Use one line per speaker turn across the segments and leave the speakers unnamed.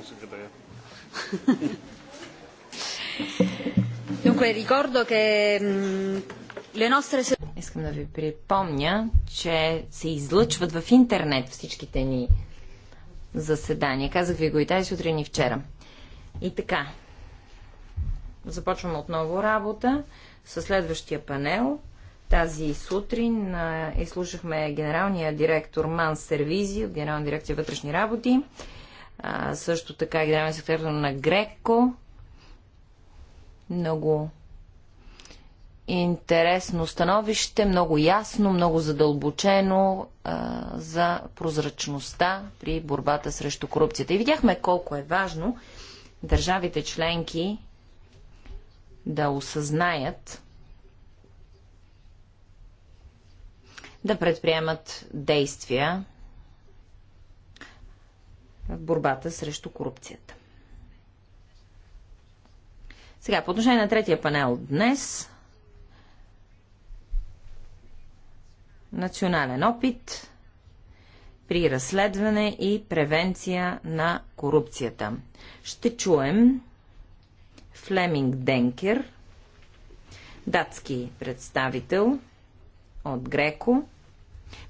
Е.
Dunque, ricordo che le nostre... Искам да ви припомня, че се излъчват в интернет всичките ни заседания. Казах ви го и тази сутрин и вчера. И така, започваме отново работа с следващия панел. Тази сутрин изслушахме генералния директор Ман Сервизи от Генерална дирекция вътрешни работи а, също така генерален секретар на Греко. Много интересно становище, много ясно, много задълбочено а, за прозрачността при борбата срещу корупцията. И видяхме колко е важно държавите членки да осъзнаят, да предприемат действия в борбата срещу корупцията. Сега, по отношение на третия панел днес, национален опит при разследване и превенция на корупцията. Ще чуем Флеминг Денкер, датски представител от Греко.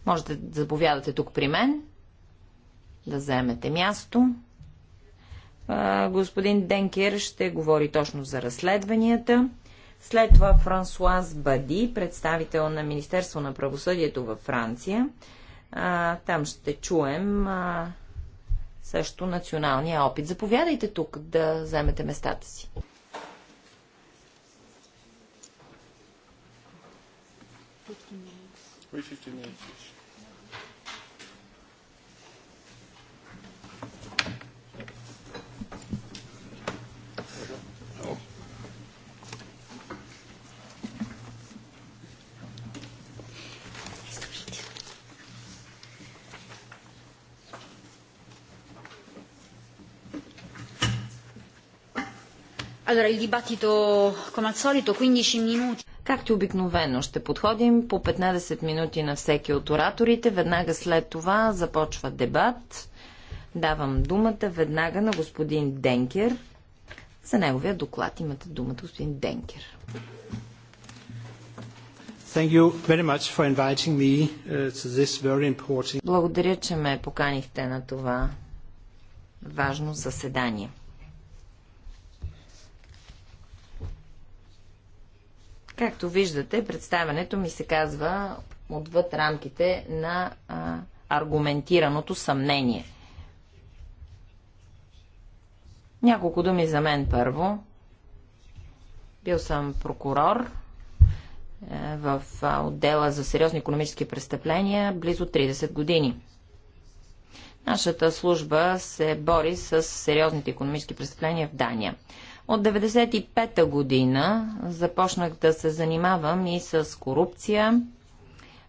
Можете да заповядате тук при мен да вземете място. Господин Денкер ще говори точно за разследванията. След това Франсуаз Бади, представител на Министерство на правосъдието във Франция. Там ще чуем също националния опит. Заповядайте тук да вземете местата си. Oui, 15 minutes.
Allora, il dibattito, come al solito,
15 minuti. Както обикновено ще подходим по 15 минути на всеки от ораторите. Веднага след това започва дебат. Давам думата веднага на господин Денкер. За неговия доклад имате думата, господин Денкер. Important... Благодаря, че ме поканихте на това важно заседание. Както виждате, представянето ми се казва отвъд рамките на а, аргументираното съмнение. Няколко думи за мен първо. Бил съм прокурор е, в отдела за сериозни економически престъпления близо 30 години. Нашата служба се бори с сериозните економически престъпления в Дания. От 95-та година започнах да се занимавам и с корупция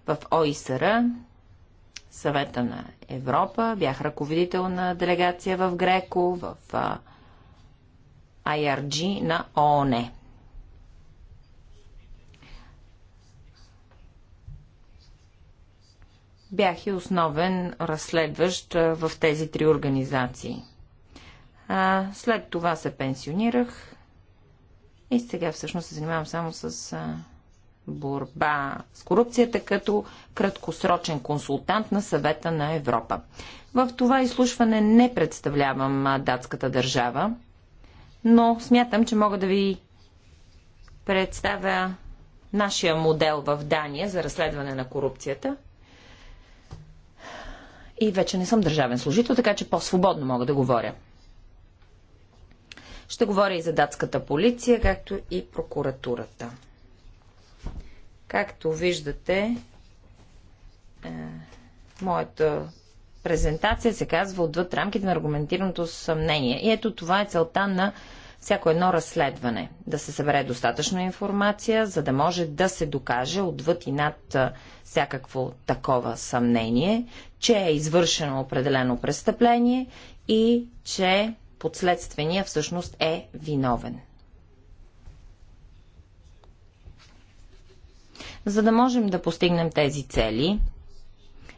в ОИСР, съвета на Европа. Бях ръководител на делегация в Греко, в IRG на ООН. Бях и основен разследващ в тези три организации – а, след това се пенсионирах и сега всъщност се занимавам само с а, борба с корупцията като краткосрочен консултант на съвета на Европа. В това изслушване не представлявам а, датската държава, но смятам, че мога да ви представя нашия модел в Дания за разследване на корупцията. И вече не съм държавен служител, така че по-свободно мога да говоря. Ще говоря и за датската полиция, както и прокуратурата. Както виждате, е, моята презентация се казва отвъд рамките на аргументираното съмнение. И ето това е целта на всяко едно разследване. Да се събере достатъчно информация, за да може да се докаже отвъд и над е, всякакво такова съмнение, че е извършено определено престъпление и че подследствения всъщност е виновен. За да можем да постигнем тези цели,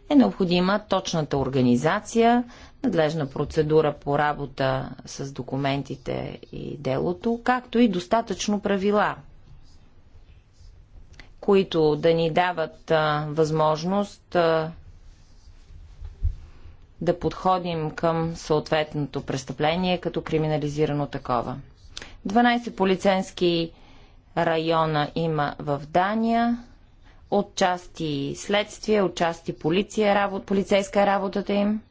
е необходима точната организация, надлежна процедура по работа с документите и делото, както и достатъчно правила, които да ни дават а, възможност а, да подходим към съответното престъпление като криминализирано такова. 12 полицейски района има в Дания. Отчасти следствие, отчасти полиция, работ, полицейска е работата им.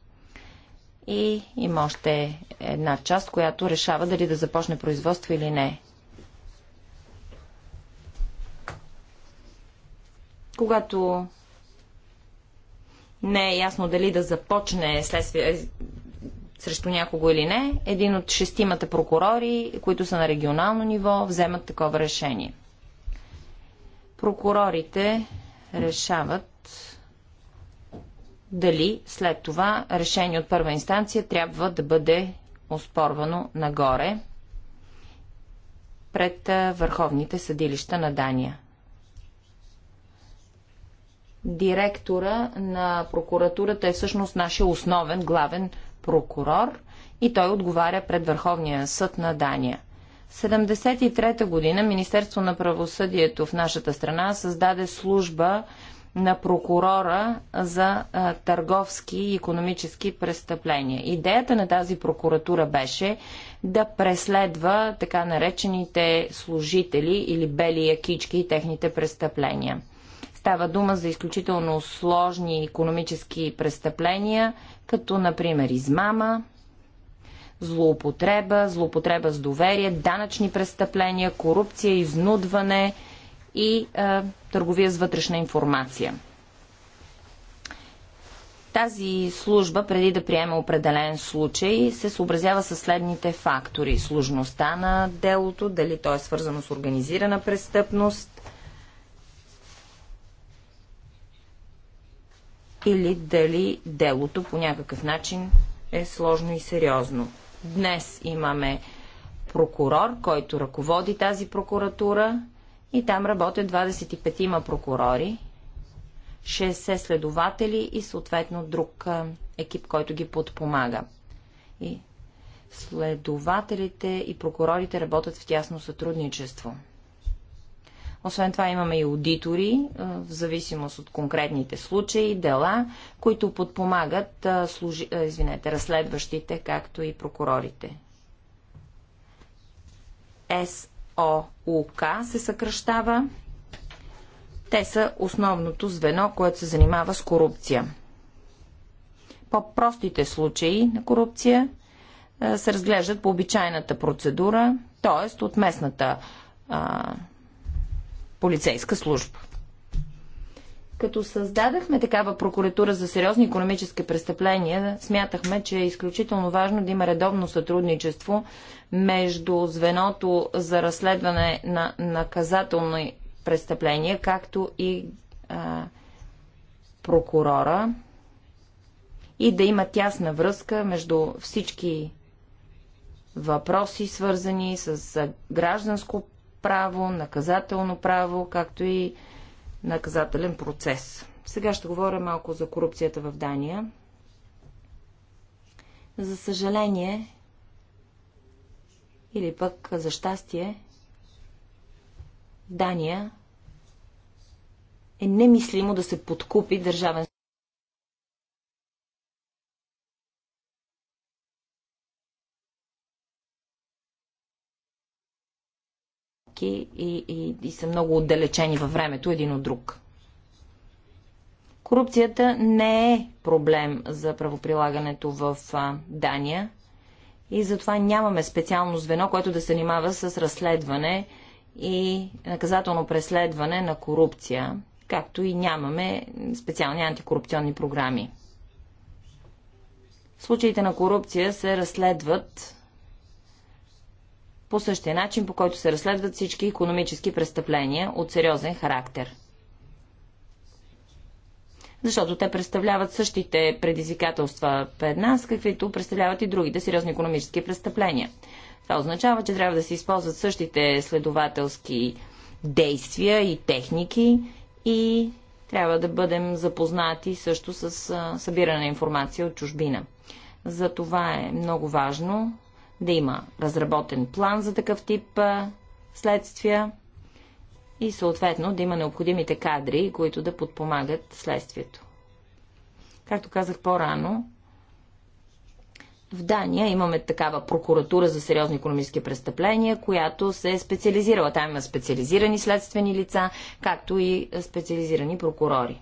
И има още една част, която решава дали да започне производство или не. Когато не е ясно дали да започне следствие е, срещу някого или не, един от шестимата прокурори, които са на регионално ниво, вземат такова решение. Прокурорите решават дали след това решение от първа инстанция трябва да бъде оспорвано нагоре пред върховните съдилища на Дания директора на прокуратурата е всъщност нашия основен главен прокурор и той отговаря пред Върховния съд на Дания. 73-та година Министерство на правосъдието в нашата страна създаде служба на прокурора за а, търговски и економически престъпления. Идеята на тази прокуратура беше да преследва така наречените служители или бели якички и техните престъпления. Става дума за изключително сложни економически престъпления, като например измама, злоупотреба, злоупотреба с доверие, данъчни престъпления, корупция, изнудване и е, търговия с вътрешна информация. Тази служба, преди да приеме определен случай, се съобразява с следните фактори. Сложността на делото, дали то е свързано с организирана престъпност, или дали делото по някакъв начин е сложно и сериозно. Днес имаме прокурор, който ръководи тази прокуратура и там работят 25-ма прокурори, 60 следователи и съответно друг екип, който ги подпомага. И следователите и прокурорите работят в тясно сътрудничество. Освен това имаме и аудитори, в зависимост от конкретните случаи, дела, които подпомагат служи... извинете, разследващите, както и прокурорите. СОУК се съкръщава. Те са основното звено, което се занимава с корупция. По-простите случаи на корупция се разглеждат по обичайната процедура, т.е. от местната а, полицейска служба. Като създадахме такава прокуратура за сериозни економически престъпления, смятахме, че е изключително важно да има редовно сътрудничество между звеното за разследване на наказателни престъпления, както и а, прокурора, и да има тясна връзка между всички въпроси, свързани с гражданско право, наказателно право, както и наказателен процес. Сега ще говоря малко за корупцията в Дания. За съжаление, или пък за щастие, Дания е немислимо да се подкупи държавен и, и, и са много отдалечени във времето един от друг. Корупцията не е проблем за правоприлагането в Дания и затова нямаме специално звено, което да се занимава с разследване и наказателно преследване на корупция, както и нямаме специални антикорупционни програми. Случаите на корупция се разследват по същия начин, по който се разследват всички економически престъпления от сериозен характер. Защото те представляват същите предизвикателства пред нас, каквито представляват и другите сериозни економически престъпления. Това означава, че трябва да се използват същите следователски действия и техники и трябва да бъдем запознати също с събиране на информация от чужбина. За това е много важно да има разработен план за такъв тип следствия и съответно да има необходимите кадри, които да подпомагат следствието. Както казах по-рано, в Дания имаме такава прокуратура за сериозни економически престъпления, която се е специализирала. Там има специализирани следствени лица, както и специализирани прокурори.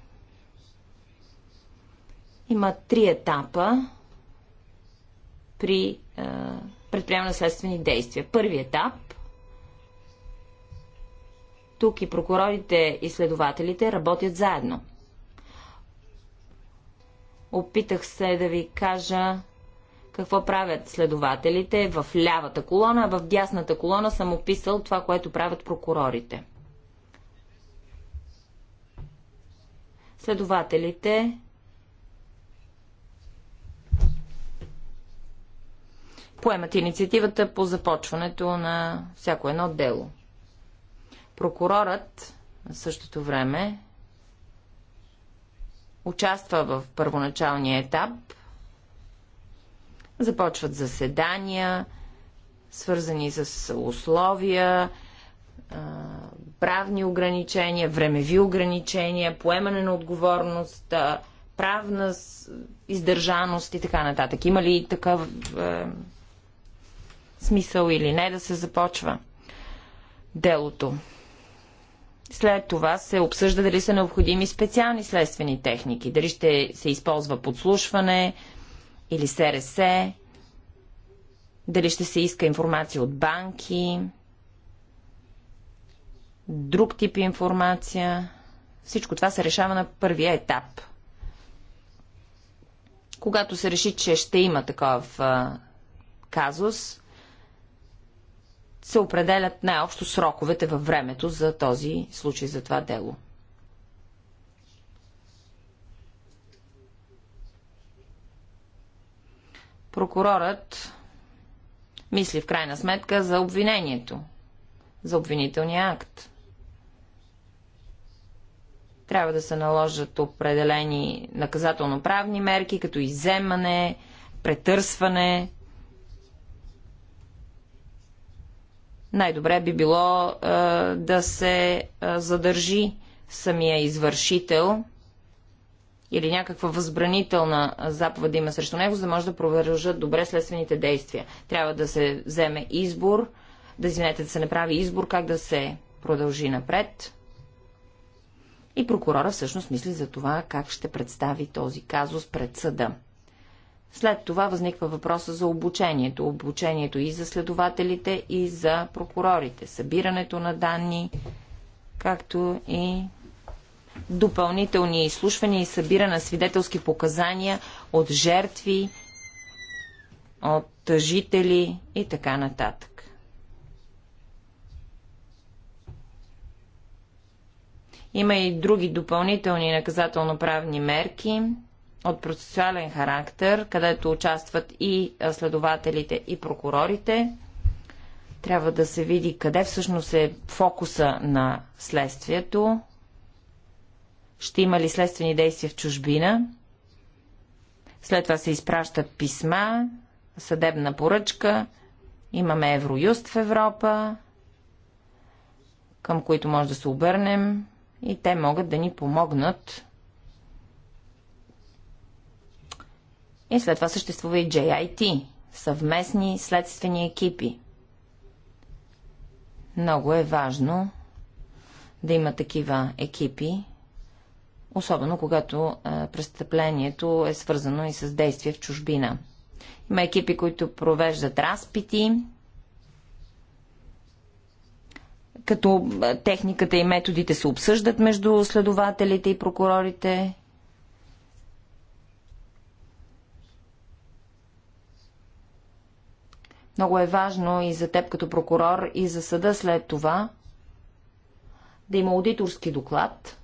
Има три етапа при е, предприема наследствени действия. Първи етап тук и прокурорите и следователите работят заедно. Опитах се да ви кажа какво правят следователите в лявата колона, а в дясната колона съм описал това, което правят прокурорите. Следователите поемат инициативата по започването на всяко едно дело. Прокурорът на същото време участва в първоначалния етап, започват заседания, свързани с условия, правни ограничения, времеви ограничения, поемане на отговорност, правна издържаност и така нататък. Има ли такъв е, смисъл или не да се започва делото. След това се обсъжда дали са необходими специални следствени техники, дали ще се използва подслушване или СРС, дали ще се иска информация от банки, друг тип информация. Всичко това се решава на първия етап. Когато се реши, че ще има такъв казус, се определят най-общо сроковете във времето за този случай, за това дело. Прокурорът мисли в крайна сметка за обвинението, за обвинителния акт. Трябва да се наложат определени наказателно-правни мерки, като иземане, претърсване, най-добре би било а, е, да се а, е, задържи самия извършител или някаква възбранителна заповед да има срещу него, за да може да продължат добре следствените действия. Трябва да се вземе избор, да извинете, да се направи избор как да се продължи напред. И прокурора всъщност мисли за това как ще представи този казус пред съда. След това възниква въпроса за обучението. Обучението и за следователите, и за прокурорите. Събирането на данни, както и допълнителни изслушвания и събиране на свидетелски показания от жертви, от жители и така нататък. Има и други допълнителни наказателно-правни мерки – от процесуален характер, където участват и следователите, и прокурорите. Трябва да се види къде всъщност е фокуса на следствието. Ще има ли следствени действия в чужбина? След това се изпращат писма, съдебна поръчка. Имаме Евроюст в Европа, към които може да се обърнем и те могат да ни помогнат И след това съществува и JIT съвместни следствени екипи. Много е важно да има такива екипи, особено когато а, престъплението е свързано и с действие в чужбина. Има екипи, които провеждат разпити, като техниката и методите се обсъждат между следователите и прокурорите. Много е важно и за теб като прокурор, и за съда след това да има аудиторски доклад,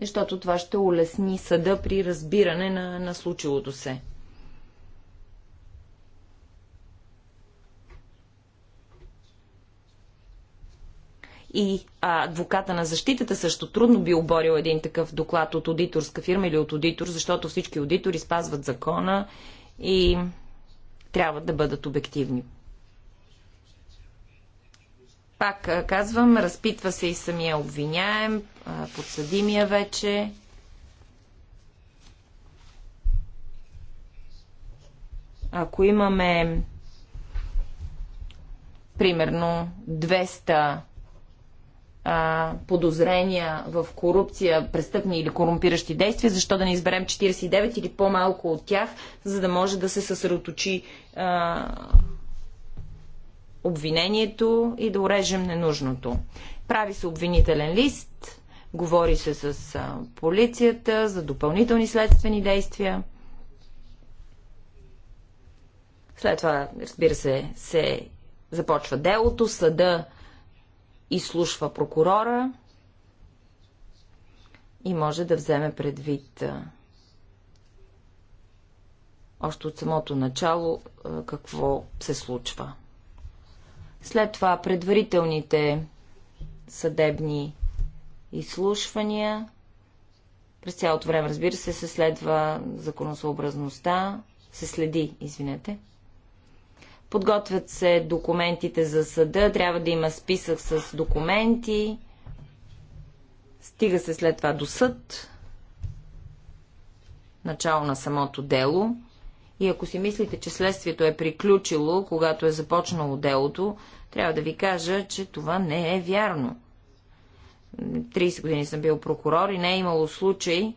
защото това ще улесни съда при разбиране на, на случилото се. И а, адвоката на защитата също трудно би оборил един такъв доклад от аудиторска фирма или от аудитор, защото всички аудитори спазват закона и трябва да бъдат обективни. Пак казвам, разпитва се и самия обвиняем, подсъдимия вече. Ако имаме примерно 200 а, подозрения в корупция, престъпни или корумпиращи действия, защо да не изберем 49 или по-малко от тях, за да може да се съсредоточи а, обвинението и да урежем ненужното. Прави се обвинителен лист, говори се с а, полицията за допълнителни следствени действия. След това, разбира се, се започва делото, съда изслушва прокурора и може да вземе предвид още от самото начало какво се случва. След това предварителните съдебни изслушвания. През цялото време, разбира се, се следва законосъобразността, се следи, извинете, Подготвят се документите за съда, трябва да има списък с документи. Стига се след това до съд, начало на самото дело. И ако си мислите, че следствието е приключило, когато е започнало делото, трябва да ви кажа, че това не е вярно. 30 години съм бил прокурор и не е имало случай,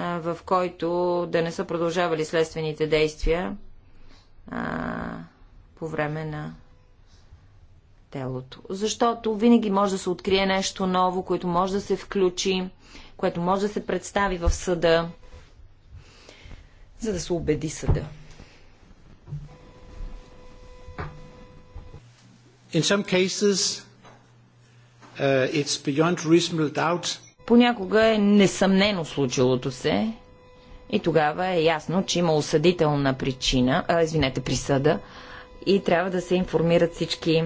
в който да не са продължавали следствените действия а, по време на телото. Защото винаги може да се открие нещо ново, което може да се включи, което може да се представи в съда, за да се убеди съда. In some cases, uh, it's beyond reasonable doubt. Понякога е несъмнено случилото се и тогава е ясно, че има осъдителна причина, а, извинете, присъда и трябва да се информират всички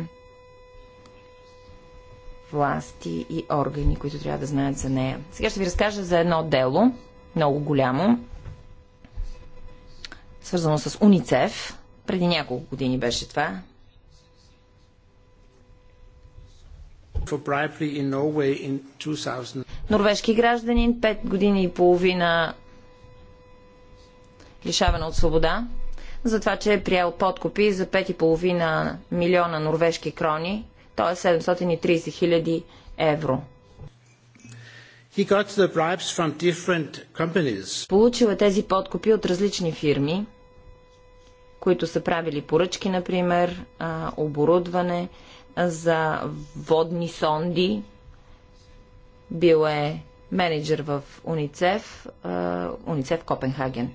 власти и органи, които трябва да знаят за нея. Сега ще ви разкажа за едно дело, много голямо, свързано с УНИЦЕФ. Преди няколко години беше това. Норвежки гражданин, 5 години и половина лишаване от свобода, за това, че е приел подкупи за 5,5 милиона норвежки крони, т.е. 730 хиляди евро. Получил е тези подкупи от различни фирми, които са правили поръчки, например, оборудване за водни сонди. Бил е менеджер в УНИЦЕФ, УНИЦЕФ Копенхаген.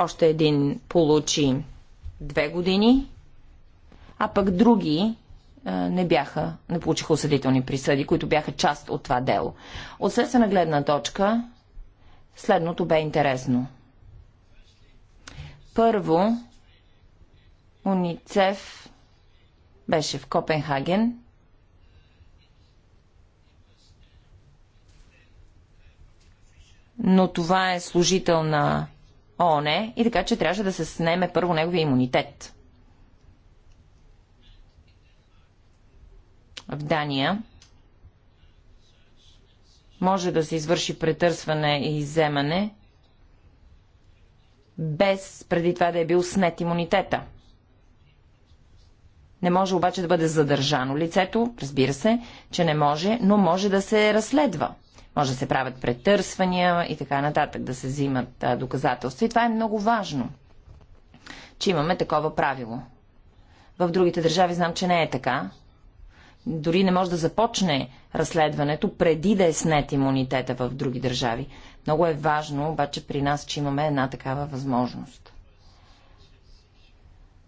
Още един получи две години, а пък други не бяха, не получиха осъдителни присъди, които бяха част от това дело. От следствена гледна точка, следното бе интересно. Първо, Уницев беше в Копенхаген. Но това е служител на ООН е и така, че трябваше да се снеме първо неговия имунитет. В Дания може да се извърши претърсване и иземане без преди това да е бил снет имунитета. Не може обаче да бъде задържано лицето, разбира се, че не може, но може да се разследва. Може да се правят претърсвания и така нататък, да се взимат а, доказателства. И това е много важно, че имаме такова правило. В другите държави знам, че не е така. Дори не може да започне разследването преди да е снет имунитета в други държави. Много е важно, обаче, при нас, че имаме една такава възможност.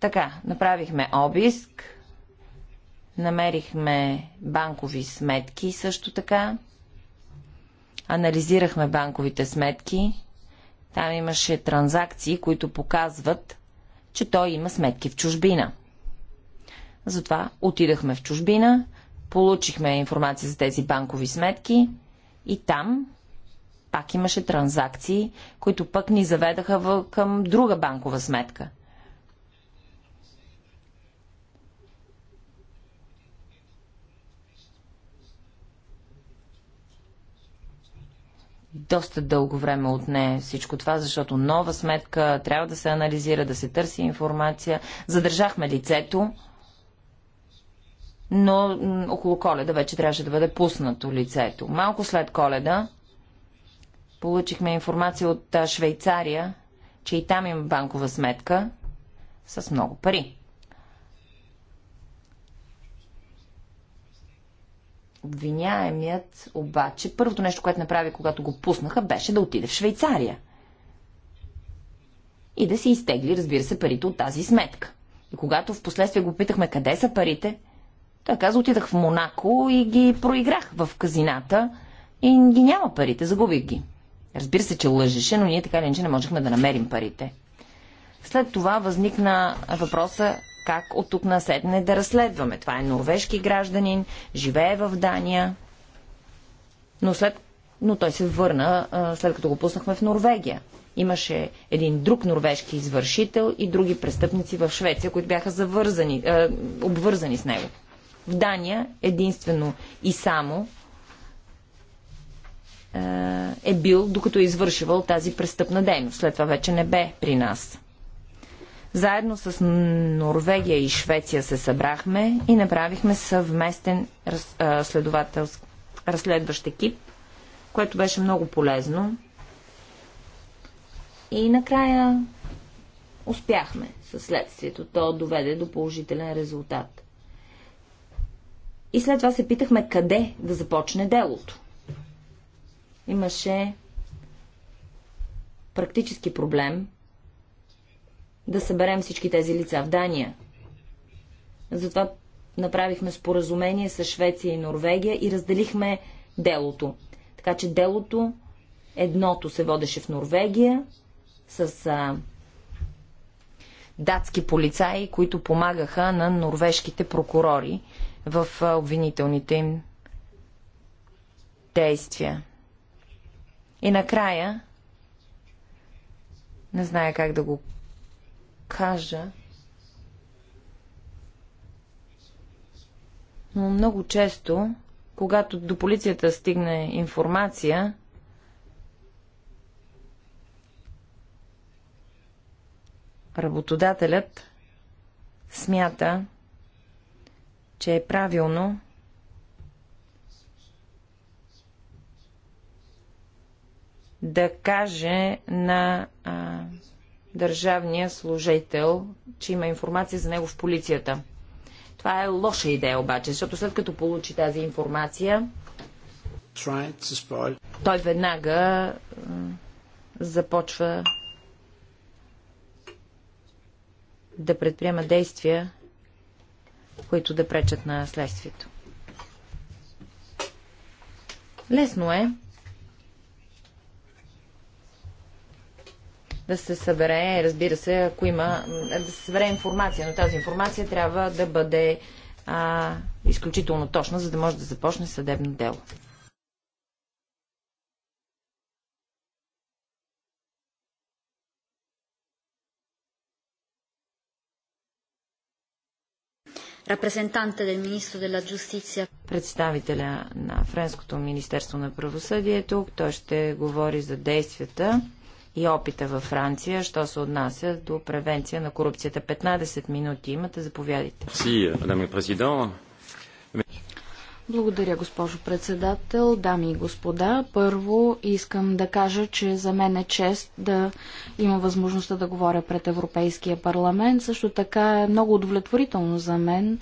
Така, направихме обиск, намерихме банкови сметки също така анализирахме банковите сметки. Там имаше транзакции, които показват, че той има сметки в чужбина. Затова отидахме в чужбина, получихме информация за тези банкови сметки и там пак имаше транзакции, които пък ни заведаха към друга банкова сметка – Доста дълго време отне всичко това, защото нова сметка трябва да се анализира, да се търси информация. Задържахме лицето, но около коледа вече трябваше да бъде пуснато лицето. Малко след коледа получихме информация от Швейцария, че и там има банкова сметка с много пари. Обвиняемият обаче, първото нещо, което направи, когато го пуснаха, беше да отиде в Швейцария. И да си изтегли, разбира се, парите от тази сметка. И когато в последствие го питахме къде са парите, той каза, отидах в Монако и ги проиграх в казината и ги няма парите, загубих ги. Разбира се, че лъжеше, но ние така или иначе не можехме да намерим парите. След това възникна въпроса как от тук наседне да разследваме. Това е норвежки гражданин, живее в Дания, но, след... но той се върна след като го пуснахме в Норвегия. Имаше един друг норвежки извършител и други престъпници в Швеция, които бяха завързани, е, обвързани с него. В Дания единствено и само е бил, докато е извършивал тази престъпна дейност. След това вече не бе при нас. Заедно с Норвегия и Швеция се събрахме и направихме съвместен раз, разследващ екип, което беше много полезно. И накрая успяхме със следствието. То доведе до положителен резултат. И след това се питахме къде да започне делото. Имаше практически проблем, да съберем всички тези лица в Дания. Затова направихме споразумение с Швеция и Норвегия и разделихме делото. Така че делото, едното се водеше в Норвегия с а, датски полицаи, които помагаха на норвежките прокурори в обвинителните им действия. И накрая, не зная как да го кажа, но много често, когато до полицията стигне информация, работодателят смята, че е правилно да каже на а, държавния служител, че има информация за него в полицията. Това е лоша идея обаче, защото след като получи тази информация, той веднага започва да предприема действия, които да пречат на следствието. Лесно е да се събере, разбира се, ако има, да се събере информация, но тази информация трябва да бъде а, изключително точна, за да може да започне съдебно дело. Представителя на Френското Министерство на правосъдието, той ще говори за действията и опита във Франция, що се отнася до превенция на корупцията. 15 минути
имате, заповядайте. Благодаря, госпожо председател, дами и господа. Първо искам да кажа, че за мен е чест да има възможността да говоря пред Европейския парламент. Също така е много удовлетворително за мен,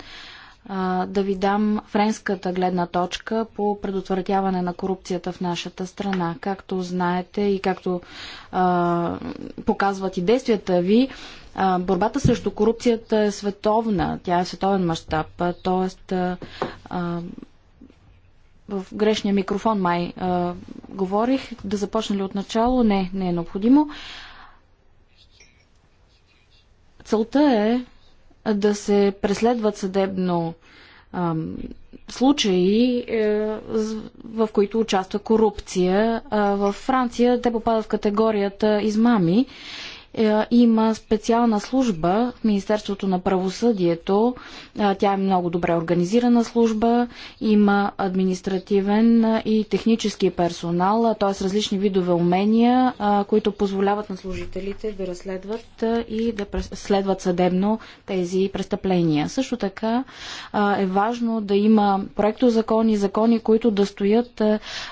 да ви дам френската гледна точка по предотвратяване на корупцията в нашата страна. Както знаете и както а, показват и действията ви, а, борбата срещу корупцията е световна. Тя е световен мащаб. Тоест, а, а, в грешния микрофон май а, говорих. Да започна ли от начало? Не, не е необходимо. Целта е да се преследват съдебно случаи, е, в които участва корупция. Във Франция те попадат в категорията измами е, има специална служба в Министерството на правосъдието. Е, тя е много добре организирана служба. Има административен е, и технически персонал, т.е. различни видове умения, които позволяват на служителите да разследват и да следват съдебно тези престъпления. Също така е важно да има проекто закони, закони, които да стоят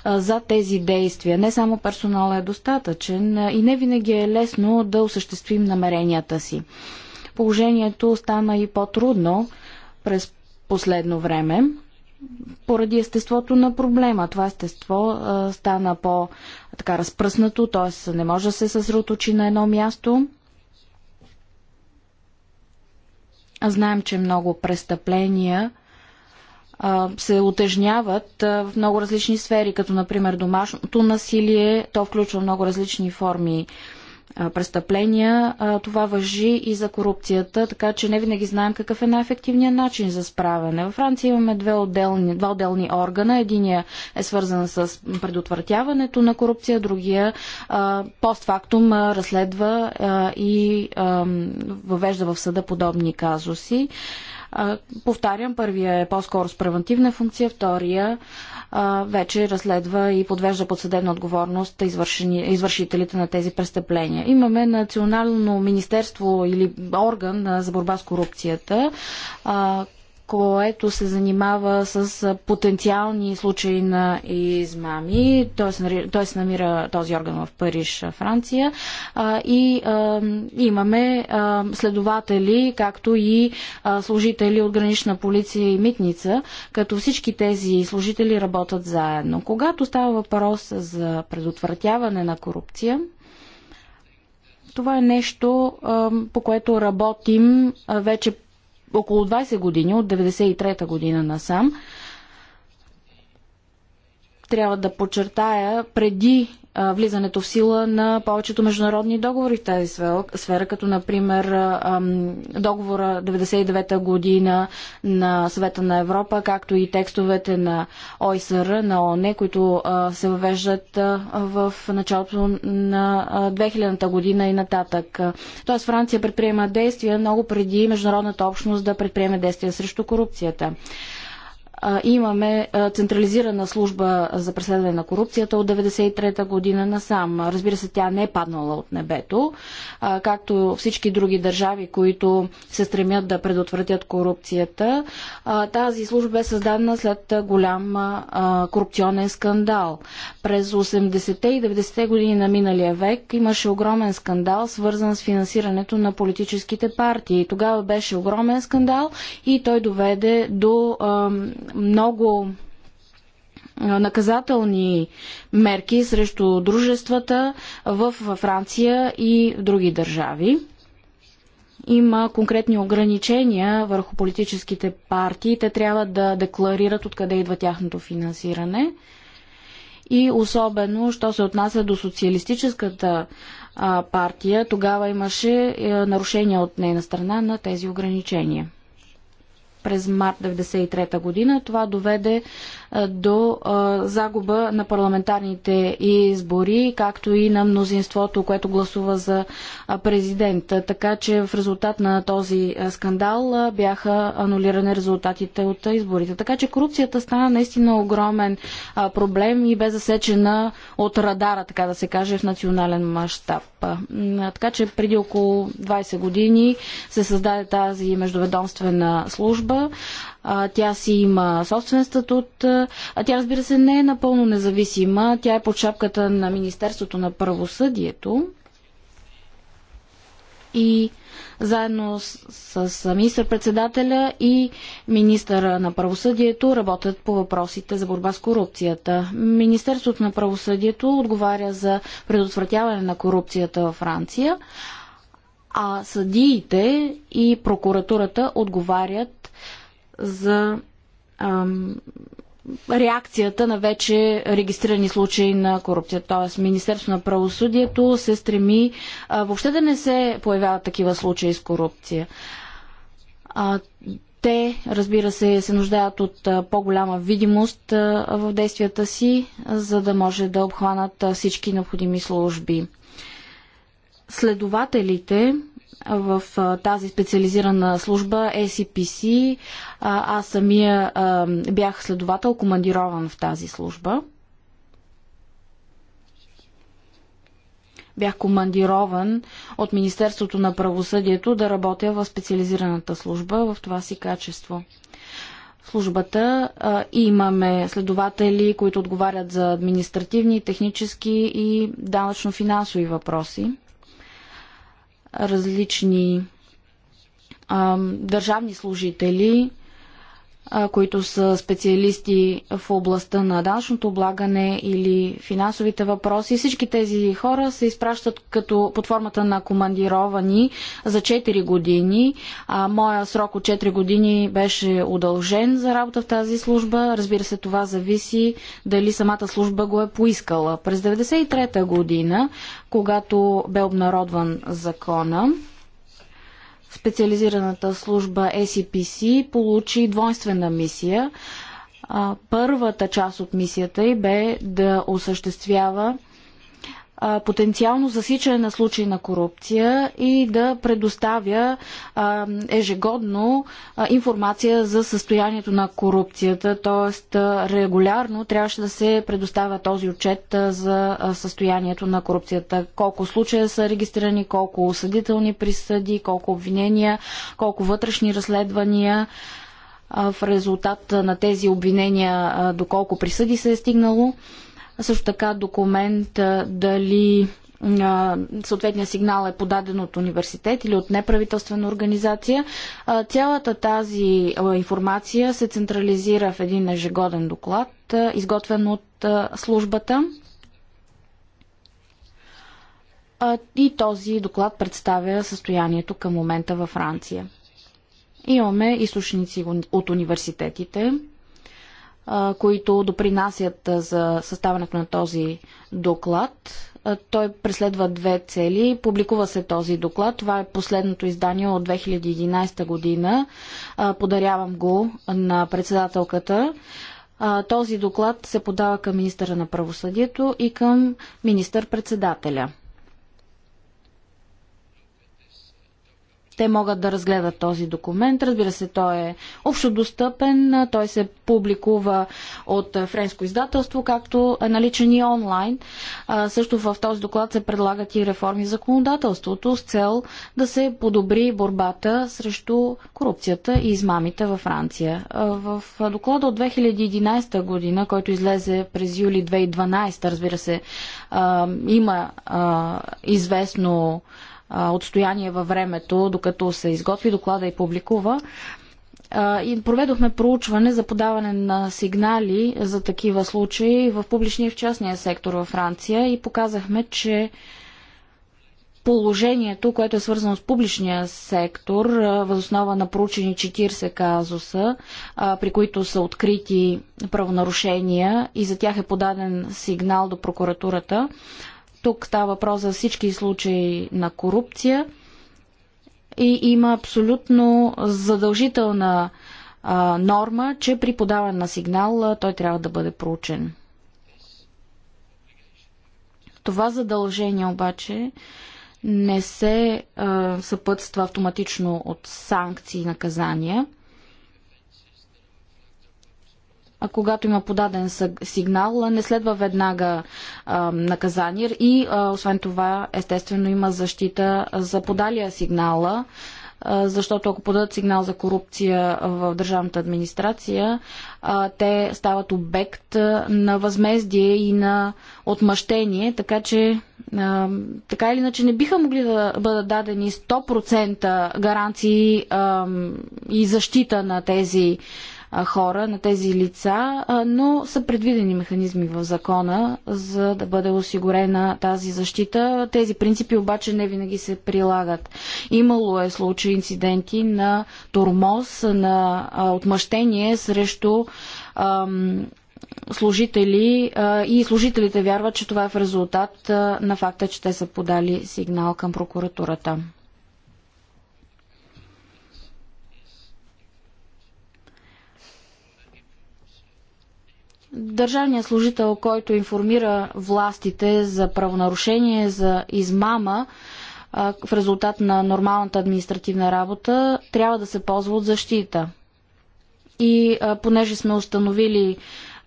за тези действия. Не само персонал е достатъчен и не винаги е лесно да осъществим намеренията си. Положението стана и по-трудно през последно време, поради естеството на проблема. Това естество а, стана по така разпръснато, т.е. не може да се съсредоточи на едно място. Знаем, че много престъпления а, се отежняват а, в много различни сфери, като например домашното насилие. То включва много различни форми а, престъпления. Това въжи и за корупцията, така че не винаги знаем какъв е най-ефективният начин за справяне. Във Франция имаме две отделни, два отделни органа. Единия е свързан с предотвратяването на корупция, другия постфактум разследва и въвежда в съда подобни казуси. Повтарям, първия е по-скоро с превентивна функция, втория вече разследва и подвежда под съдебна отговорност извършителите на тези престъпления. Имаме Национално министерство или орган за борба с корупцията, което се занимава с потенциални случаи на измами. Той се намира този орган в Париж, Франция. И имаме следователи, както и служители от гранична полиция и митница, като всички тези служители работят заедно. Когато става въпрос за предотвратяване на корупция, това е нещо, по което работим вече около 20 години, от 93-та година насам. Трябва да подчертая, преди влизането в сила на повечето международни договори в тази сфера, като например договора 99-та година на Съвета на Европа, както и текстовете на ОИСР, на ООН, които се въвеждат в началото на 2000-та година и нататък. Тоест Франция предприема действия много преди международната общност да предприеме действия срещу корупцията имаме централизирана служба за преследване на корупцията от 93-та година насам. Разбира се, тя не е паднала от небето, както всички други държави, които се стремят да предотвратят корупцията. Тази служба е създадена след голям корупционен скандал. През 80-те и 90-те години на миналия век имаше огромен скандал, свързан с финансирането на политическите партии. Тогава беше огромен скандал и той доведе до много наказателни мерки срещу дружествата в Франция и в други държави. Има конкретни ограничения върху политическите партии. Те трябва да декларират откъде идва тяхното финансиране. И особено, що се отнася до социалистическата партия, тогава имаше е, нарушения от нейна страна на тези ограничения през март 1993 година. Това доведе до загуба на парламентарните избори, както и на мнозинството, което гласува за президента. Така че в резултат на този скандал бяха анулирани резултатите от изборите. Така че корупцията стана наистина огромен проблем и бе засечена от радара, така да се каже, в национален мащаб. Така че преди около 20 години се създаде тази междуведомствена служба. Тя си има собствен статут. Тя, разбира се, не е напълно независима. Тя е под шапката на Министерството на правосъдието. И заедно с, с министър-председателя и министъра на правосъдието работят по въпросите за борба с корупцията. Министерството на правосъдието отговаря за предотвратяване на корупцията във Франция, а съдиите и прокуратурата отговарят за ам, реакцията на вече регистрирани случаи на корупция. Тоест, Министерство на правосъдието се стреми а, въобще да не се появяват такива случаи с корупция. А, те, разбира се, се нуждаят от по-голяма видимост в действията си, за да може да обхванат всички необходими служби. Следователите в тази специализирана служба ACPC. Аз самия бях следовател, командирован в тази служба. Бях командирован от Министерството на правосъдието да работя в специализираната служба в това си качество службата а, имаме следователи, които отговарят за административни, технически и данъчно-финансови въпроси различни а, държавни служители които са специалисти в областта на данъчното облагане или финансовите въпроси. Всички тези хора се изпращат като под формата на командировани за 4 години. А, моя срок от 4 години беше удължен за работа в тази служба. Разбира се, това зависи дали самата служба го е поискала. През 1993 година, когато бе обнародван закона, специализираната служба SCPC получи двойствена мисия. Първата част от мисията й бе да осъществява потенциално засичане на случаи на корупция и да предоставя ежегодно информация за състоянието на корупцията, т.е. регулярно трябваше да се предоставя този отчет за състоянието на корупцията. Колко случая са регистрирани, колко осъдителни присъди, колко обвинения, колко вътрешни разследвания в резултат на тези обвинения, доколко присъди се е стигнало. Също така документ дали съответния сигнал е подаден от университет или от неправителствена организация. Цялата тази информация се централизира в един ежегоден доклад, изготвен от службата. И този доклад представя състоянието към момента във Франция. Имаме източници от университетите, които допринасят за съставането на този доклад. Той преследва две цели. Публикува се този доклад. Това е последното издание от 2011 година. Подарявам го на председателката. Този доклад се подава към министъра на правосъдието и към министър-председателя. те могат да разгледат този документ. Разбира се, той е общо достъпен, той се публикува от френско издателство, както е наличен и онлайн. А, също в този доклад се предлагат и реформи в законодателството с цел да се подобри борбата срещу корупцията и измамите във Франция. А, в доклада от 2011 година, който излезе през юли 2012, разбира се, а, има известно отстояние във времето, докато се изготви доклада и публикува. И проведохме проучване за подаване на сигнали за такива случаи в публичния и в частния сектор във Франция и показахме, че положението, което е свързано с публичния сектор, възоснова на проучени 40 казуса, при които са открити правонарушения и за тях е подаден сигнал до прокуратурата, тук става въпрос за всички случаи на корупция и има абсолютно задължителна а, норма, че при подаване на сигнал а, той трябва да бъде проучен. Това задължение обаче не се а, съпътства автоматично от санкции и наказания – а когато има подаден сигнал, не следва веднага а, наказание и а, освен това, естествено, има защита за подалия сигнала, а, защото ако подадат сигнал за корупция в държавната администрация, а, те стават обект на възмездие и на отмъщение, така че а, така или иначе не биха могли да бъдат дадени 100% гаранции а, и защита на тези хора, на тези лица, но са предвидени механизми в закона, за да бъде осигурена тази защита. Тези принципи обаче не винаги се прилагат. Имало е случаи инциденти на тормоз, на отмъщение срещу служители и служителите вярват, че това е в резултат на факта, че те са подали сигнал към прокуратурата. Държавният служител, който информира властите за правонарушение, за измама, в резултат на нормалната административна работа, трябва да се ползва от защита. И понеже сме установили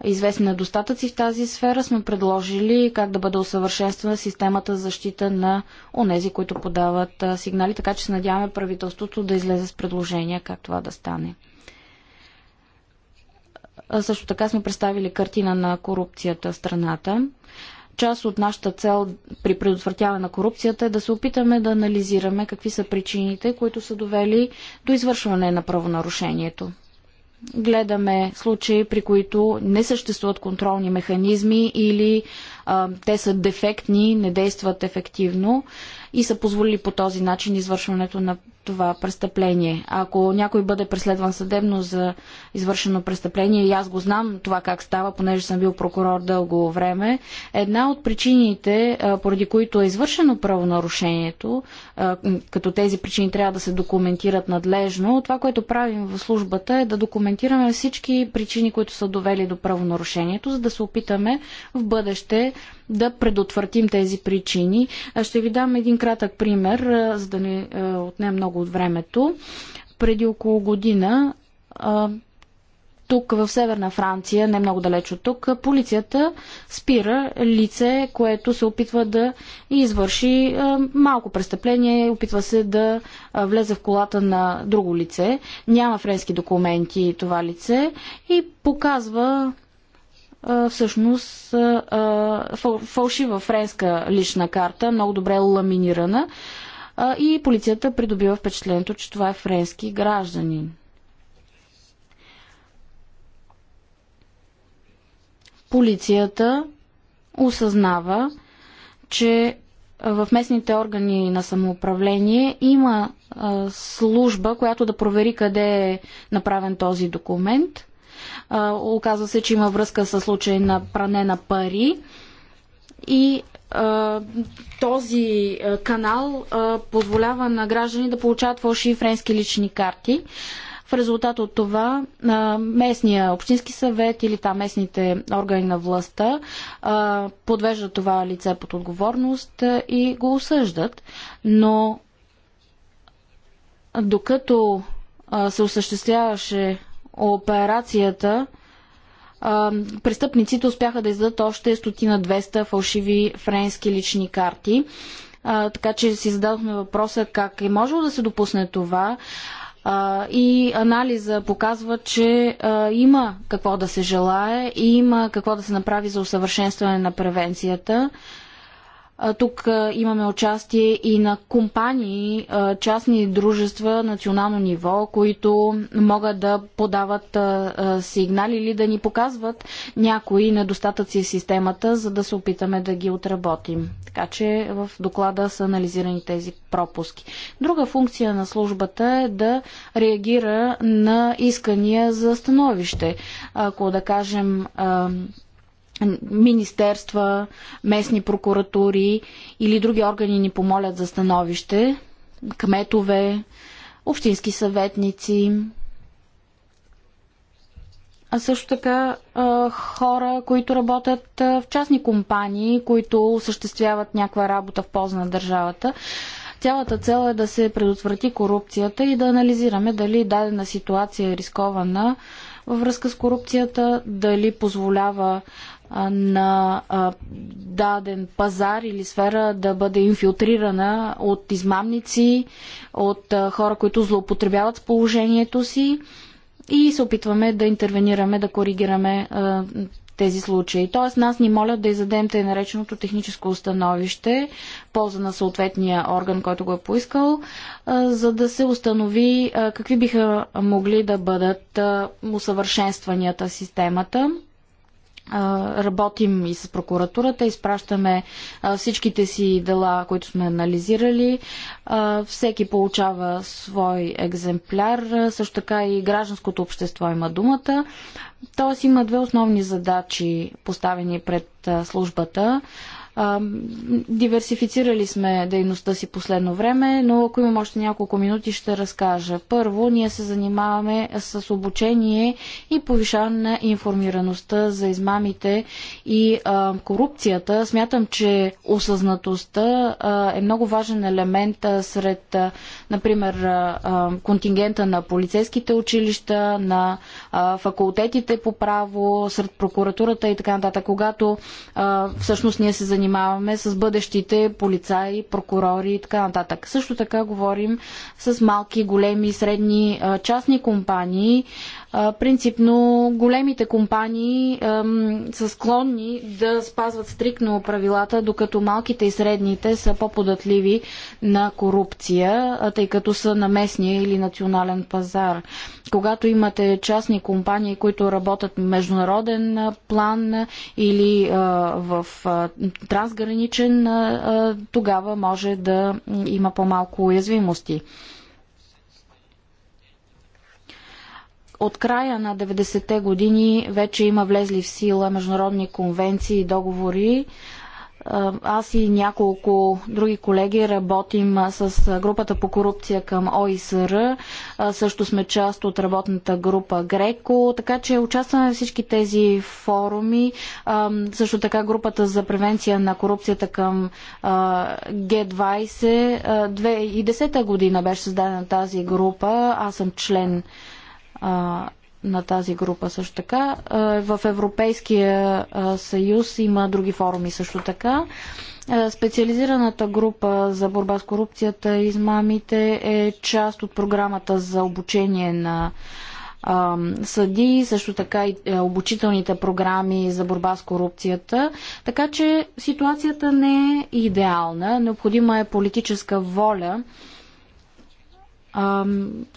известни недостатъци в тази сфера, сме предложили как да бъде усъвършенствана системата за защита на онези, които подават сигнали, така че се надяваме правителството да излезе с предложения как това да стане. Също така сме представили картина на корупцията в страната. Част от нашата цел при предотвратяване на корупцията е да се опитаме да анализираме какви са причините, които са довели до извършване на правонарушението гледаме случаи, при които не съществуват контролни механизми или те са дефектни, не действат ефективно и са позволили по този начин извършването на това престъпление. Ако някой бъде преследван съдебно за извършено престъпление, и аз го знам това как става, понеже съм бил прокурор дълго време, една от причините, поради които е извършено правонарушението, като тези причини трябва да се документират надлежно, това, което правим в службата е да документираме всички причини, които са довели до правонарушението, за да се опитаме в бъдеще да предотвратим тези причини. Ще ви дам един кратък пример, за да не отне много от времето. Преди около година тук в Северна Франция, не много далеч от тук, полицията спира лице, което се опитва да извърши малко престъпление, опитва се да влезе в колата на друго лице. Няма френски документи това лице и показва всъщност фалшива френска лична карта, много добре ламинирана и полицията придобива впечатлението, че това е френски гражданин. Полицията осъзнава, че в местните органи на самоуправление има служба, която да провери къде е направен този документ – Оказва се, че има връзка с случай на пране на пари и този канал позволява на граждани да получават фалшиви френски лични карти. В резултат от това местния общински съвет или там местните органи на властта подвеждат това лице под отговорност и го осъждат. Но докато се осъществяваше операцията престъпниците успяха да издадат още стотина 200 фалшиви френски лични карти. така че си зададохме въпроса как е можело да се допусне това. и анализа показва, че има какво да се желае и има какво да се направи за усъвършенстване на превенцията. Тук имаме участие и на компании, частни дружества, национално ниво, които могат да подават сигнали или да ни показват някои недостатъци в системата, за да се опитаме да ги отработим. Така че в доклада са анализирани тези пропуски. Друга функция на службата е да реагира на искания за становище. Ако да кажем министерства, местни прокуратури или други органи ни помолят за становище, кметове, общински съветници, а също така хора, които работят в частни компании, които осъществяват някаква работа в полза на държавата. Цялата цел е да се предотврати корупцията и да анализираме дали дадена ситуация е рискована, във връзка с корупцията, дали позволява на даден пазар или сфера да бъде инфилтрирана от измамници, от хора, които злоупотребяват с положението си и се опитваме да интервенираме, да коригираме тези случаи. Тоест нас ни молят да издадем тъй нареченото техническо установище, полза на съответния орган, който го е поискал, за да се установи какви биха могли да бъдат усъвършенстванията системата. Работим и с прокуратурата, изпращаме всичките си дела, които сме анализирали. Всеки получава свой екземпляр, също така и гражданското общество има думата. Тоест има две основни задачи, поставени пред службата. А, диверсифицирали сме дейността си последно време, но ако имам още няколко минути, ще разкажа. Първо, ние се занимаваме с обучение и повишаване на информираността за измамите и а, корупцията. Смятам, че осъзнатостта а, е много важен елемент а, сред, а, например, а, а, контингента на полицейските училища, на а, факултетите по право, сред прокуратурата и така нататък. Когато а, всъщност ние се занимаваме занимаваме с бъдещите полицаи, прокурори и така нататък. Също така говорим с малки, големи, средни частни компании, Принципно големите компании са склонни да спазват стрикно правилата, докато малките и средните са по-податливи на корупция, тъй като са на местния или национален пазар. Когато имате частни компании, които работят международен план или в трансграничен, тогава може да има по-малко уязвимости. от края на 90-те години вече има влезли в сила международни конвенции и договори. Аз и няколко други колеги работим с групата по корупция към ОИСР. Също сме част от работната група Греко, така че участваме в всички тези форуми. Също така групата за превенция на корупцията към Г20. 2010 година беше създадена тази група. Аз съм член на тази група също така. в Европейския съюз има други форуми също така. специализираната група за борба с корупцията и измамите е част от програмата за обучение на съди, също така и е, обучителните програми за борба с корупцията. Така че ситуацията не е идеална. Необходима е политическа воля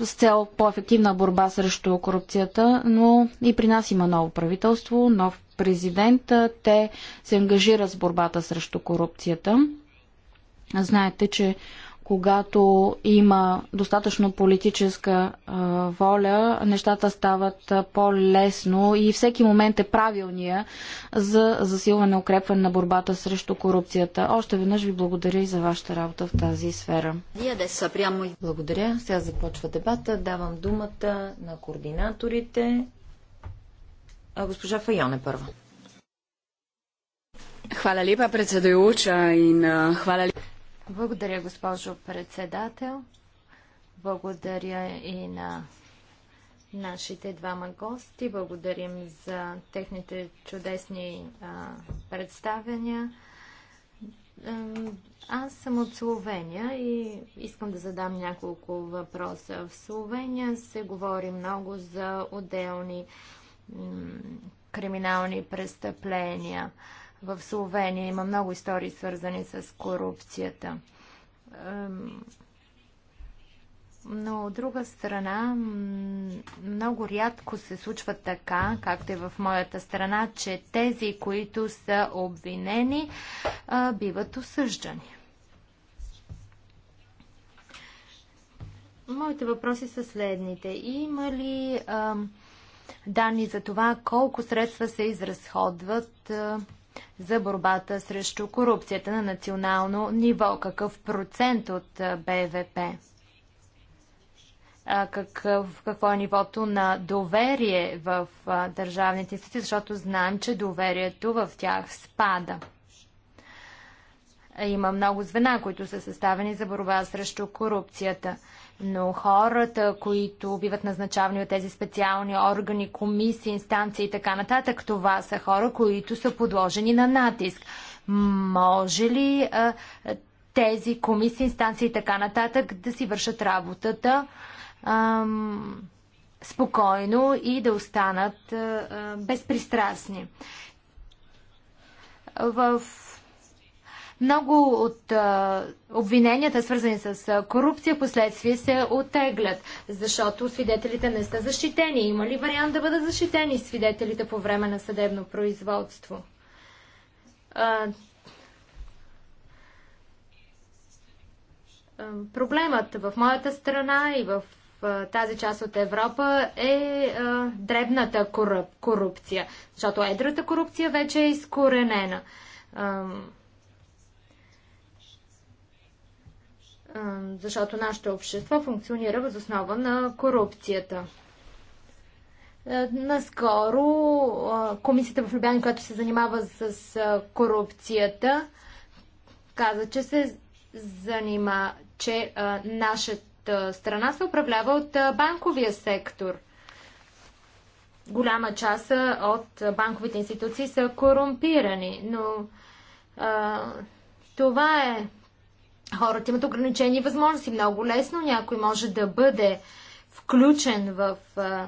с цел по-ефективна борба срещу корупцията, но и при нас има ново правителство, нов президент. Те се ангажира с борбата срещу корупцията. Знаете, че когато има достатъчно политическа а, воля, нещата стават по-лесно и всеки момент е правилния за засилване и укрепване на борбата срещу корупцията. Още веднъж ви благодаря и за вашата работа в тази сфера.
Благодаря. Сега започва дебата. Давам думата на координаторите. А, госпожа Файон е първа.
Hvala lepa, predsedujoča, и на hvala
благодаря, госпожо председател. Благодаря и на нашите двама гости. Благодарим за техните чудесни а, представения. Аз съм от Словения и искам да задам няколко въпроса. В Словения се говори много за отделни криминални престъпления. А, в Словения има много истории свързани с корупцията. Но от друга страна, много рядко се случва така, както и в моята страна, че тези, които са обвинени, биват осъждани. Моите въпроси са следните. Има ли а, данни за това колко средства се изразходват а, за борбата срещу корупцията на национално ниво? Какъв процент от БВП? Какъв, какво е нивото на доверие в държавните институции, защото знаем, че доверието в тях спада. Има много звена, които са съставени за борба срещу корупцията. Но хората, които биват назначавани от тези специални органи, комисии, инстанции и така нататък, това са хора, които са подложени на натиск. Може ли а, тези комисии, инстанции и така нататък да си вършат работата ам, спокойно и да останат а, безпристрастни? В много от а, обвиненията, свързани с а, корупция, последствие се отеглят, защото свидетелите не са защитени. Има ли вариант да бъдат защитени свидетелите по време на съдебно производство? А, проблемът в моята страна и в тази част от Европа е а, дребната коруп, корупция, защото едрата корупция вече е изкоренена. Ам, защото нашето общество функционира въз основа на корупцията. Е, наскоро комисията в Любяни, която се занимава с корупцията, каза, че се занима, че нашата страна се управлява от банковия сектор. Голяма част от банковите институции са корумпирани, но това е хората имат ограничени възможности. Много лесно някой може да бъде включен в а,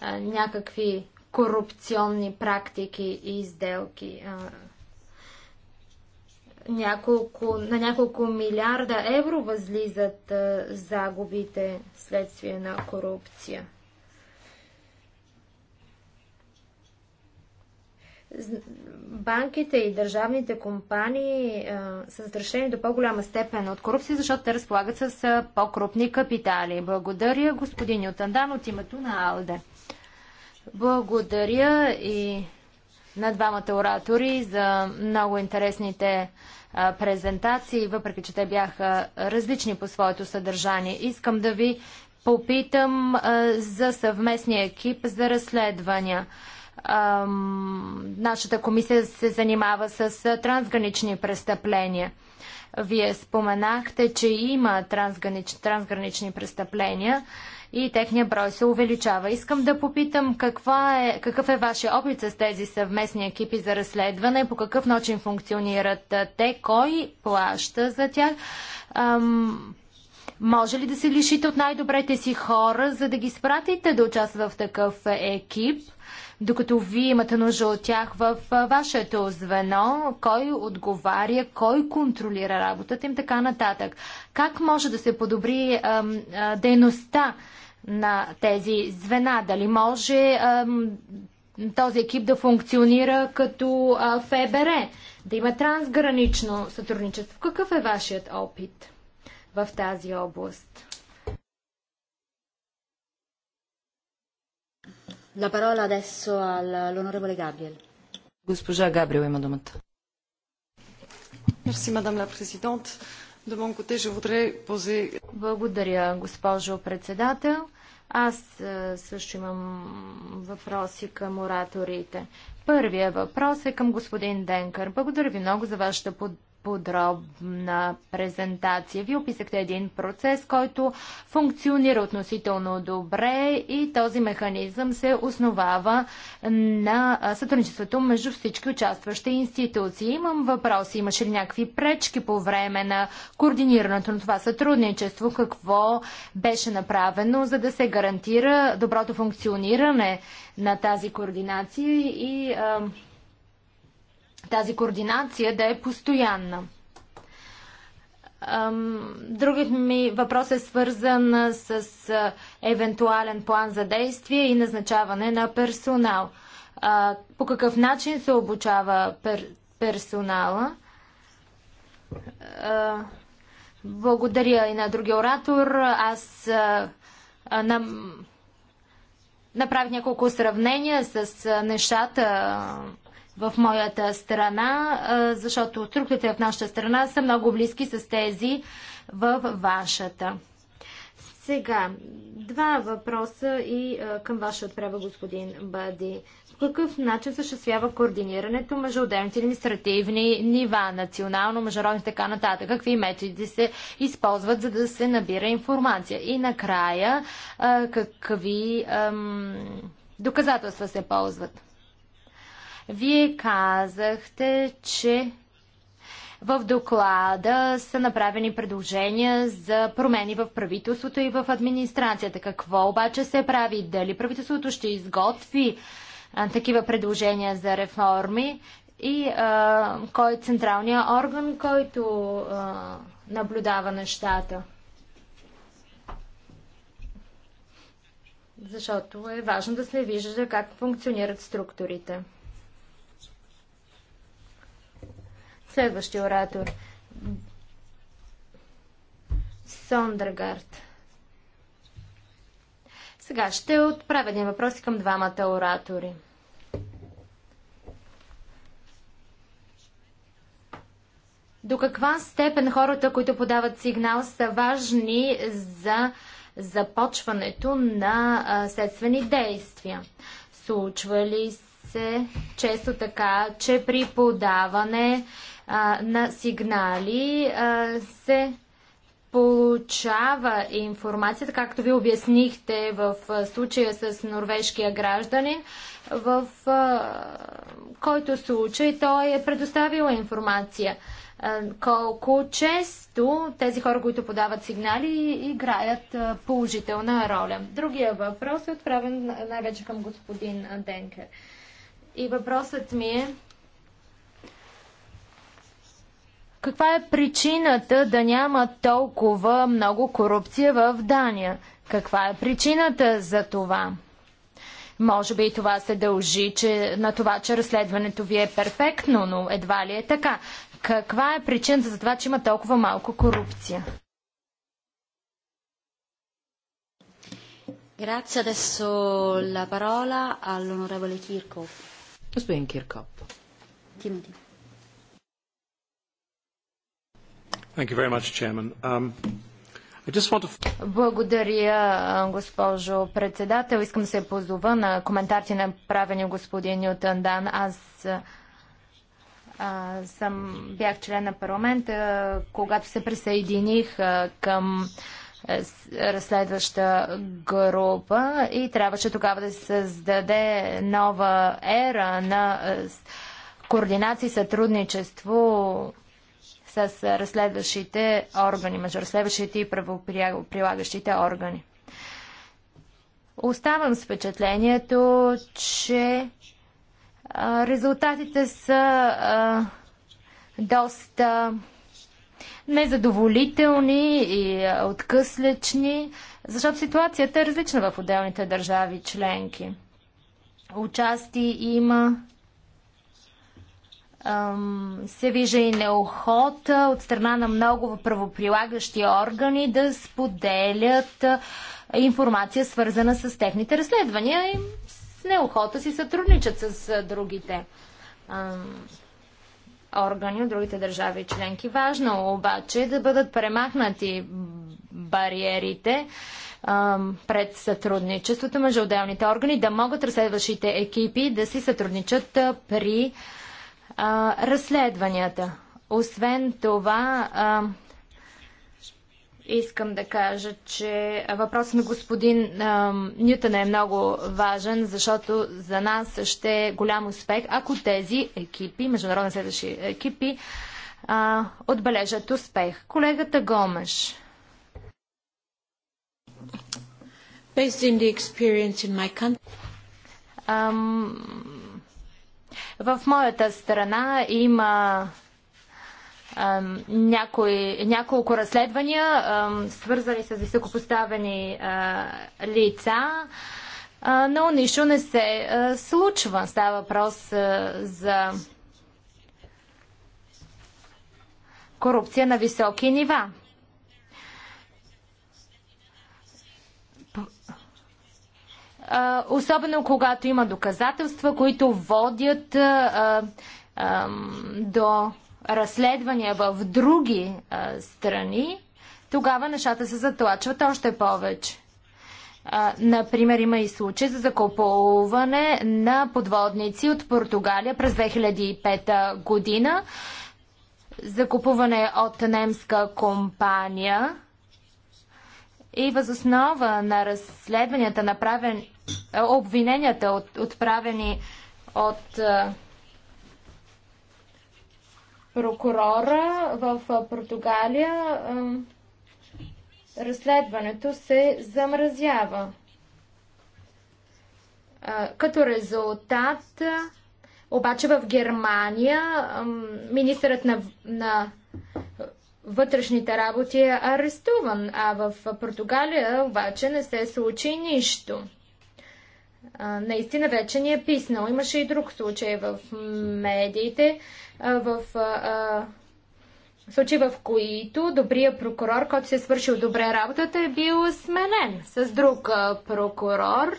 а, някакви корупционни практики и изделки. А, няколко, на няколко милиарда евро възлизат а, загубите следствие на корупция. банките и държавните компании а, са застрашени до по-голяма степен от корупция, защото те разполагат с по-крупни капитали. Благодаря, господин Ютандан, от името на АЛДЕ. Благодаря и на двамата оратори за много интересните презентации, въпреки че те бяха различни по своето съдържание. Искам да ви попитам за съвместния екип за разследвания нашата комисия се занимава с трансгранични престъпления. Вие споменахте, че има трансгранич, трансгранични престъпления и техния брой се увеличава. Искам да попитам каква е, какъв е вашия опит с тези съвместни екипи за разследване, по какъв начин функционират те, кой плаща за тях. Ам, може ли да се лишите от най-добрите си хора, за да ги спратите да участват в такъв екип? докато вие имате нужда от тях в вашето звено, кой отговаря, кой контролира работата им, така нататък. Как може да се подобри дейността на тези звена? Дали може този екип да функционира като ФБР, да има трансгранично сътрудничество? Какъв е вашият опит в тази област? La parola adesso all'onorevole Gabriel.
Госпожа Габриел има думата.
Благодаря, госпожо председател. Аз е, също имам въпроси към ораторите. Първия въпрос е към господин Денкър. Благодаря ви много за вашата подробна презентация. Ви описахте един процес, който функционира относително добре и този механизъм се основава на сътрудничеството между всички участващи институции. Имам въпроси. Имаше ли някакви пречки по време на координирането на това сътрудничество? Какво беше направено, за да се гарантира доброто функциониране на тази координация и тази координация да е постоянна. Другият ми въпрос е свързан с евентуален план за действие и назначаване на персонал. По какъв начин се обучава пер персонала? Благодаря и на другия оратор. Аз направих няколко сравнения с нещата в моята страна, защото структурите в нашата страна са много близки с тези в вашата. Сега, два въпроса и към ваша отправа, господин Бади. По какъв начин съществява координирането между отделните административни нива, национално, международно и така нататък? Какви методи се използват, за да се набира информация? И накрая, какви ам, доказателства се ползват? Вие казахте, че в доклада са направени предложения за промени в правителството и в администрацията. Какво обаче се прави? Дали правителството ще изготви такива предложения за реформи? И а, кой е централният орган, който а, наблюдава нещата? Защото е важно да се вижда как функционират структурите. Следващия оратор. Сондергард. Сега ще отправя един въпрос към двамата оратори. До каква степен хората, които подават сигнал, са важни за започването на следствени действия? Случва ли се често така, че при подаване а, на сигнали а, се получава информацията, както ви обяснихте в случая с норвежкия гражданин, в а, който случай той е предоставил информация. А, колко често тези хора, които подават сигнали, играят положителна роля. Другия въпрос е отправен най-вече към господин Денкер. И въпросът ми е каква е причината да няма толкова много корупция в Дания? Каква е причината за това? Може би и това се дължи че, на това, че разследването ви е перфектно, но едва ли е така. Каква е причината за това, че има толкова малко корупция? Grazie, adesso la parola all'onorevole Kirchhoff. Господин Киркоп. Тимоти.
Um,
Благодаря, госпожо председател. Искам да се позова на коментарите на правени господин Нютон Дан. Аз а, съм, бях член на парламента, когато се присъединих а, към е, разследваща група и трябваше тогава да се създаде нова ера на е, координация и сътрудничество с разследващите органи, между разследващите и правоприлагащите органи. Оставам с впечатлението, че е, резултатите са доста незадоволителни и е, откъслечни, защото ситуацията е различна в отделните държави членки. Участи има се вижда и неохота от страна на много правоприлагащи органи да споделят информация, свързана с техните разследвания и с неохота си сътрудничат с другите органи от другите държави и членки. Важно обаче е да бъдат премахнати бариерите пред сътрудничеството между отделните органи, да могат разследващите екипи да си сътрудничат при а, разследванията. Освен това, Искам да кажа, че въпросът на господин а, Нютън е много важен, защото за нас ще е голям успех, ако тези екипи, международни следващи екипи, а, отбележат успех. Колегата Гомеш. Based in the experience in my country. Ам, в моята страна има някои, няколко разследвания, свързани с високопоставени лица, но нищо не се случва. Става въпрос за корупция на високи нива. Особено когато има доказателства, които водят до разследвания в други а, страни, тогава нещата се затлачват още повече. А, например, има и случай за закупуване на подводници от Португалия през 2005 година. Закупуване от немска компания и възоснова на разследванията, направен, обвиненията от, отправени от а, прокурора в Португалия разследването се замразява. Като резултат, обаче в Германия министърът на, на вътрешните работи е арестуван, а в Португалия обаче не се случи нищо наистина вече ни е писнал. Имаше и друг случай в медиите, в случаи в които добрия прокурор, който се е свършил добре работата, е бил сменен с друг прокурор.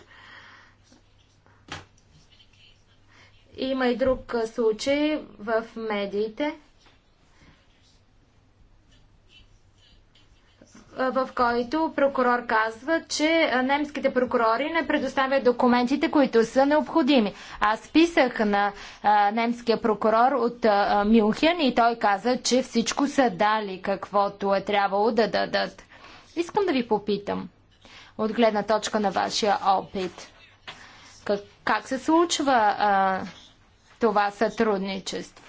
Има и друг случай в медиите – в който прокурор казва, че немските прокурори не предоставят документите, които са необходими. Аз писах на немския прокурор от Мюнхен и той каза, че всичко са дали каквото е трябвало да дадат. Искам да ви попитам, от гледна точка на вашия опит, как, се случва това сътрудничество?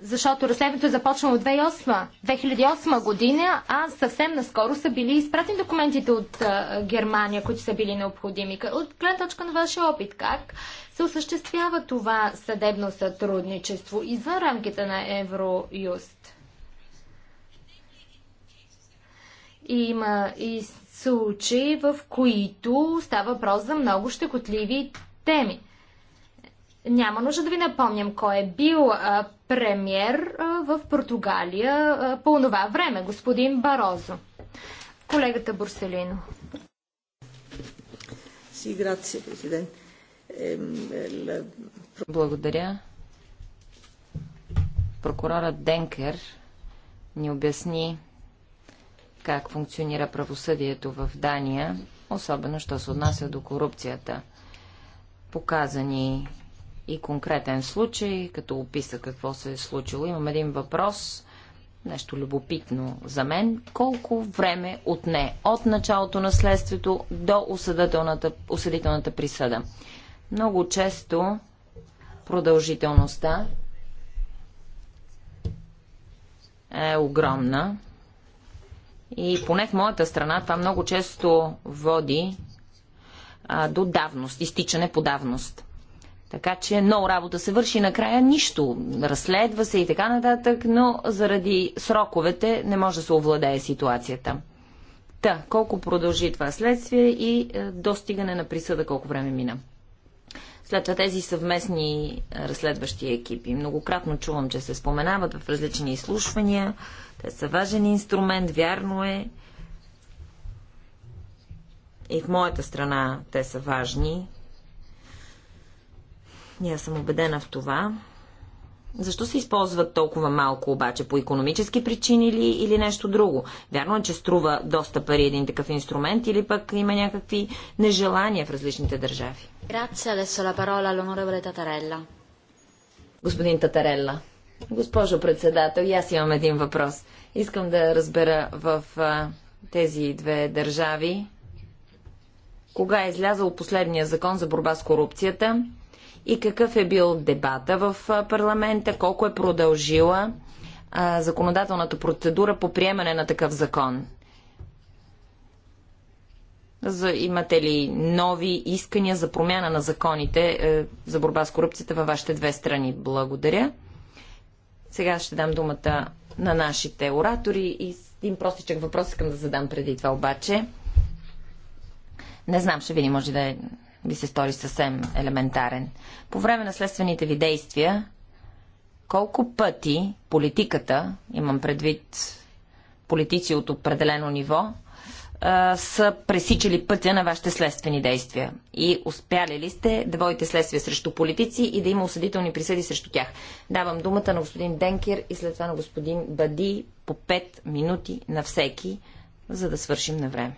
защото разследването е започнало 2008, 2008 година, а съвсем наскоро са били изпратени документите от а, Германия, които са били необходими. От гледна точка на вашия опит, как се осъществява това съдебно сътрудничество извън рамките на Евроюст? има и случаи, в които става въпрос за много щекотливи теми. Няма нужда да ви напомням кой е бил а, премьер а, в Португалия а, по това време, господин Барозо. Колегата Борселино.
Е, Благодаря. Прокурорът Денкер ни обясни как функционира правосъдието в Дания, особено що се отнася до корупцията. Показани и конкретен случай, като описа какво се е случило. Имам един въпрос, нещо любопитно за мен. Колко време отне от началото на следствието до осъдителната, осъдителната присъда? Много често продължителността е огромна. И поне в моята страна това много често води а, до давност, изтичане по давност. Така че много работа се върши, накрая нищо. Разследва се и така нататък, но заради сроковете не може да се овладее ситуацията. Та, колко продължи това следствие и е, достигане на присъда, колко време мина. След това тези съвместни е, разследващи екипи. Многократно чувам, че се споменават в различни изслушвания. Те са важен инструмент, вярно е. И в моята страна те са важни, ние съм убедена в това. Защо се използват толкова малко обаче? По економически причини или, или нещо друго? Вярно е, че струва доста пари един такъв инструмент или пък има някакви нежелания в различните държави? Господин Татарелла. Госпожо председател, и аз имам един въпрос. Искам да разбера в а, тези две държави кога е излязъл последния закон за борба с корупцията и какъв е бил дебата в парламента, колко е продължила а, законодателната процедура по приемане на такъв закон. За, имате ли нови искания за промяна на законите е, за борба с корупцията във вашите две страни? Благодаря. Сега ще дам думата на нашите оратори и един простичък въпрос искам да задам преди това обаче. Не знам, ще видим, може да е ми се стори съвсем елементарен. По време на следствените ви действия, колко пъти политиката, имам предвид политици от определено ниво, са пресичали пътя на вашите следствени действия. И успяли ли сте да водите следствия срещу политици и да има осъдителни присъди срещу тях? Давам думата на господин Денкер и след това на господин Бади по 5 минути на всеки, за да свършим на време.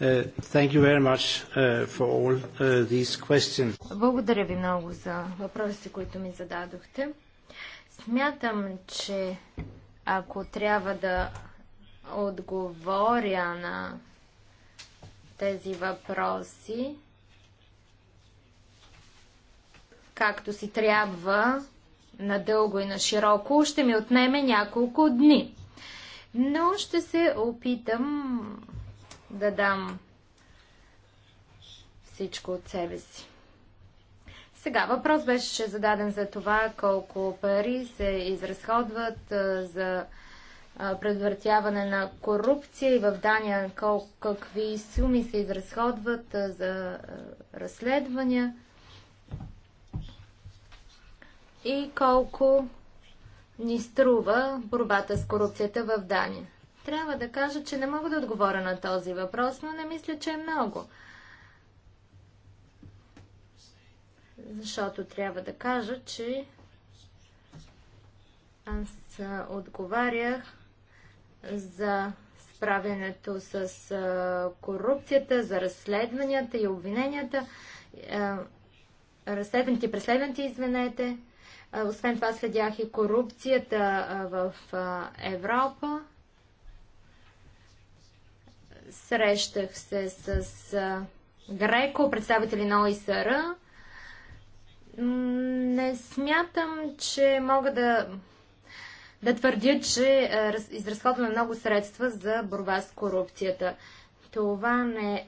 Uh, thank you very much uh, for all uh, these questions.
Благодаря ви много за въпросите, които ми зададохте. Смятам, че ако трябва да отговоря на тези въпроси, както си трябва, надълго и на широко, ще ми отнеме няколко дни. Но ще се опитам да дам всичко от себе си. Сега въпрос беше зададен за това колко пари се изразходват за предотвратяване на корупция и в Дания кол, какви суми се изразходват за разследвания и колко ни струва борбата с корупцията в Дания. Трябва да кажа, че не мога да отговоря на този въпрос, но не мисля, че е много. Защото трябва да кажа, че аз отговарях за справянето с корупцията, за разследванията и обвиненията. Разследваните и преследваните, извинете. Освен това следях и корупцията в Европа. Срещах се с Греко, представители на ОИСР. Не смятам, че мога да, да твърдя, че изразходваме много средства за борба с корупцията. Това не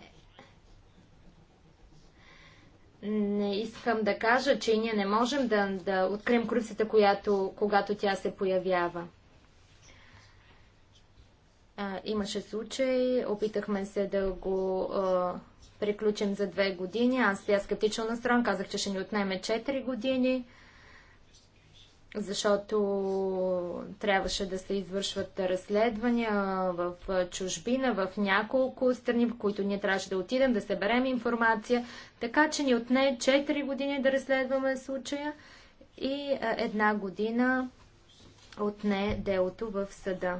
не искам да кажа, че ние не можем да, да открием корупцията, която, когато тя се появява имаше случай, опитахме се да го а, приключим за две години. Аз бях скептично настроен, казах, че ще ни отнеме 4 години, защото трябваше да се извършват разследвания в чужбина, в няколко страни, в които ние трябваше да отидем, да съберем информация. Така че ни отне 4 години да разследваме случая и а, една година отне делото в съда.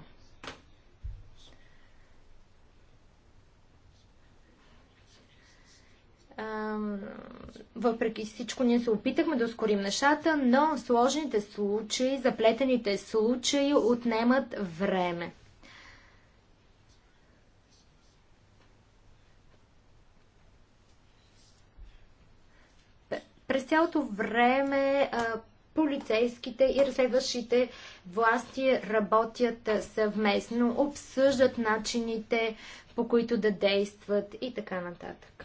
въпреки всичко ние се опитахме да ускорим нещата, но сложните случаи, заплетените случаи отнемат време. През цялото време полицейските и разследващите власти работят съвместно, обсъждат начините по които да действат и така нататък.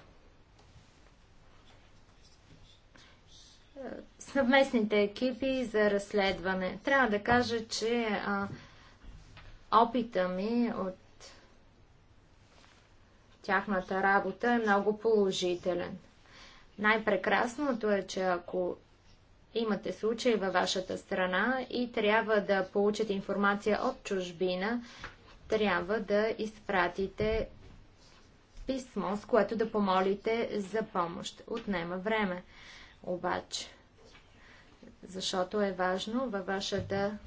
съвместните екипи за разследване. Трябва да кажа, че а, опита ми от тяхната работа е много положителен. Най-прекрасното е, че ако имате случай във вашата страна и трябва да получите информация от чужбина, трябва да изпратите писмо, с което да помолите за помощ. Отнема време обаче, защото е важно във вашата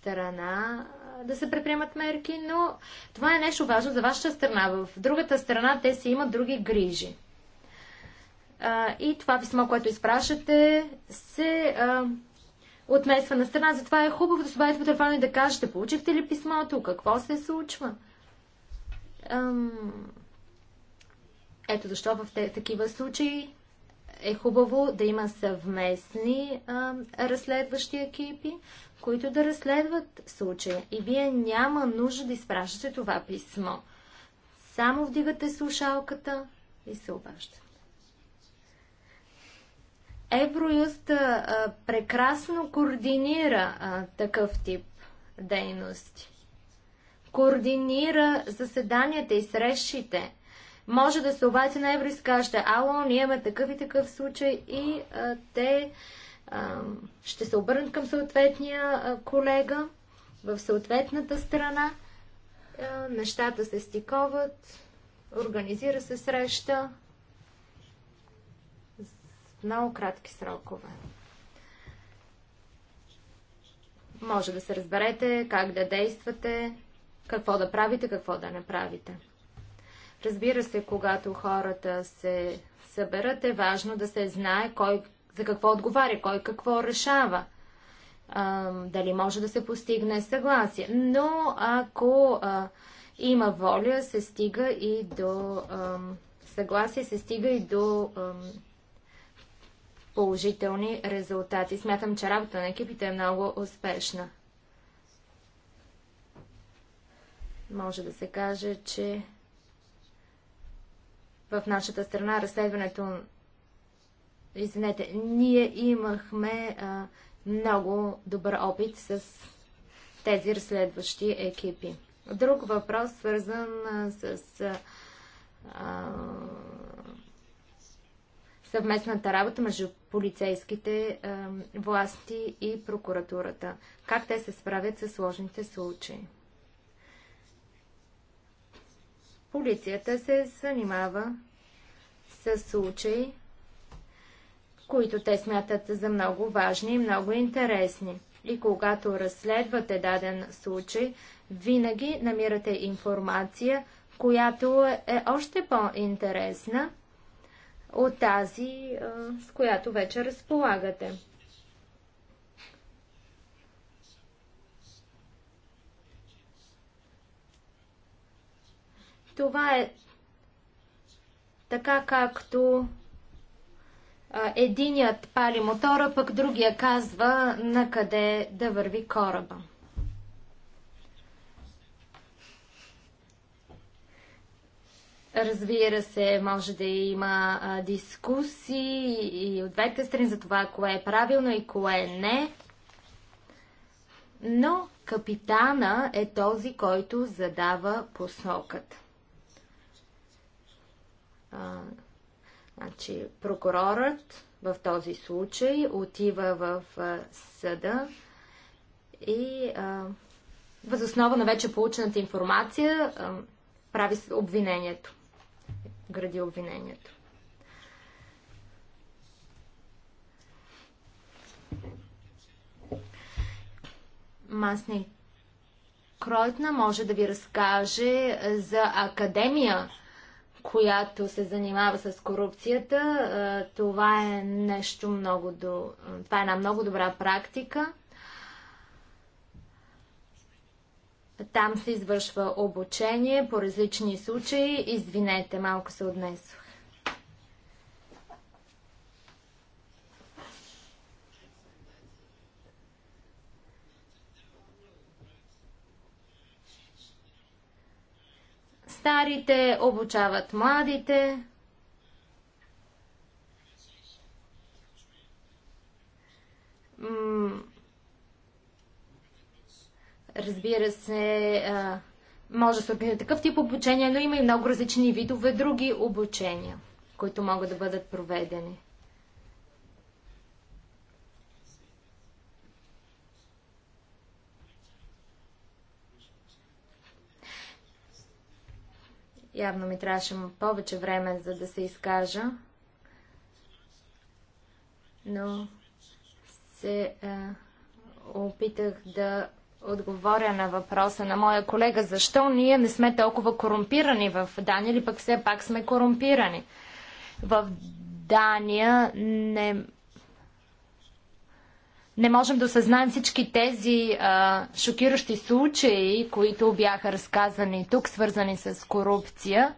страна да се предприемат мерки, но това е нещо важно за вашата страна. В другата страна те си имат други грижи. А, и това писмо, което изпращате, се а, отмества на страна. Затова е хубаво да се обадите по телефона и да кажете, получихте ли писмото, какво се случва. Ето защо в те, такива случаи е хубаво да има съвместни а, разследващи екипи, които да разследват случая. И вие няма нужда да изпращате това писмо. Само вдигате слушалката и се обаждате. Евроюст а, прекрасно координира а, такъв тип дейности. Координира заседанията и срещите може да се обадите на Еврис, кажете, ало, ние имаме такъв и такъв случай и а, те а, ще се обърнат към съответния а, колега в съответната страна. А, нещата се стиковат, организира се среща в много кратки срокове. Може да се разберете как да действате, какво да правите, какво да не правите. Разбира се, когато хората се съберат, е важно да се знае кой за какво отговаря, кой какво решава. А, дали може да се постигне съгласие. Но ако а, има воля, се стига и до а, съгласие, се стига и до положителни резултати. Смятам, че работа на екипите е много успешна. Може да се каже, че в нашата страна разследването. Извинете, ние имахме а, много добър опит с тези разследващи екипи. Друг въпрос, свързан а, с а, съвместната работа между полицейските а, власти и прокуратурата. Как те се справят с сложните случаи? Полицията се занимава с случаи, които те смятат за много важни и много интересни. И когато разследвате даден случай, винаги намирате информация, която е още по-интересна от тази, с която вече разполагате. Това е така както а, единият пали мотора, пък другия казва на къде да върви кораба. Разбира се, може да има а, дискусии и от двете страни за това кое е правилно и кое не. Но капитана е този, който задава посоката. А, значи, прокурорът в този случай отива в а, съда и а, възоснова на вече получената информация а, прави обвинението. Гради обвинението. Масни Кройтна може да ви разкаже за академия която се занимава с корупцията. Това е нещо много до... Това е една много добра практика. Там се извършва обучение по различни случаи. Извинете, малко се отнесох. Старите обучават младите. Разбира се, може да се организира такъв тип обучение, но има и много различни видове други обучения, които могат да бъдат проведени. Явно ми трябваше повече време, за да се изкажа. Но се е, опитах да отговоря на въпроса на моя колега, защо ние не сме толкова корумпирани в Дания, или пък все пак сме корумпирани. В Дания не не можем да осъзнаем всички тези а, шокиращи случаи, които бяха разказани тук, свързани с корупция.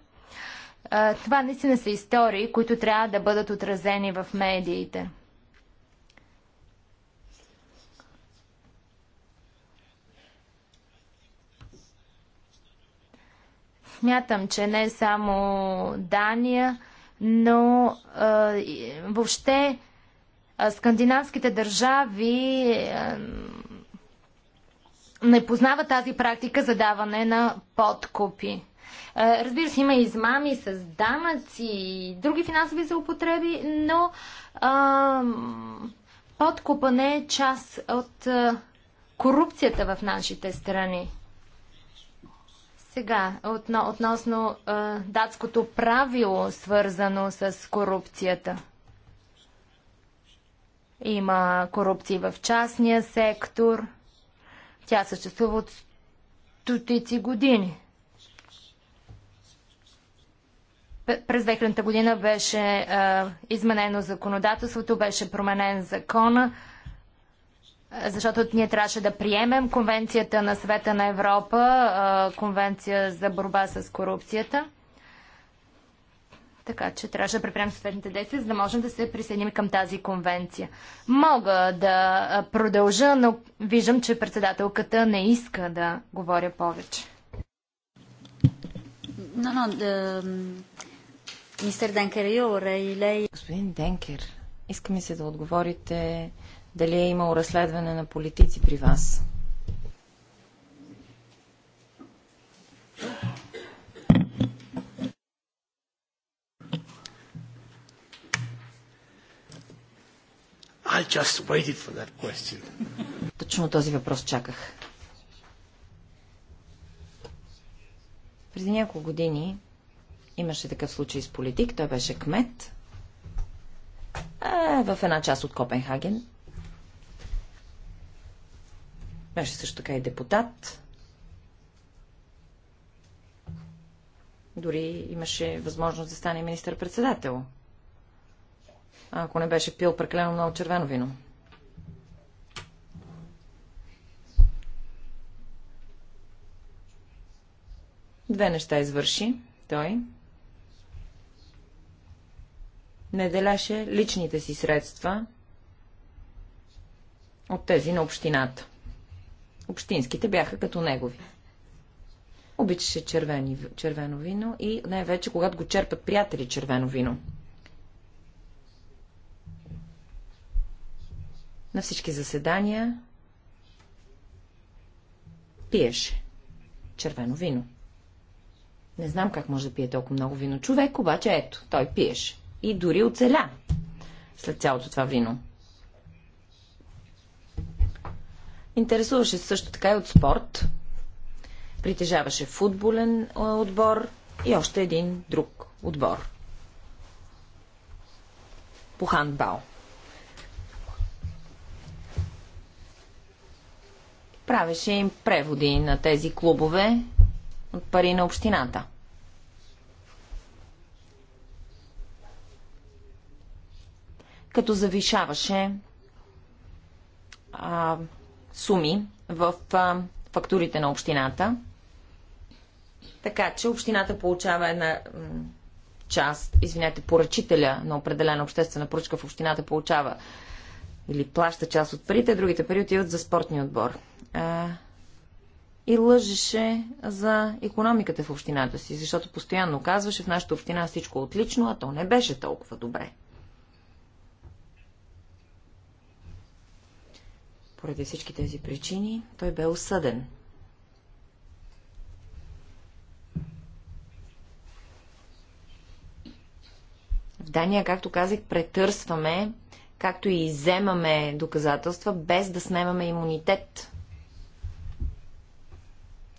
А, това наистина са истории, които трябва да бъдат отразени в медиите. Смятам, че не само Дания, но а, въобще скандинавските държави не познава тази практика за даване на подкупи. Е, разбира се, има измами с данъци и други финансови злоупотреби, но а, подкупа не е част от а, е, корупцията в нашите страни. Сега, относно а, е, датското правило, свързано с корупцията – има корупция в частния сектор. Тя съществува от стотици години. През 2000 година беше е, изменено законодателството, беше променен закона, защото ние трябваше да приемем Конвенцията на Света на Европа, е, Конвенция за борба с корупцията. Така че трябваше да предприемем съответните действия, за да можем да се присъединим към тази конвенция. Мога да продължа, но виждам, че председателката не иска да говоря повече.
Но, но, да...
Мистер Денкер, и лей... Господин Денкер,
иска ми се да отговорите дали е имало разследване на политици при вас.
I just waited for that question.
Точно този въпрос чаках. Преди няколко години имаше такъв случай с политик. Той беше кмет а, в една част от Копенхаген. Беше също така и депутат. Дори имаше възможност да стане министър-председател ако не беше пил прекалено много червено вино. Две неща извърши той. Не деляше личните си средства от тези на общината. Общинските бяха като негови. Обичаше червени, червено вино и най-вече, когато го черпат приятели червено вино. на всички заседания пиеше червено вино. Не знам как може да пие толкова много вино човек, обаче ето, той пиеше. И дори оцеля след цялото това вино. Интересуваше се също така и от спорт. Притежаваше футболен отбор и още един друг отбор. По хандбал. Правеше им преводи на тези клубове от пари на общината. Като завишаваше а, суми в а, фактурите на общината. Така че общината получава една част, извинете, поръчителя на определена обществена поръчка в общината получава или плаща част от парите, а другите пари отиват за спортния отбор. А, и лъжеше за економиката в общината си, защото постоянно казваше в нашата община всичко е отлично, а то не беше толкова добре. Поради всички тези причини той бе осъден. В Дания, както казах, претърсваме както и вземаме доказателства, без да снемаме имунитет.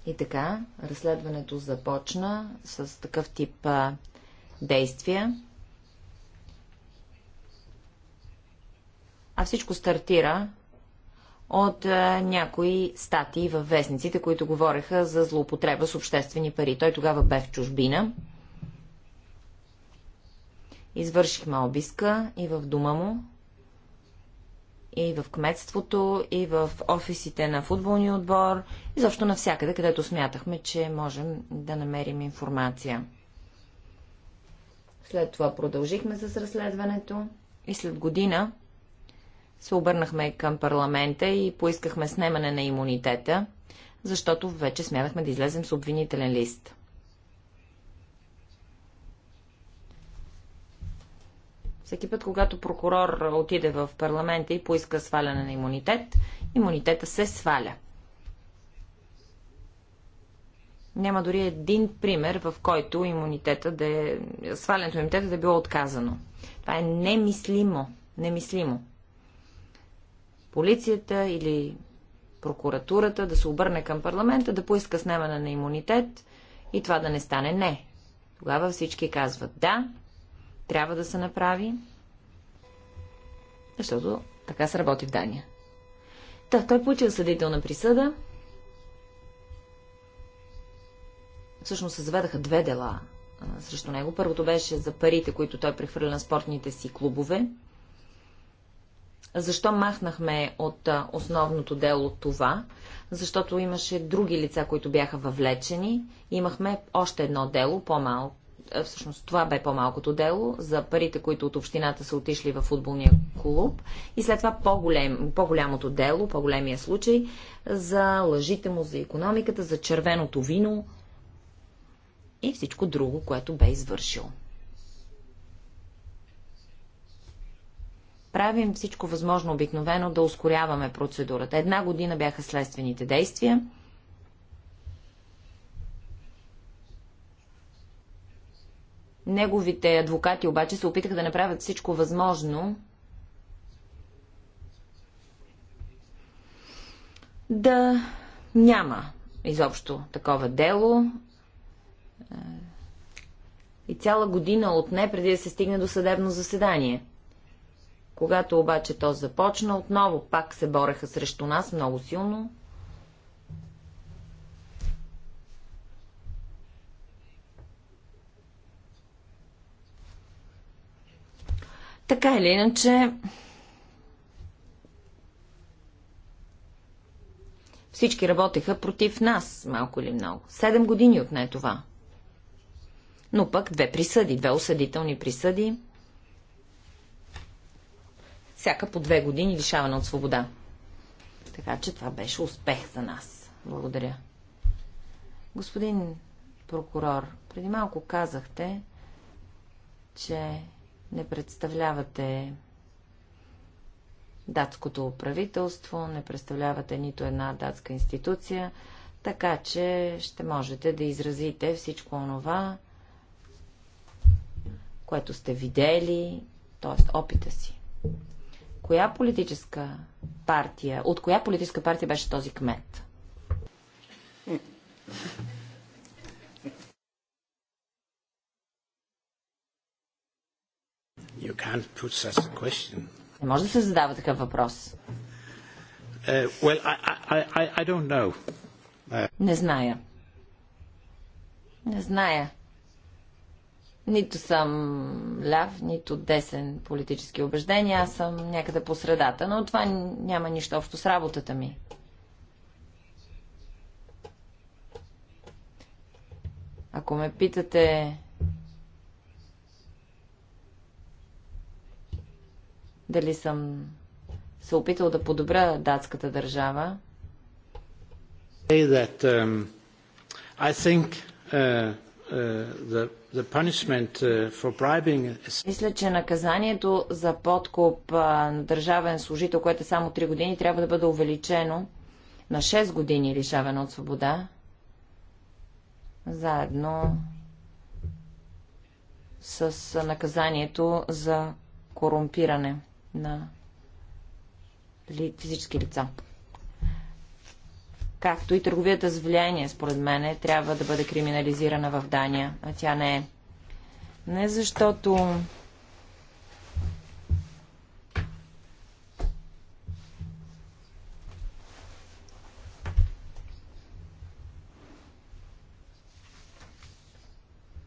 И така, разследването започна с такъв тип а, действия. А всичко стартира от а, някои статии във вестниците, които говореха за злоупотреба с обществени пари. Той тогава бе в чужбина. Извършихме обиска и в дома му, и в кметството, и в офисите на футболния отбор, и защо навсякъде, където смятахме, че можем да намерим информация. След това продължихме с разследването и след година се обърнахме към парламента и поискахме снемане на имунитета, защото вече смятахме да излезем с обвинителен лист. Всеки път, когато прокурор отиде в парламента и поиска сваляне на имунитет, имунитета се сваля. Няма дори един пример, в който имунитета да е, свалянето на имунитета да е било отказано. Това е немислимо. Немислимо. Полицията или прокуратурата да се обърне към парламента, да поиска снемане на имунитет и това да не стане не. Тогава всички казват да, трябва да се направи, защото така се работи в Дания. Та, той получи осъдителна присъда. Всъщност се заведаха две дела а, срещу него. Първото беше за парите, които той прехвърля на спортните си клубове. Защо махнахме от а, основното дело това? Защото имаше други лица, които бяха въвлечени. Имахме още едно дело, по-малко всъщност това бе по-малкото дело, за парите, които от общината са отишли в футболния клуб и след това по-голем, по-голямото дело, по-големия случай за лъжите му за економиката, за червеното вино и всичко друго, което бе извършил. Правим всичко възможно обикновено да ускоряваме процедурата. Една година бяха следствените действия – Неговите адвокати обаче се опитаха да направят всичко възможно да няма изобщо такова дело. Е, и цяла година отне преди да се стигне до съдебно заседание. Когато обаче то започна, отново пак се бореха срещу нас много силно. Така или иначе, всички работеха против нас, малко или много. Седем години отне е това. Но пък две присъди, две осъдителни присъди, всяка по две години лишавана от свобода. Така че това беше успех за нас. Благодаря. Господин прокурор, преди малко казахте, че не представлявате датското правителство, не представлявате нито една датска институция, така че ще можете да изразите всичко онова, което сте видели, т.е. опита си. Коя политическа партия, от коя политическа партия беше този кмет?
You can't put such a
question. Не може да се задава такъв въпрос. Uh, well, I, I, I don't know. Uh... Не зная. Не зная. Нито съм ляв, нито десен политически убеждения. Аз съм някъде по средата, но това няма нищо общо с работата ми. Ако ме питате дали съм се опитал да подобря датската държава.
That, um, I think, uh, uh the, the punishment uh, for bribing
Мисля, че наказанието за подкуп на държавен служител, което е само 3 години, трябва да бъде увеличено на 6 години лишаване от свобода. Заедно с наказанието за корумпиране на физически лица. Както и търговията с влияние, според мен, трябва да бъде криминализирана в Дания, а тя не е. Не защото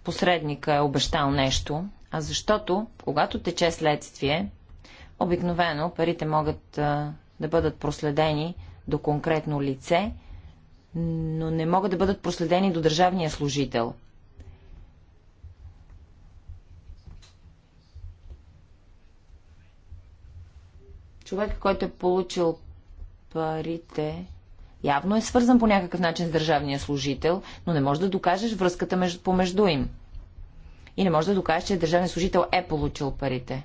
посредника е обещал нещо, а защото, когато тече следствие, Обикновено парите могат а, да бъдат проследени до конкретно лице, но не могат да бъдат проследени до държавния служител. Човек, който е получил парите, явно е свързан по някакъв начин с държавния служител, но не може да докажеш връзката помежду им. И не може да докажеш, че държавният служител е получил парите.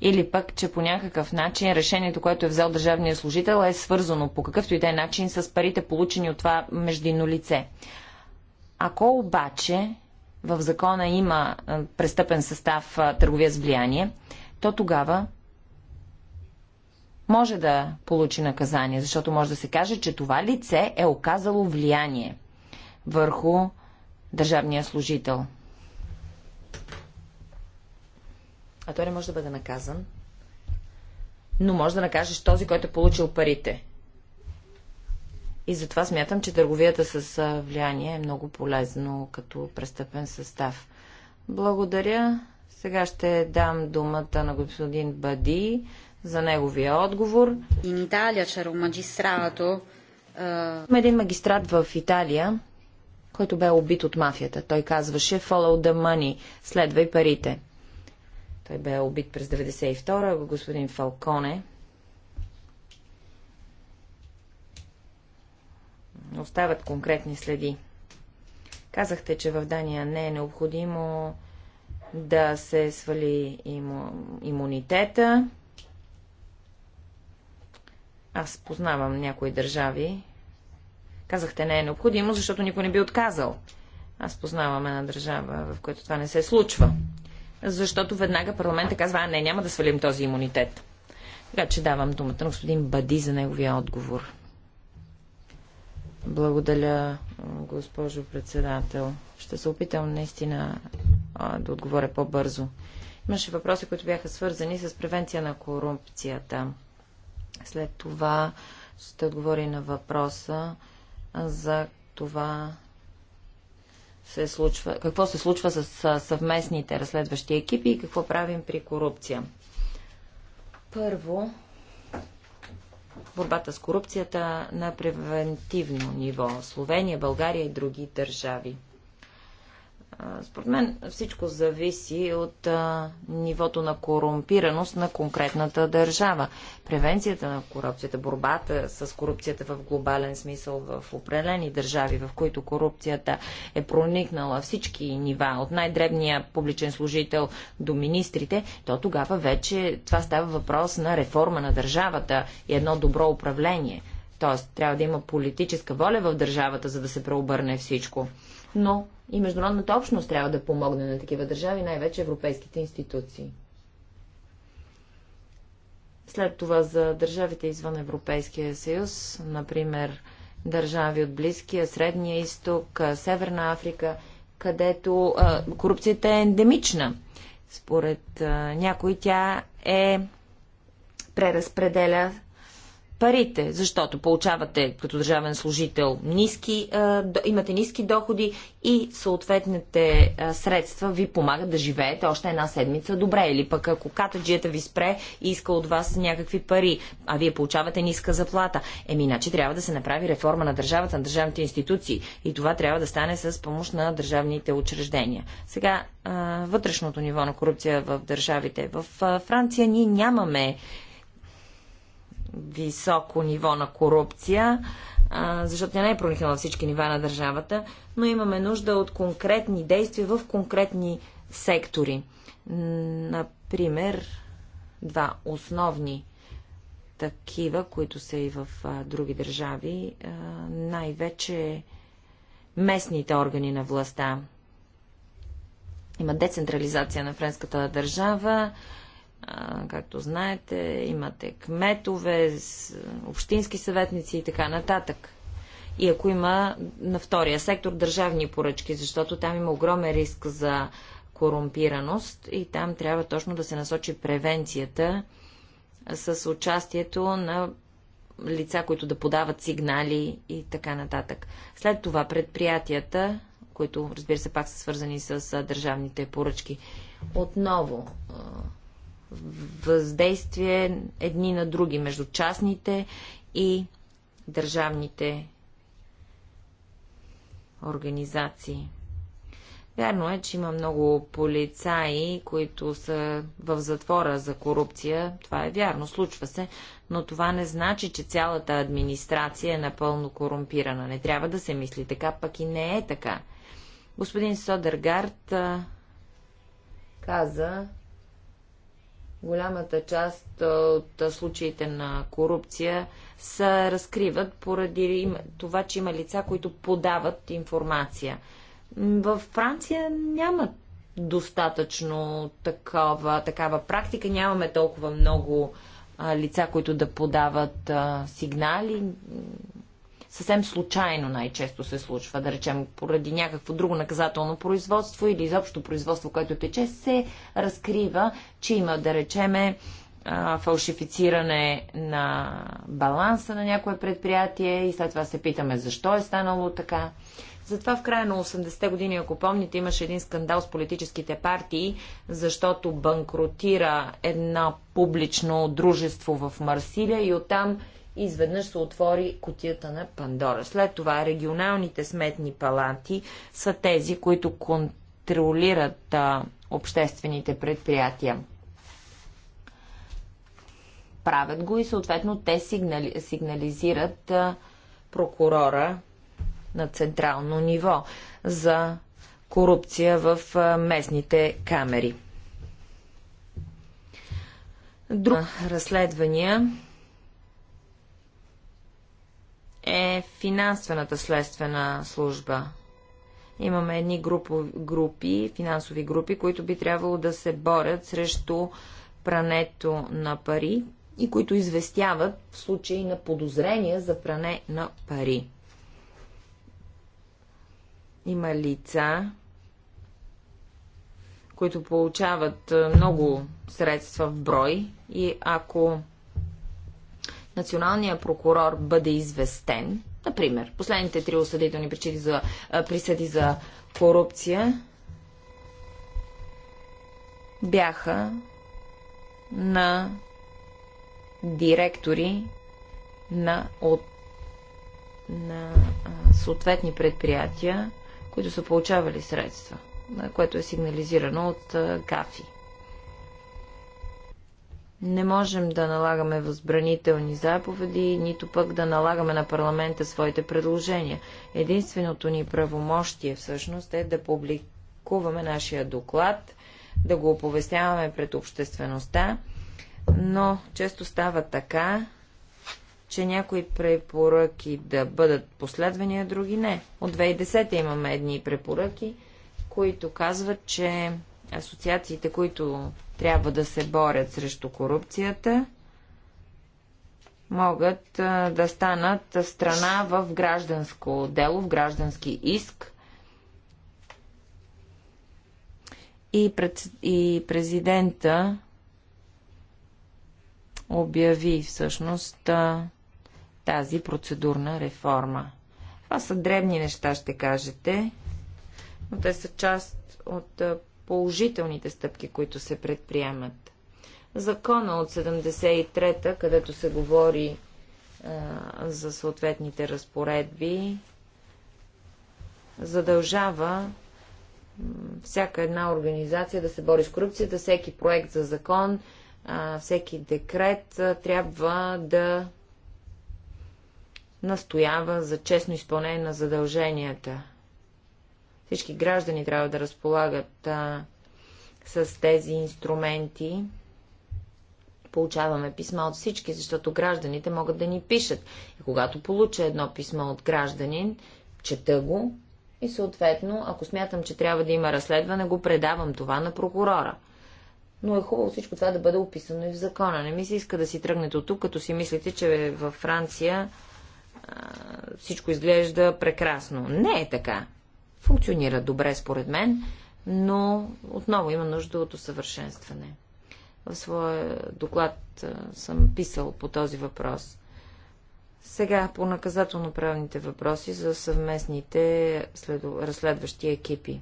Или пък, че по някакъв начин решението, което е взел държавния служител, е свързано по какъвто и да е начин с парите, получени от това междинно лице. Ако обаче в закона има престъпен състав търговия с влияние, то тогава може да получи наказание, защото може да се каже, че това лице е оказало влияние върху държавния служител. а той не може да бъде наказан, но може да накажеш този, който е получил парите. И затова смятам, че търговията с влияние е много полезно като престъпен състав. Благодаря. Сега ще дам думата на господин Бади за неговия отговор. In Italia c'era un magistrato. Uh... Един магистрат в Италия, който бе убит от мафията. Той казваше Follow the money, следвай парите. Той бе убит през 92 92-а, господин Фалконе. Остават конкретни следи. Казахте, че в Дания не е необходимо да се свали иму... имунитета. Аз познавам някои държави. Казахте, не е необходимо, защото никой не би отказал. Аз познавам една държава, в която това не се случва защото веднага парламента казва, а не, няма да свалим този имунитет. Така че давам думата на господин Бади за неговия отговор. Благодаря, госпожо председател. Ще се опитам наистина а, да отговоря по-бързо. Имаше въпроси, които бяха свързани с превенция на корупцията. След това ще отговори на въпроса за това се случва, какво се случва с, с съвместните разследващи екипи и какво правим при корупция. Първо, борбата с корупцията на превентивно ниво. Словения, България и други държави. Според мен всичко зависи от а, нивото на корумпираност на конкретната държава. Превенцията на корупцията, борбата с корупцията в глобален смисъл в определени държави, в които корупцията е проникнала всички нива, от най-дребния публичен служител до министрите, то тогава вече това става въпрос на реформа на държавата и едно добро управление. Тоест, трябва да има политическа воля в държавата, за да се преобърне всичко но и международната общност трябва да помогне на такива държави, най-вече европейските институции. След това за държавите извън Европейския съюз, например държави от Близкия, Средния изток, Северна Африка, където а, корупцията е ендемична. Според а, някой тя е преразпределя парите, защото получавате като държавен служител ниски, имате ниски доходи и съответните средства ви помагат да живеете още една седмица добре. Или пък ако катаджията ви спре и иска от вас някакви пари, а вие получавате ниска заплата, еми иначе трябва да се направи реформа на държавата, на държавните институции. И това трябва да стане с помощ на държавните учреждения. Сега, вътрешното ниво на корупция в държавите. В Франция ние нямаме високо ниво на корупция, защото тя не е проникнала всички нива на държавата, но имаме нужда от конкретни действия в конкретни сектори. Например, два основни такива, които са и в други държави, най-вече местните органи на властта. Има децентрализация на френската държава, Както знаете, имате кметове, общински съветници и така нататък. И ако има на втория сектор държавни поръчки, защото там има огромен риск за корумпираност и там трябва точно да се насочи превенцията с участието на лица, които да подават сигнали и така нататък. След това предприятията, които разбира се пак са свързани с държавните поръчки, отново въздействие едни на други между частните и държавните организации. Вярно е, че има много полицаи, които са в затвора за корупция. Това е вярно, случва се, но това не значи, че цялата администрация е напълно корумпирана. Не трябва да се мисли така, пък и не е така. Господин Содергард каза, Голямата част от случаите на корупция се разкриват поради това, че има лица, които подават информация. В Франция няма достатъчно такова, такава практика, нямаме толкова много лица, които да подават сигнали съвсем случайно най-често се случва. Да речем, поради някакво друго наказателно производство или изобщо производство, което тече, се разкрива, че има, да речеме, фалшифициране на баланса на някое предприятие и след това се питаме защо е станало така. Затова в края на 80-те години, ако помните, имаше един скандал с политическите партии, защото банкротира едно публично дружество в Марсилия и оттам изведнъж се отвори котията на Пандора. След това регионалните сметни палати са тези, които контролират а, обществените предприятия. Правят го и съответно те сигнали, сигнализират а, прокурора на централно ниво за корупция в а, местните камери. Друг разследвания е финансовата следствена служба. Имаме едни групо, групи, финансови групи, които би трябвало да се борят срещу прането на пари и които известяват в случаи на подозрения за пране на пари. Има лица, които получават е, много средства в брой и ако националния прокурор бъде известен, например, последните три осъдителни причини за, присъди за корупция бяха на директори на, от, на а, съответни предприятия, които са получавали средства, което е сигнализирано от а, ГАФИ. Не можем да налагаме възбранителни заповеди, нито пък да налагаме на парламента своите предложения. Единственото ни правомощие всъщност е да публикуваме нашия доклад, да го оповестяваме пред обществеността, но често става така, че някои препоръки да бъдат последвани, а други не. От 2010 имаме едни препоръки, които казват, че асоциациите, които трябва да се борят срещу корупцията, могат да станат страна в гражданско дело, в граждански иск. И, пред, и президента обяви всъщност тази процедурна реформа. Това са дребни неща, ще кажете, но те са част от положителните стъпки, които се предприемат. Закона от 73-та, където се говори а, за съответните разпоредби, задължава всяка една организация да се бори с корупцията, всеки проект за закон, всеки декрет трябва да настоява за честно изпълнение на задълженията. Всички граждани трябва да разполагат а, с тези инструменти. Получаваме писма от всички, защото гражданите могат да ни пишат. И когато получа едно писмо от гражданин, чета го и съответно, ако смятам, че трябва да има разследване, го предавам това на прокурора. Но е хубаво всичко това да бъде описано и в закона. Не ми се иска да си тръгнете от тук, като си мислите, че във Франция а, всичко изглежда прекрасно. Не е така функционира добре според мен, но отново има нужда от усъвършенстване. В своя доклад съм писал по този въпрос. Сега по наказателно-правните въпроси за съвместните следу... разследващи екипи.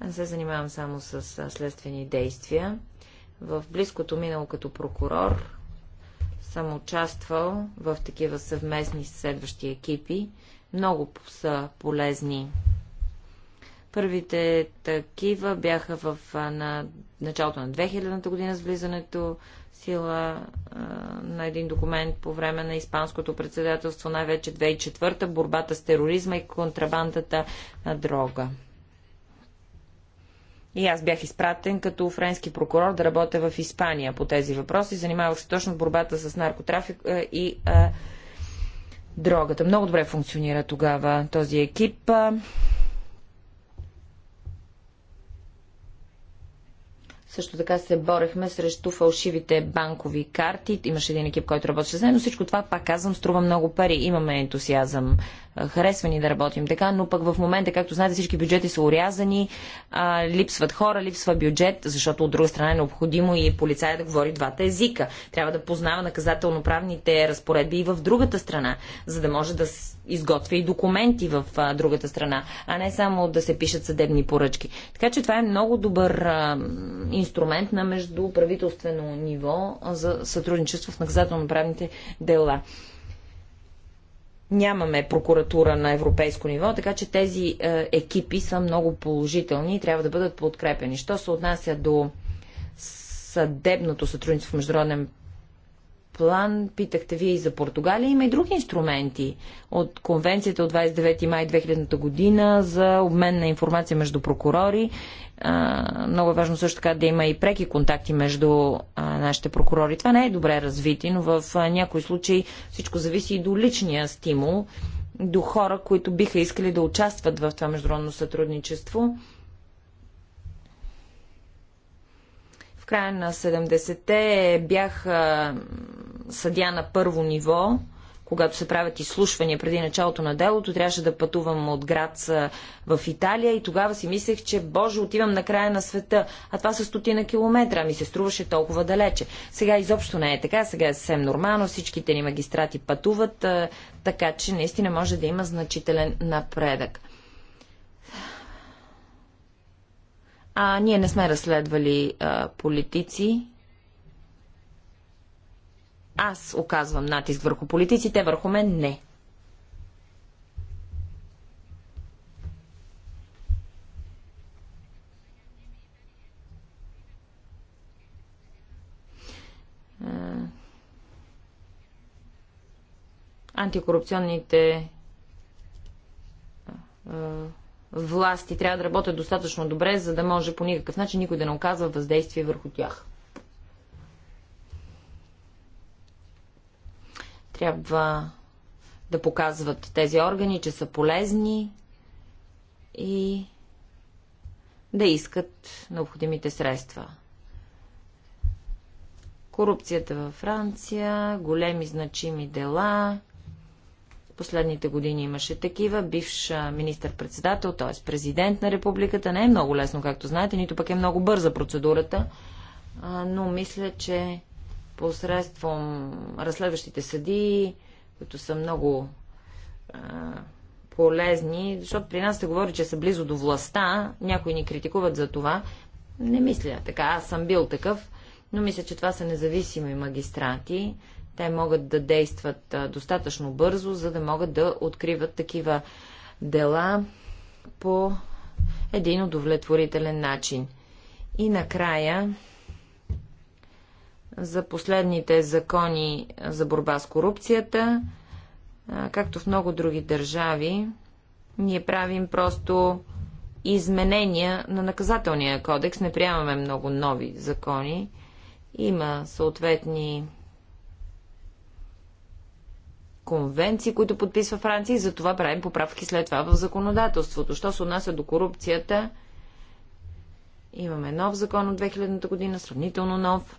Не се занимавам само с следствени действия. В близкото минало като прокурор съм участвал в такива съвместни следващи екипи, много са полезни. Първите такива бяха в, на началото на 2000-та година с влизането сила а, на един документ по време на Испанското председателство, най-вече 2004-та, борбата с тероризма и контрабандата на дрога. И аз бях изпратен като френски прокурор да работя в Испания по тези въпроси. Занимавах се точно с борбата с наркотрафик а, и а, дрогата. Много добре функционира тогава този екип. Също така се борехме срещу фалшивите банкови карти. Имаше един екип, който работеше но Всичко това, пак казвам, струва много пари. Имаме ентусиазъм харесва ни да работим така, но пък в момента, както знаете, всички бюджети са урязани, а, липсват хора, липсва бюджет, защото от друга страна е необходимо и полицая да говори двата езика. Трябва да познава наказателно-правните разпоредби и в другата страна, за да може да изготвя и документи в а, другата страна, а не само да се пишат съдебни поръчки. Така че това е много добър а, инструмент на междуправителствено ниво за сътрудничество в наказателно-правните дела. Нямаме прокуратура на европейско ниво, така че тези е, екипи са много положителни и трябва да бъдат подкрепени. Що се отнася до съдебното сътрудничество в международен план, питахте вие и за Португалия, има и други инструменти от конвенцията от 29 май 2000 година за обмен на информация между прокурори. А, много е важно също така да има и преки контакти между а, нашите прокурори. Това не е добре развити, но в а, някои случаи всичко зависи и до личния стимул, до хора, които биха искали да участват в това международно сътрудничество. В края на 70-те бяха съдя на първо ниво, когато се правят изслушвания преди началото на делото, трябваше да пътувам от град в Италия и тогава си мислех, че Боже, отивам на края на света, а това са стотина километра, ми се струваше толкова далече. Сега изобщо не е така, сега е съвсем нормално, всичките ни магистрати пътуват, така че наистина може да има значителен напредък. А ние не сме разследвали а, политици, аз оказвам натиск върху политиците, върху мен не. антикорупционните власти трябва да работят достатъчно добре, за да може по никакъв начин никой да не оказва въздействие върху тях. Трябва да показват тези органи, че са полезни и да искат необходимите средства. Корупцията във Франция, големи значими дела. Последните години имаше такива. Бивш министър-председател, т.е. президент на републиката. Не е много лесно, както знаете, нито пък е много бърза процедурата. Но мисля, че посредством разследващите съдии, които са много а, полезни, защото при нас се говори, че са близо до властта, някои ни критикуват за това. Не мисля така, аз съм бил такъв, но мисля, че това са независими магистрати. Те могат да действат достатъчно бързо, за да могат да откриват такива дела по един удовлетворителен начин. И накрая за последните закони за борба с корупцията, както в много други държави, ние правим просто изменения на наказателния кодекс, не приемаме много нови закони. Има съответни конвенции, които подписва Франция и затова правим поправки след това в законодателството. Що се отнася до корупцията, имаме нов закон от 2000 та година, сравнително нов.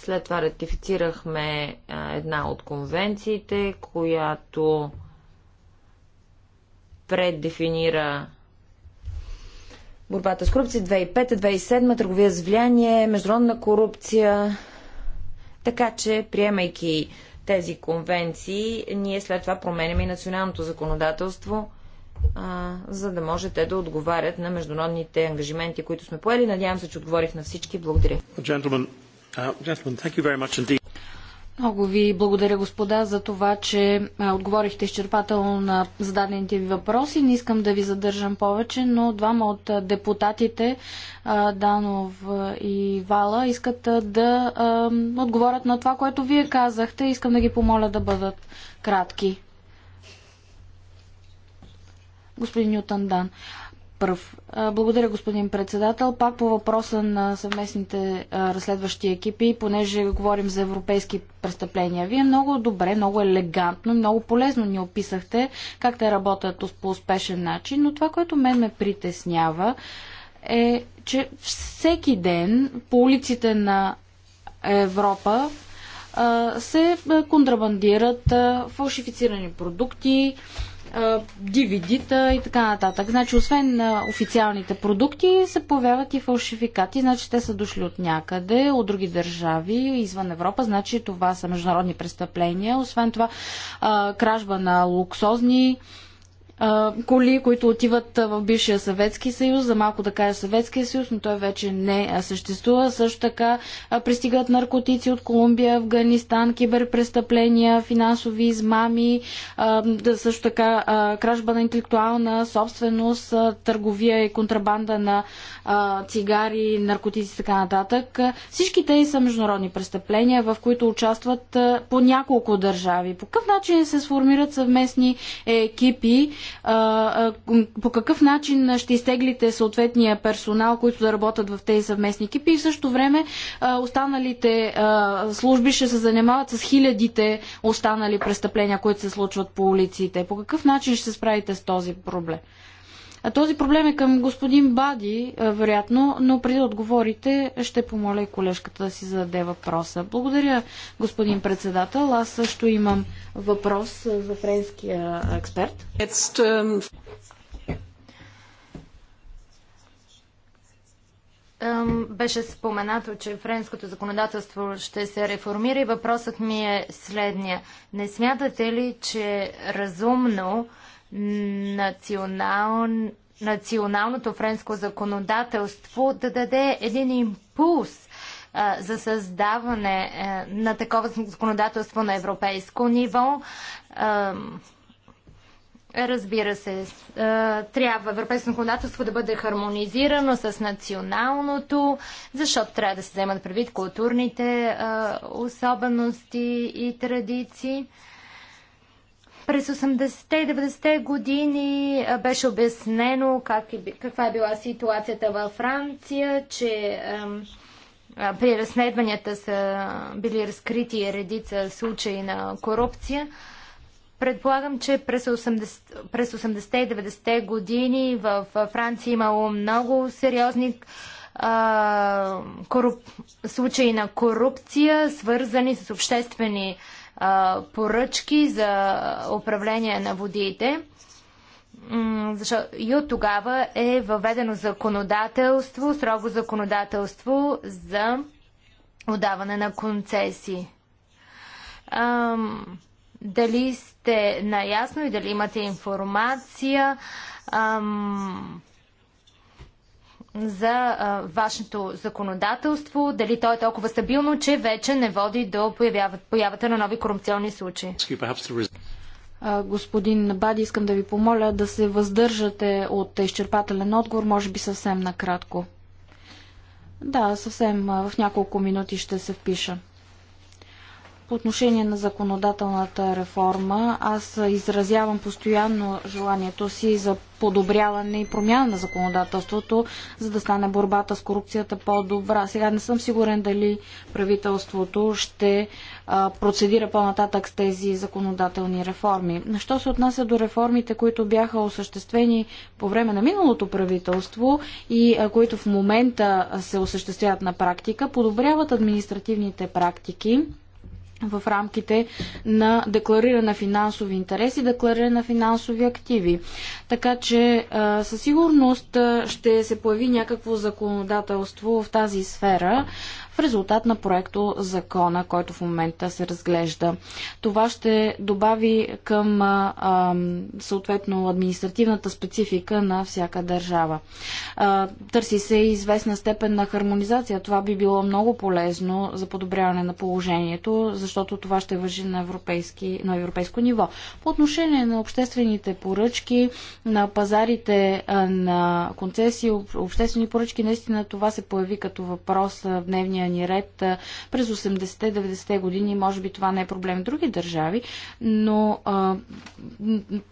След това ратифицирахме една от конвенциите, която преддефинира борбата с корупция 2005-2007, търговия с влияние, международна корупция. Така че, приемайки тези конвенции, ние след това променяме и националното законодателство, а, за да може те да отговарят на международните ангажименти, които сме поели. Надявам се, че отговорих на всички.
Благодаря. Uh, Много ви благодаря, господа, за това, че отговорихте изчерпателно на зададените ви въпроси. Не искам да ви задържам повече, но двама от депутатите, Данов и Вала, искат да отговорят на това, което вие казахте. Искам да ги помоля да бъдат кратки. Господин Нютандан. Дан пръв. Благодаря, господин председател. Пак по въпроса на съвместните разследващи екипи, понеже говорим за европейски престъпления. Вие много добре, много елегантно, много полезно ни описахте как те работят по успешен начин, но това, което мен ме притеснява, е, че всеки ден по улиците на Европа се контрабандират фалшифицирани продукти, DVD-та и така нататък. Значи, освен на официалните продукти, се появяват и фалшификати. Значи, те са дошли от някъде, от други държави, извън Европа. Значи, това са международни престъпления. Освен това, кражба на луксозни коли, които отиват в бившия Съветски съюз, за малко да кажа Съветския съюз, но той вече не съществува. Също така пристигат наркотици от Колумбия, Афганистан, киберпрестъпления, финансови измами, също така кражба на интелектуална собственост, търговия и контрабанда на цигари, наркотици и така нататък. Всички те са международни престъпления, в които участват по няколко държави. По какъв начин се сформират съвместни екипи? по какъв начин ще изтеглите съответния персонал, които да работят в тези съвместни екипи и в същото време останалите служби ще се занимават с хилядите останали престъпления, които се случват по улиците. По какъв начин ще се справите с този проблем? Този проблем е към господин Бади, е, вероятно, но преди да отговорите, ще помоля и колежката да си зададе въпроса. Благодаря, господин председател. Аз също имам въпрос е, за френския експерт.
Беше споменато, че френското законодателство ще се реформира и въпросът ми е следния. Не смятате ли, че разумно национал... националното френско законодателство да даде един импулс за създаване на такова законодателство на европейско ниво. Разбира се, трябва европейското законодателство да бъде хармонизирано с националното, защото трябва да се вземат предвид културните особености и традиции. През 80-те и 90-те години беше обяснено как е, каква е била ситуацията във Франция, че при разследванията са били разкрити редица случаи на корупция. Предполагам, че през 80-те 80 и 90-те години в Франция е имало много сериозни а, коруп... случаи на корупция, свързани с обществени а, поръчки за управление на водите. Защото и от тогава е въведено законодателство, строго законодателство за отдаване на концесии. дали сте наясно и дали имате информация за а, вашето законодателство, дали то е толкова стабилно, че вече не води до появява, появата на нови корупционни случаи. Господин Бади, искам да ви помоля да се въздържате
от изчерпателен отговор, може би съвсем накратко. Да, съвсем в няколко минути ще се впиша. По отношение на законодателната реформа, аз изразявам постоянно желанието си за подобряване и промяна на законодателството, за да стане борбата с корупцията по-добра. Сега не съм сигурен дали правителството ще процедира по-нататък с тези законодателни реформи. Що се отнася до реформите, които бяха осъществени по време на миналото правителство и които в момента се осъществяват на практика, подобряват административните практики в рамките на деклариране на финансови интереси, деклариране на финансови активи. Така че със сигурност ще се появи някакво законодателство в тази сфера в резултат на проекто закона, който в момента се разглежда. Това ще добави към а, съответно административната специфика на всяка държава. А, търси се известна степен на хармонизация. Това би било много полезно за подобряване на положението, защото това ще въжи на, европейски, на европейско ниво. По отношение на обществените поръчки, на пазарите на концесии, обществени поръчки, наистина това се появи като въпрос в дневния дневния ни ред през 80-90-те години. Може би това не е проблем в други държави, но а,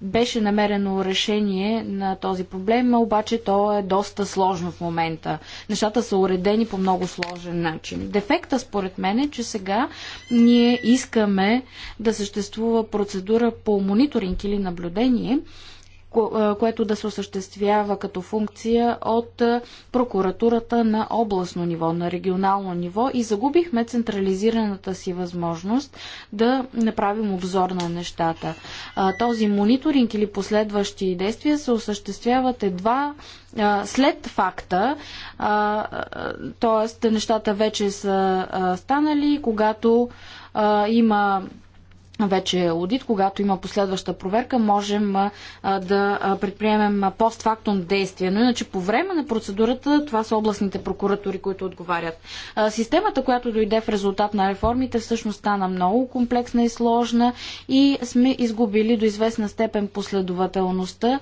беше намерено решение на този проблем, обаче то е доста сложно в момента. Нещата са уредени по много сложен начин. Дефекта според мен е, че сега ние искаме да съществува процедура по мониторинг или наблюдение, което да се осъществява като функция от прокуратурата на областно ниво, на регионално ниво и загубихме централизираната си възможност да направим обзор на нещата. Този мониторинг или последващи действия се осъществяват едва след факта, т.е. нещата вече са станали, когато има вече е аудит, когато има последваща проверка, можем да предприемем постфактум действие. Но иначе по време на процедурата това са областните прокуратури, които отговарят. Системата, която дойде в резултат на реформите, всъщност стана много комплексна и сложна и сме изгубили до известна степен последователността.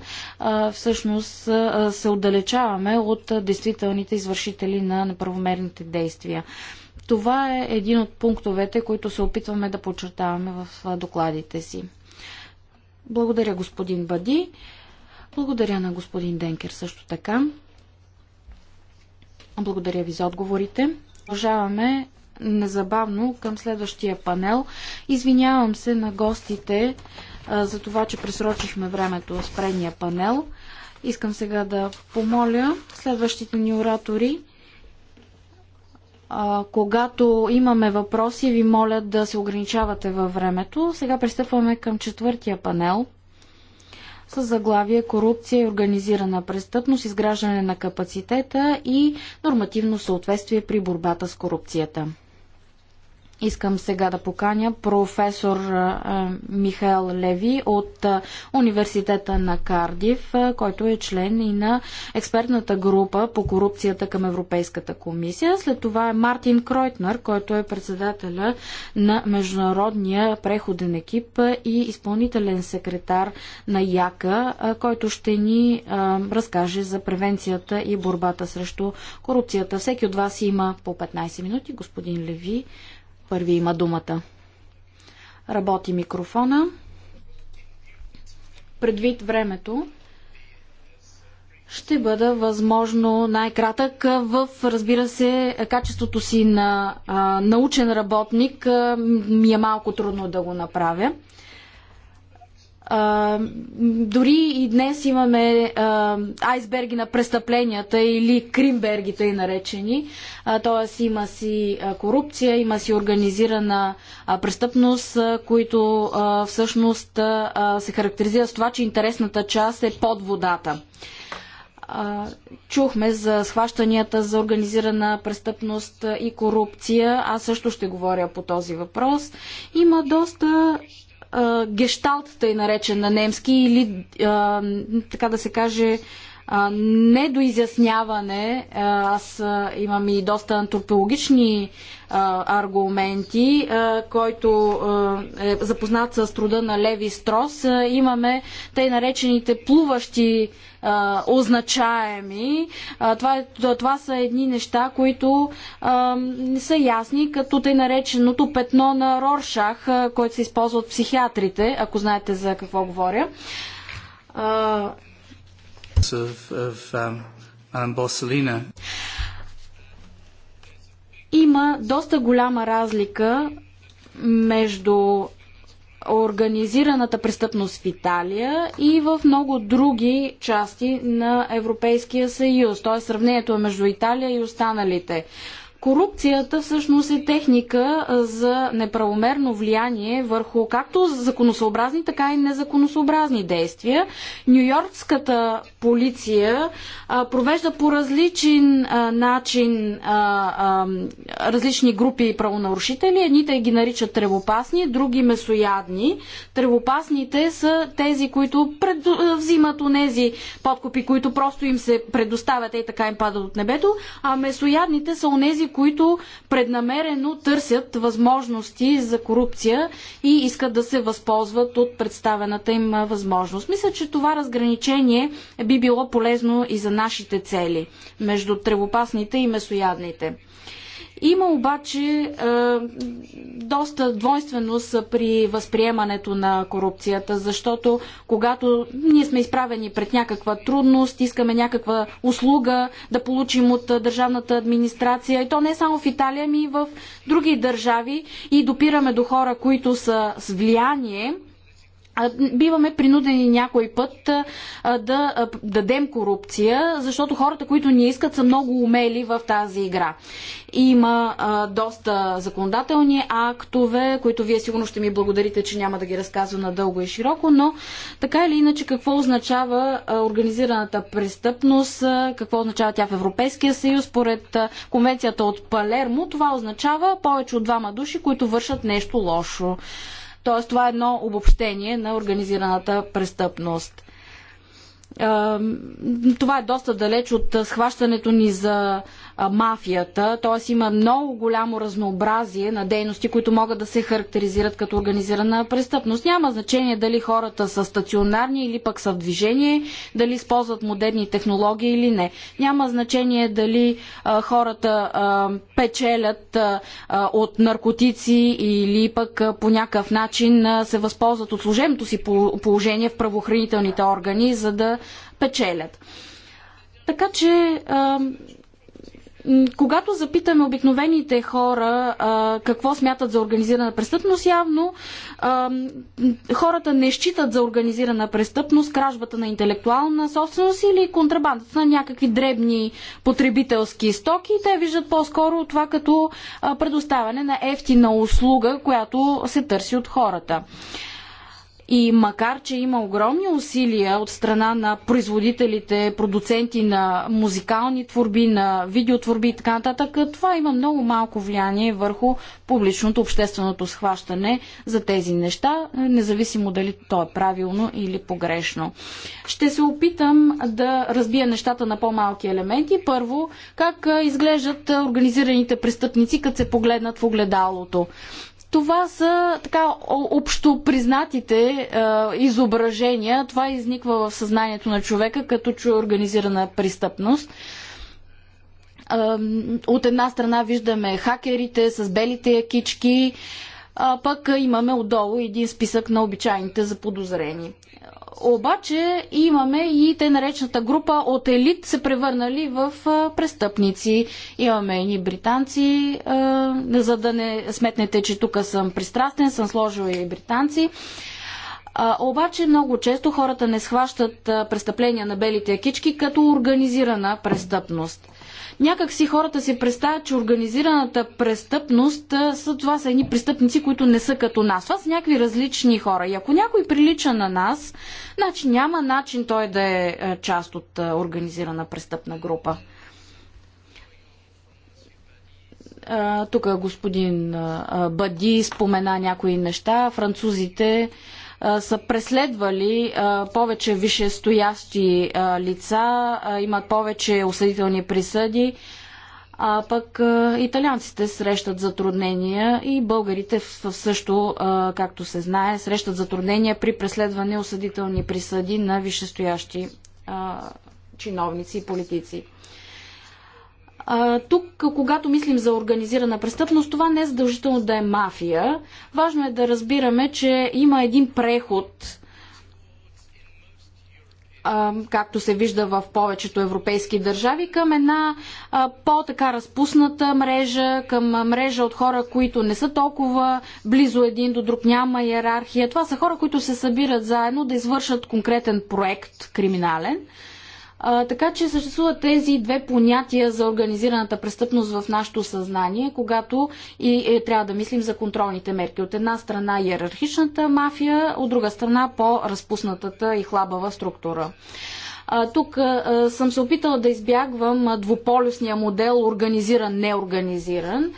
Всъщност се отдалечаваме от действителните извършители на неправомерните действия. Това е един от пунктовете, които се опитваме да подчертаваме в докладите си. Благодаря господин Бади. Благодаря на господин Денкер също така. Благодаря ви за отговорите. Продължаваме незабавно към следващия панел. Извинявам се на гостите а, за това, че пресрочихме времето с предния панел. Искам сега да помоля следващите ни оратори а, когато имаме въпроси, ви моля да се ограничавате във времето. Сега пристъпваме към четвъртия панел с заглавие Корупция и организирана престъпност, изграждане на капацитета и нормативно съответствие при борбата с корупцията. Искам сега да поканя професор Михаел Леви от Университета на Кардив, който е член и на експертната група по корупцията към Европейската комисия. След това е Мартин Кройтнер, който е председателя на Международния преходен екип и изпълнителен секретар на ЯКА, който ще ни разкаже за превенцията и борбата срещу корупцията. Всеки от вас има по 15 минути. Господин Леви, Първи има думата. Работи микрофона. Предвид времето, ще бъда възможно най-кратък в, разбира се, качеството си на а, научен работник. А, ми е малко трудно да го направя. А, дори и днес имаме а, айсберги на престъпленията или кримбергите и наречени. Т.е. има си корупция, има си организирана а, престъпност, които всъщност се характеризира с това, че интересната част е под водата чухме за схващанията за организирана престъпност и корупция. Аз също ще говоря по този въпрос. Има доста гешталт, тъй наречен на немски, или така да се каже недоизясняване. Аз имам и доста антропологични аргументи, който е запознат с труда на Леви Строс. Имаме тъй наречените плуващи означаеми. Това, е, това са едни неща, които не са ясни, като тъй нареченото петно на Роршах, което се използва от психиатрите, ако знаете за какво говоря Of, of, um, Има доста голяма разлика между организираната престъпност в Италия и в много други части на Европейския съюз. Тоест сравнението е между Италия и останалите. Корупцията всъщност е техника за неправомерно влияние върху както законосъобразни, така и незаконосъобразни действия. Нью-Йоркската полиция а, провежда по различен а, начин а, различни групи правонарушители. Едните ги наричат тревопасни, други месоядни. Тревопасните са тези, които пред, взимат онези подкупи, които просто им се предоставят и така им падат от небето, а месоядните са онези, тези, които преднамерено търсят възможности за корупция и искат да се възползват от представената им възможност. Мисля, че това разграничение би било полезно и за нашите цели между тревопасните и месоядните. Има обаче е, доста двойственост при възприемането на корупцията, защото когато ние сме изправени пред някаква трудност, искаме някаква услуга да получим от е, държавната администрация, и то не само в Италия, ми и в други държави, и допираме до хора, които са с влияние, биваме принудени някой път да дадем корупция, защото хората, които ни искат, са много умели в тази игра. Има доста законодателни актове, които вие сигурно ще ми благодарите, че няма да ги разказвам надълго и широко, но така или иначе какво означава организираната престъпност, какво означава тя в Европейския съюз, според конвенцията от Палермо, това означава повече от двама души, които вършат нещо лошо. Тоест, това е едно обобщение на организираната престъпност. Това е доста далеч от схващането ни за мафията, т.е. има много голямо разнообразие на дейности, които могат да се характеризират като организирана престъпност. Няма значение дали хората са стационарни или пък са в движение, дали използват модерни технологии или не. Няма значение дали а, хората а, печелят а, от наркотици или пък по някакъв начин се възползват от служебното си положение в правоохранителните органи, за да печелят. Така че когато запитаме обикновените хора а, какво смятат за организирана престъпност, явно а, хората не считат за организирана престъпност кражбата на интелектуална собственост или контрабандата на някакви дребни потребителски стоки. Те виждат по-скоро това като предоставяне на ефтина услуга, която се търси от хората. И макар, че има огромни усилия от страна на производителите, продуценти на музикални творби, на видеотворби и така нататък, това има много малко влияние върху публичното, общественото схващане за тези неща, независимо дали то е правилно или погрешно. Ще се опитам да разбия нещата на по-малки елементи. Първо, как изглеждат организираните престъпници, като се погледнат в огледалото. Това са така общо признатите е, изображения. Това изниква в съзнанието на човека, като чуе организирана престъпност е, от една страна виждаме хакерите с белите якички, а пък имаме отдолу един списък на обичайните заподозрени. Обаче имаме и те наречената група от елит се превърнали в престъпници. Имаме и британци, за да не сметнете, че тук съм пристрастен, съм сложила и британци. обаче много често хората не схващат престъпления на белите екички като организирана престъпност. Някак си хората си представят, че организираната престъпност са това са едни престъпници, които не са като нас. Това са някакви различни хора. И ако някой прилича на нас, значи няма начин той да е част от организирана престъпна група. Тук господин Бади спомена някои неща. Французите са преследвали повече висшестоящи лица, имат повече осъдителни присъди, а пък италианците срещат затруднения и българите също, както се знае, срещат затруднения при преследване осъдителни присъди на висшестоящи чиновници и политици. А, тук, когато мислим за организирана престъпност, това не е задължително да е мафия. Важно е да разбираме, че има един преход, а, както се вижда в повечето европейски държави, към една по-така разпусната мрежа, към мрежа от хора, които не са толкова близо един до друг, няма иерархия. Това са хора, които се събират заедно да извършат конкретен проект криминален. А, така че съществуват тези две понятия за организираната престъпност в нашето съзнание, когато и е, трябва да мислим за контролните мерки. От една страна иерархичната мафия, от друга страна по-разпуснатата и хлабава структура. А, тук а, съм се опитала да избягвам двуполюсния модел организиран-неорганизиран.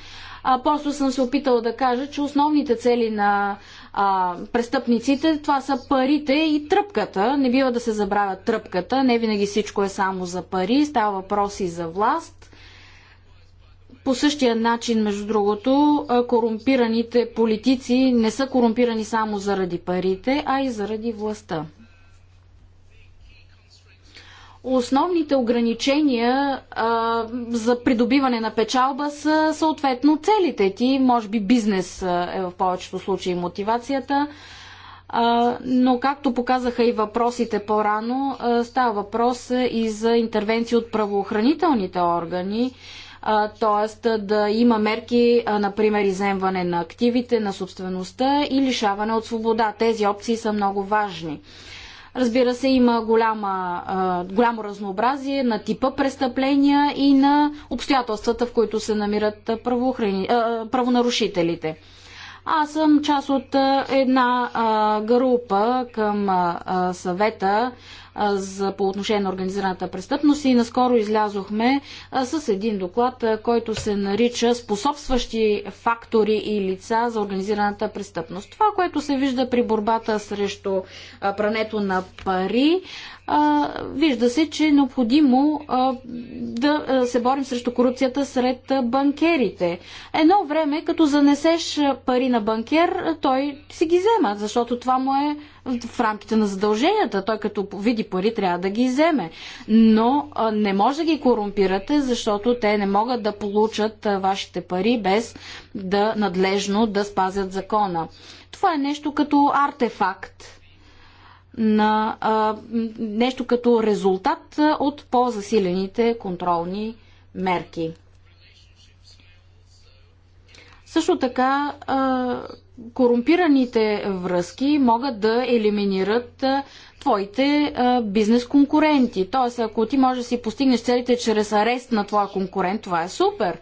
А, просто съм се опитала да кажа, че основните цели на а, престъпниците, това са парите и тръпката. Не бива да се забравя тръпката. Не винаги всичко е само за пари. Става въпрос и за власт. По същия начин, между другото, корумпираните политици не са корумпирани само заради парите, а и заради властта основните ограничения а, за придобиване на печалба са съответно целите ти. Може би бизнес е в повечето случаи мотивацията, а, но както показаха и въпросите по-рано, става въпрос и за интервенции от правоохранителните органи, т.е. да има мерки, а, например, иземване на активите, на собствеността и лишаване от свобода. Тези опции са много важни. Разбира се, има голяма, голямо разнообразие на типа престъпления и на обстоятелствата, в които се намират правонарушителите. Аз съм част от една група към съвета за, по отношение на организираната престъпност и наскоро излязохме с един доклад, който се нарича Способстващи фактори и лица за организираната престъпност. Това, което се вижда при борбата срещу прането на пари, вижда се, че е необходимо да се борим срещу корупцията сред банкерите. Едно време, като занесеш пари на банкер, той си ги взема, защото това му е в рамките на задълженията. Той като види пари трябва да ги вземе. Но а, не може да ги корумпирате, защото те не могат да получат а, вашите пари без да надлежно да спазят закона. Това е нещо като артефакт на а, нещо като резултат от по-засилените контролни мерки. Също така, корумпираните връзки могат да елиминират твоите бизнес конкуренти. Тоест, ако ти можеш да си постигнеш целите чрез арест на твоя конкурент, това е супер.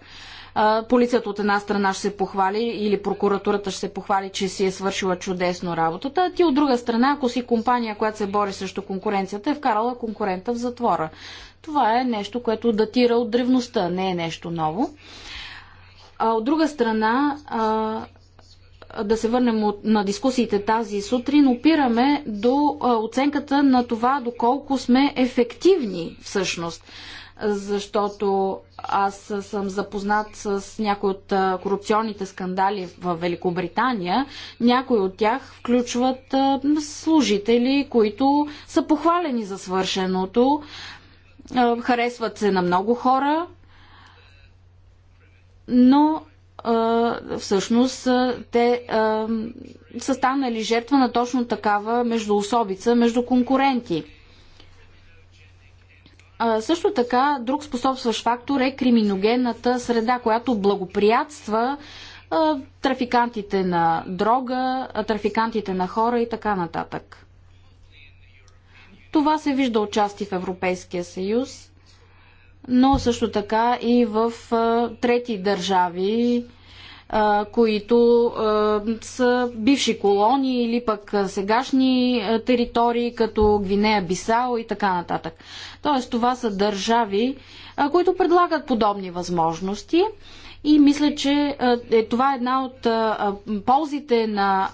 Полицията от една страна ще се похвали или прокуратурата ще се похвали, че си е свършила чудесно работата, а ти от друга страна, ако си компания, която се бори срещу конкуренцията, е вкарала конкурента в затвора. Това е нещо, което датира от древността, не е нещо ново. А от друга страна, да се върнем от, на дискусиите тази сутрин, опираме до а, оценката на това доколко сме ефективни всъщност. Защото аз съм запознат с някои от а, корупционните скандали в Великобритания. Някои от тях включват а, служители, които са похвалени за свършеното, харесват се на много хора, но всъщност те са станали жертва на точно такава междуособица между конкуренти. А, също така, друг способстващ фактор е криминогенната среда, която благоприятства а, трафикантите на дрога, а, трафикантите на хора и така нататък. Това се вижда отчасти в Европейския съюз, но също така и в трети държави, които са бивши колонии или пък сегашни територии, като Гвинея, Бисао и така нататък. Тоест, това са държави, които предлагат подобни възможности. И мисля, че е, това е една от е, ползите на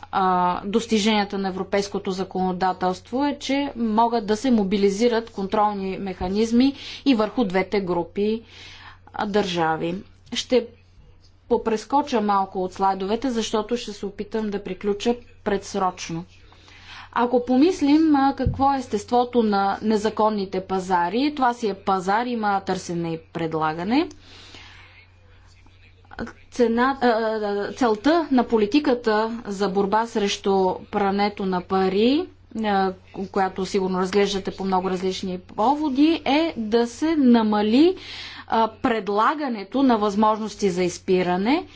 е, достиженията на европейското законодателство е, че могат да се мобилизират контролни механизми и върху двете групи държави. Ще попрескоча малко от слайдовете, защото ще се опитам да приключа предсрочно. Ако помислим какво е естеството на незаконните пазари, това си е пазар, има търсене и предлагане. Цена, целта на политиката за борба срещу прането на пари която сигурно разглеждате по много различни поводи, е да се намали предлагането на възможности за изпиране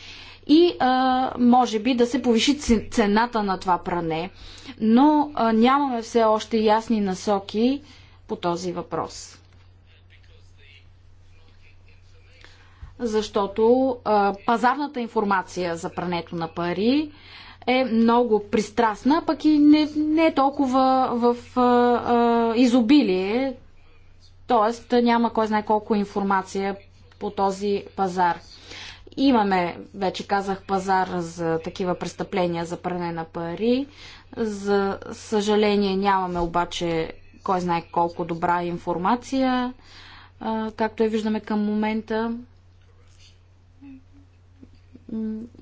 и може би да се повиши цената на това пране. Но нямаме все още ясни насоки по този въпрос. Защото а, пазарната информация за прането на пари е много пристрастна, пък и не, не е толкова в а, а, изобилие, т.е. няма кой знае колко информация по този пазар. Имаме, вече казах, пазар за такива престъпления за пране на пари. За съжаление нямаме обаче кой знае колко добра информация, както я виждаме към момента.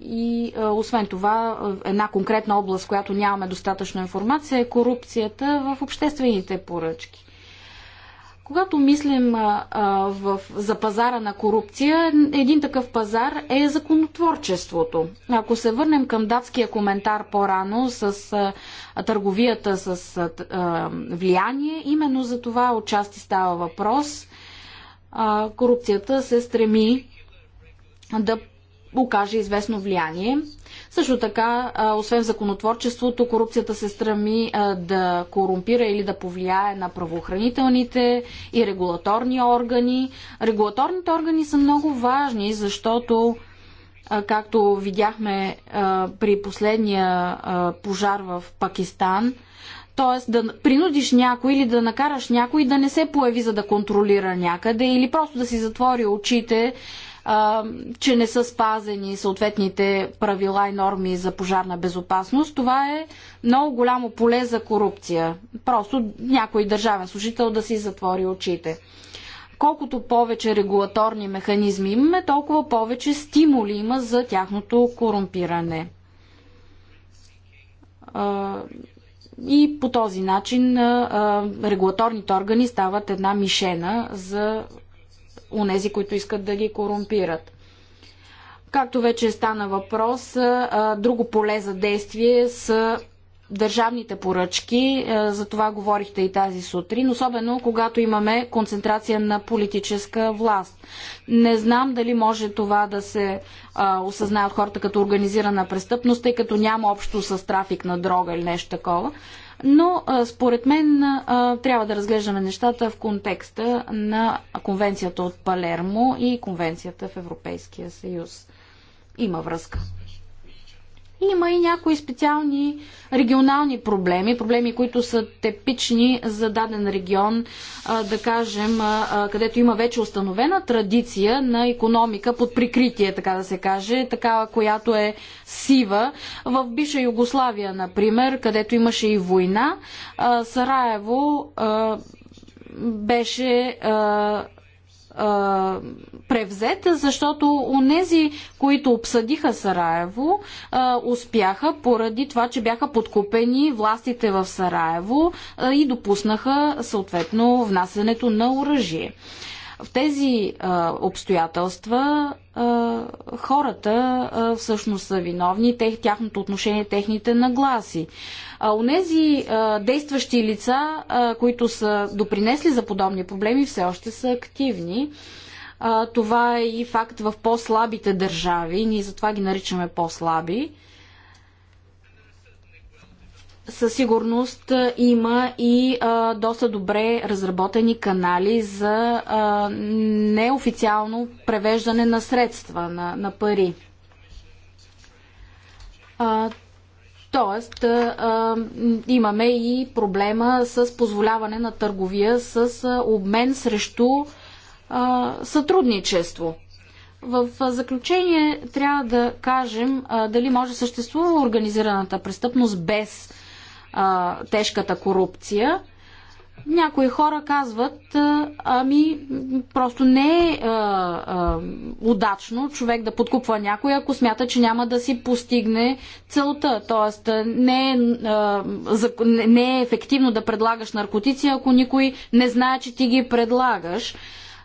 И освен това, една конкретна област, която нямаме достатъчно информация, е корупцията в обществените поръчки. Когато мислим а, в, за пазара на корупция, един такъв пазар е законотворчеството. Ако се върнем към датския коментар по-рано с а, търговията с а, влияние, именно за това отчасти става въпрос. А, корупцията се стреми да окаже известно влияние. Също така, освен в законотворчеството, корупцията се страми да корумпира или да повлияе на правоохранителните и регулаторни органи. Регулаторните органи са много важни, защото както видяхме при последния пожар в Пакистан, т.е. да принудиш някой или да накараш някой да не се появи за да контролира някъде или просто да си затвори очите че не са спазени съответните правила и норми за пожарна безопасност, това е много голямо поле за корупция. Просто някой държавен служител да си затвори очите. Колкото повече регулаторни механизми имаме, толкова повече стимули има за тяхното корумпиране. И по този начин регулаторните органи стават една мишена за онези, които искат да ги корумпират. Както вече стана въпрос, друго поле за действие са държавните поръчки, за това говорихте и тази сутрин, особено когато имаме концентрация на политическа власт. Не знам дали може това да се осъзнае от хората като организирана престъпност, тъй като няма общо с трафик на дрога или нещо такова но според мен трябва да разглеждаме нещата в контекста на конвенцията от Палермо и конвенцията в Европейския съюз. Има връзка. Има и някои специални регионални проблеми, проблеми, които са типични за даден регион, да кажем, където има вече установена традиция на економика под прикритие, така да се каже, такава, която е сива. В бивша Югославия, например, където имаше и война, Сараево беше превзет, защото онези, които обсъдиха Сараево, а, успяха поради това, че бяха подкупени властите в Сараево а, и допуснаха съответно внасянето на оръжие. В тези а, обстоятелства а, хората а, всъщност са виновни, тях, тяхното отношение, техните нагласи. А онези а, действащи лица, а, които са допринесли за подобни проблеми, все още са активни. А, това е и факт в по-слабите държави. Ние затова ги наричаме по-слаби със сигурност има и а, доста добре разработени канали за а, неофициално превеждане на средства, на, на пари. А, Тоест, а, имаме и проблема с позволяване на търговия с обмен срещу а, сътрудничество. В заключение трябва да кажем а, дали може да съществува организираната престъпност без тежката корупция. Някои хора казват, ами просто не е а, а, удачно човек да подкупва някой, ако смята, че няма да си постигне целта. Тоест не е, а, не е ефективно да предлагаш наркотици, ако никой не знае, че ти ги предлагаш.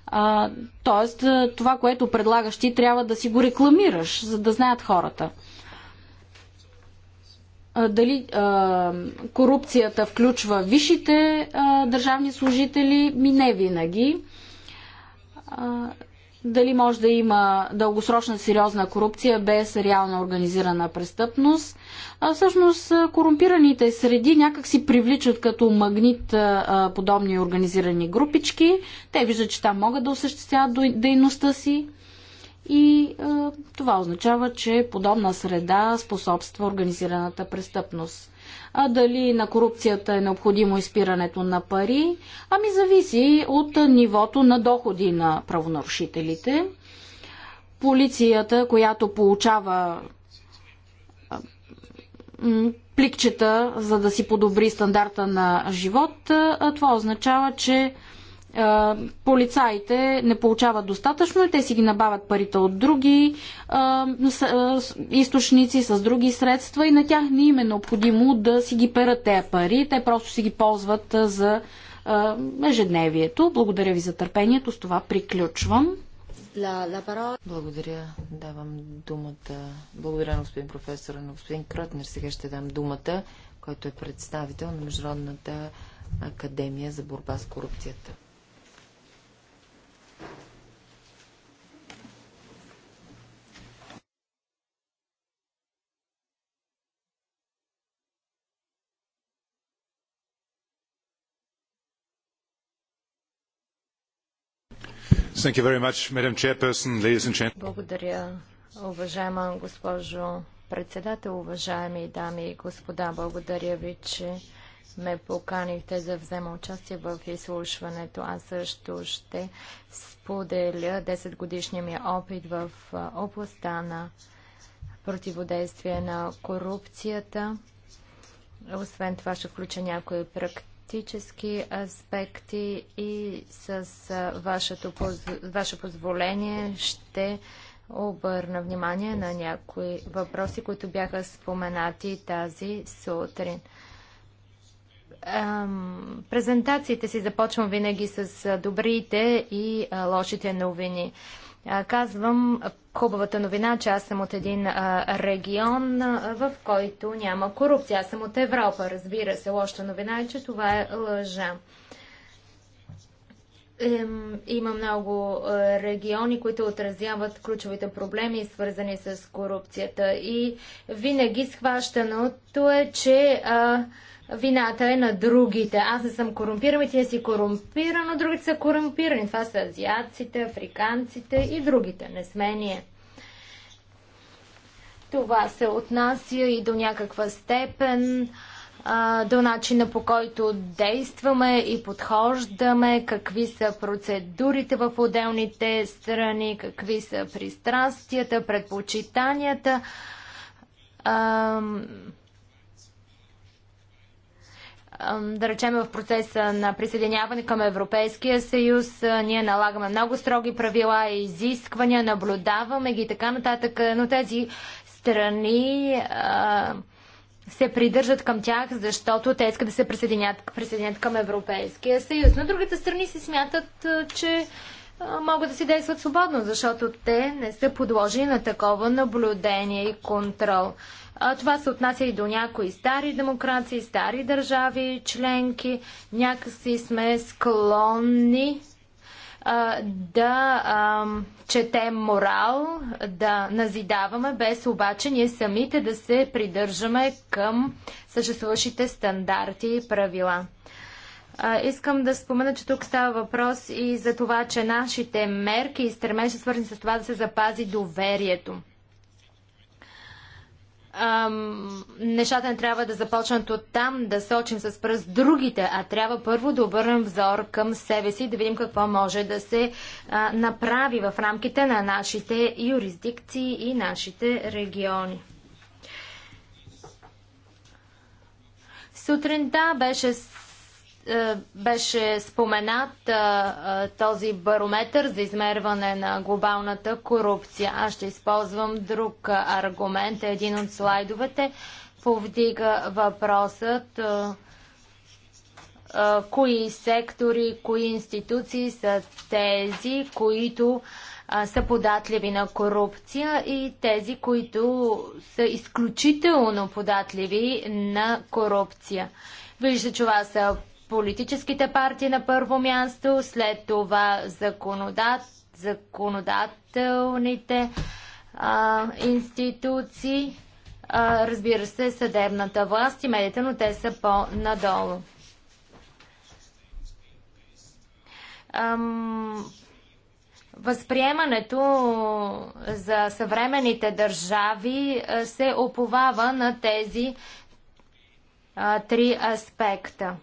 А, тоест това, което предлагаш ти, трябва да си го рекламираш, за да знаят хората дали а, корупцията включва висшите а, държавни служители, ми не винаги. А, дали може да има дългосрочна сериозна корупция без реална организирана престъпност. А, всъщност корумпираните среди някак си привличат като магнит а, подобни организирани групички. Те виждат, че там могат да осъществяват дейността си и а, това означава, че подобна среда способства организираната престъпност. А дали на корупцията е необходимо изпирането на пари? Ами зависи от нивото на доходи на правонарушителите. Полицията, която получава пликчета, за да си подобри стандарта на живот, това означава, че полицаите не получават достатъчно и те си ги набавят парите от други а, с, а, източници, с други средства и на тях не им е необходимо да си ги перат тези пари. Те просто си ги ползват а, за а, ежедневието. Благодаря ви за търпението. С това приключвам.
Благодаря. Давам думата. Благодаря на господин професор, на господин Кротнер. Сега ще дам думата, който е представител на Международната академия за борба с корупцията.
Благодаря, уважаема госпожо председател, уважаеми дами и господа. Благодаря ви, че ме поканихте да взема участие в изслушването. Аз също ще споделя 10 годишния ми опит в областта на противодействие на корупцията. Освен това ще включа някои практики практически аспекти и с вашето, ваше позволение ще обърна внимание на някои въпроси, които бяха споменати тази сутрин. презентациите си започвам винаги с добрите и лошите новини. Казвам хубавата новина, че аз съм от един регион, в който няма корупция. Аз съм от Европа, разбира се. Лоша новина е, че това е лъжа. Има много региони, които отразяват ключовите проблеми, свързани с корупцията. И винаги схващаното е, че а, вината е на другите. Аз не съм корумпиран, ти си корумпирана, но другите са корумпирани. Това са азиатците, африканците и другите. Не сме ние. Това се отнася и до някаква степен до начина по който действаме и подхождаме, какви са процедурите в отделните страни, какви са пристрастията, предпочитанията да речем в процеса на присъединяване към Европейския съюз, ние налагаме много строги правила и изисквания, наблюдаваме ги и така нататък, но тези страни се придържат към тях, защото те искат да се присъединят, присъединят към Европейския съюз. На другите страни се смятат, че могат да си действат свободно, защото те не са подложени на такова наблюдение и контрол това се отнася и до някои стари демокрации, стари държави, членки. Някакси сме склонни а, да а, четем морал, да назидаваме, без обаче ние самите да се придържаме към съществуващите стандарти и правила. А, искам да спомена, че тук става въпрос и за това, че нашите мерки и стремежи свързани с това да се запази доверието ам, нещата не трябва да започнат от там, да сочим с пръст другите, а трябва първо да обърнем взор към себе си и да видим какво може да се а, направи в рамките на нашите юрисдикции и нашите региони. Сутринта беше е, беше споменат е, е, този барометър за измерване на глобалната корупция. Аз ще използвам друг аргумент. Един от слайдовете повдига въпросът кои сектори, кои институции са тези, които са податливи на корупция и тези, които са изключително податливи на корупция. Вижда, че това са политическите партии на първо място, след това законодат, законодателните а, институции, а, разбира се, съдебната власт и медиите, но те са по-надолу. Ам, възприемането за съвременните държави се оповава на тези а, три аспекта.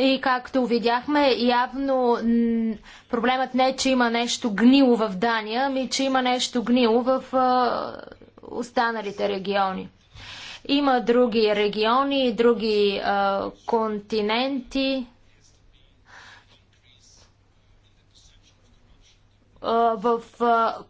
И както видяхме, явно проблемът не е, че има нещо гнило в Дания, ами че има нещо гнило в останалите региони. Има други региони, други континенти, в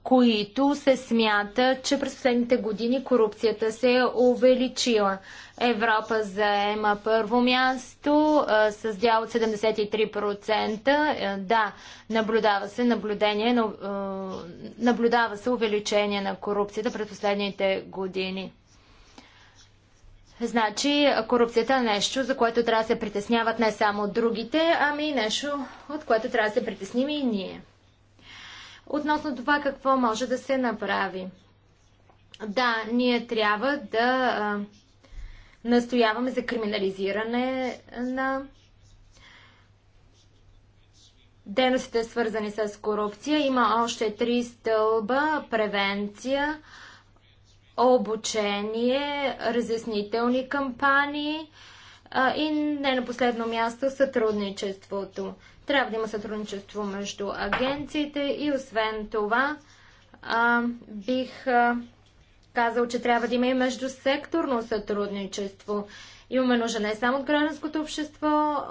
които се смята, че през последните години корупцията се е увеличила. Европа заема първо място с дял от 73%. Да, наблюдава се наблюдение, но, наблюдава се увеличение на корупцията през последните години. Значи, корупцията е нещо, за което трябва да се притесняват не само другите, ами нещо, от което трябва да се притесним и ние относно това какво може да се направи. Да, ние трябва да настояваме за криминализиране на дейностите свързани с корупция. Има още три стълба – превенция, обучение, разяснителни кампании и не на последно място сътрудничеството. Трябва да има сътрудничество между агенциите и освен това а, бих а, казал, че трябва да има и междусекторно сътрудничество. Имаме нужда не само от гражданското общество, а,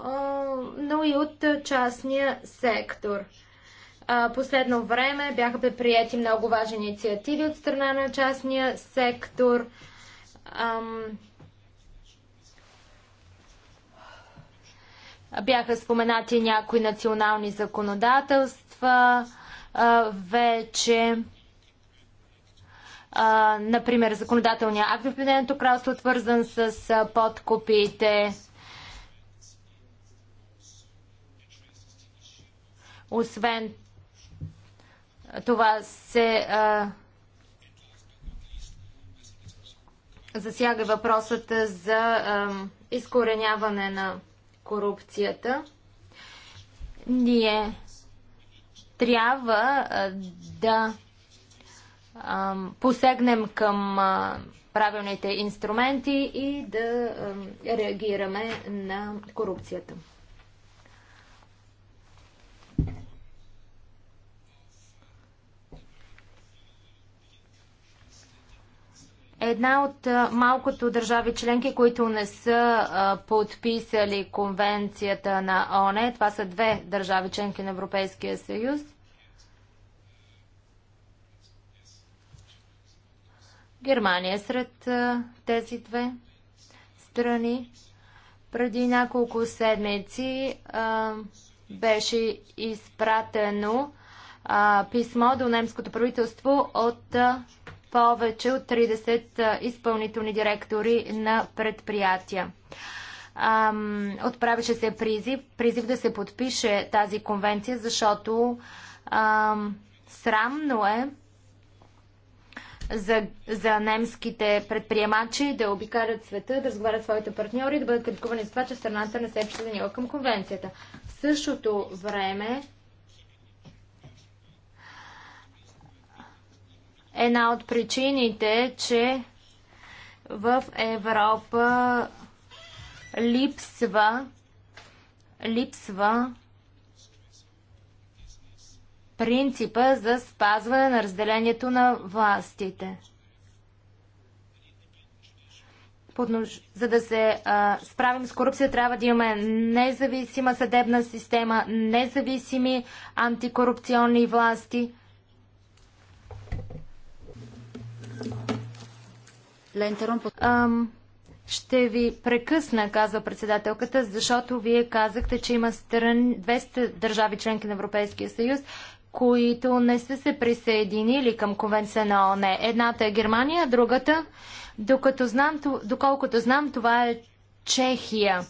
но и от частния сектор последно време бяха предприяти много важни инициативи от страна на частния сектор. А, Бяха споменати някои национални законодателства, вече например законодателния акт в Обединеното кралство, отвързан с подкупите. Освен това се а, засяга въпросът за а, изкореняване на корупцията. Ние трябва да посегнем към правилните инструменти и да реагираме на корупцията. една от малкото държави членки, които не са подписали конвенцията на ОНЕ. Това са две държави членки на Европейския съюз. Германия е сред тези две страни. Преди няколко седмици беше изпратено писмо до немското правителство от повече от 30 изпълнителни директори на предприятия. Ам, отправише се призив, призив да се подпише тази конвенция, защото ам, срамно е за, за немските предприемачи да обикарят света, да разговарят своите партньори, да бъдат критикувани за това, че страната не се е присъединила към конвенцията. В същото време Една от причините че в Европа липсва липсва принципа за спазване на разделението на властите. За да се а, справим с корупция, трябва да имаме независима съдебна система, независими антикорупционни власти – ще ви прекъсна, казва председателката, защото вие казахте, че има стран 200 държави членки на Европейския съюз, които не са се присъединили към конвенция на ООН. Едната е Германия, другата, докато знам, доколкото знам, това е Чехия.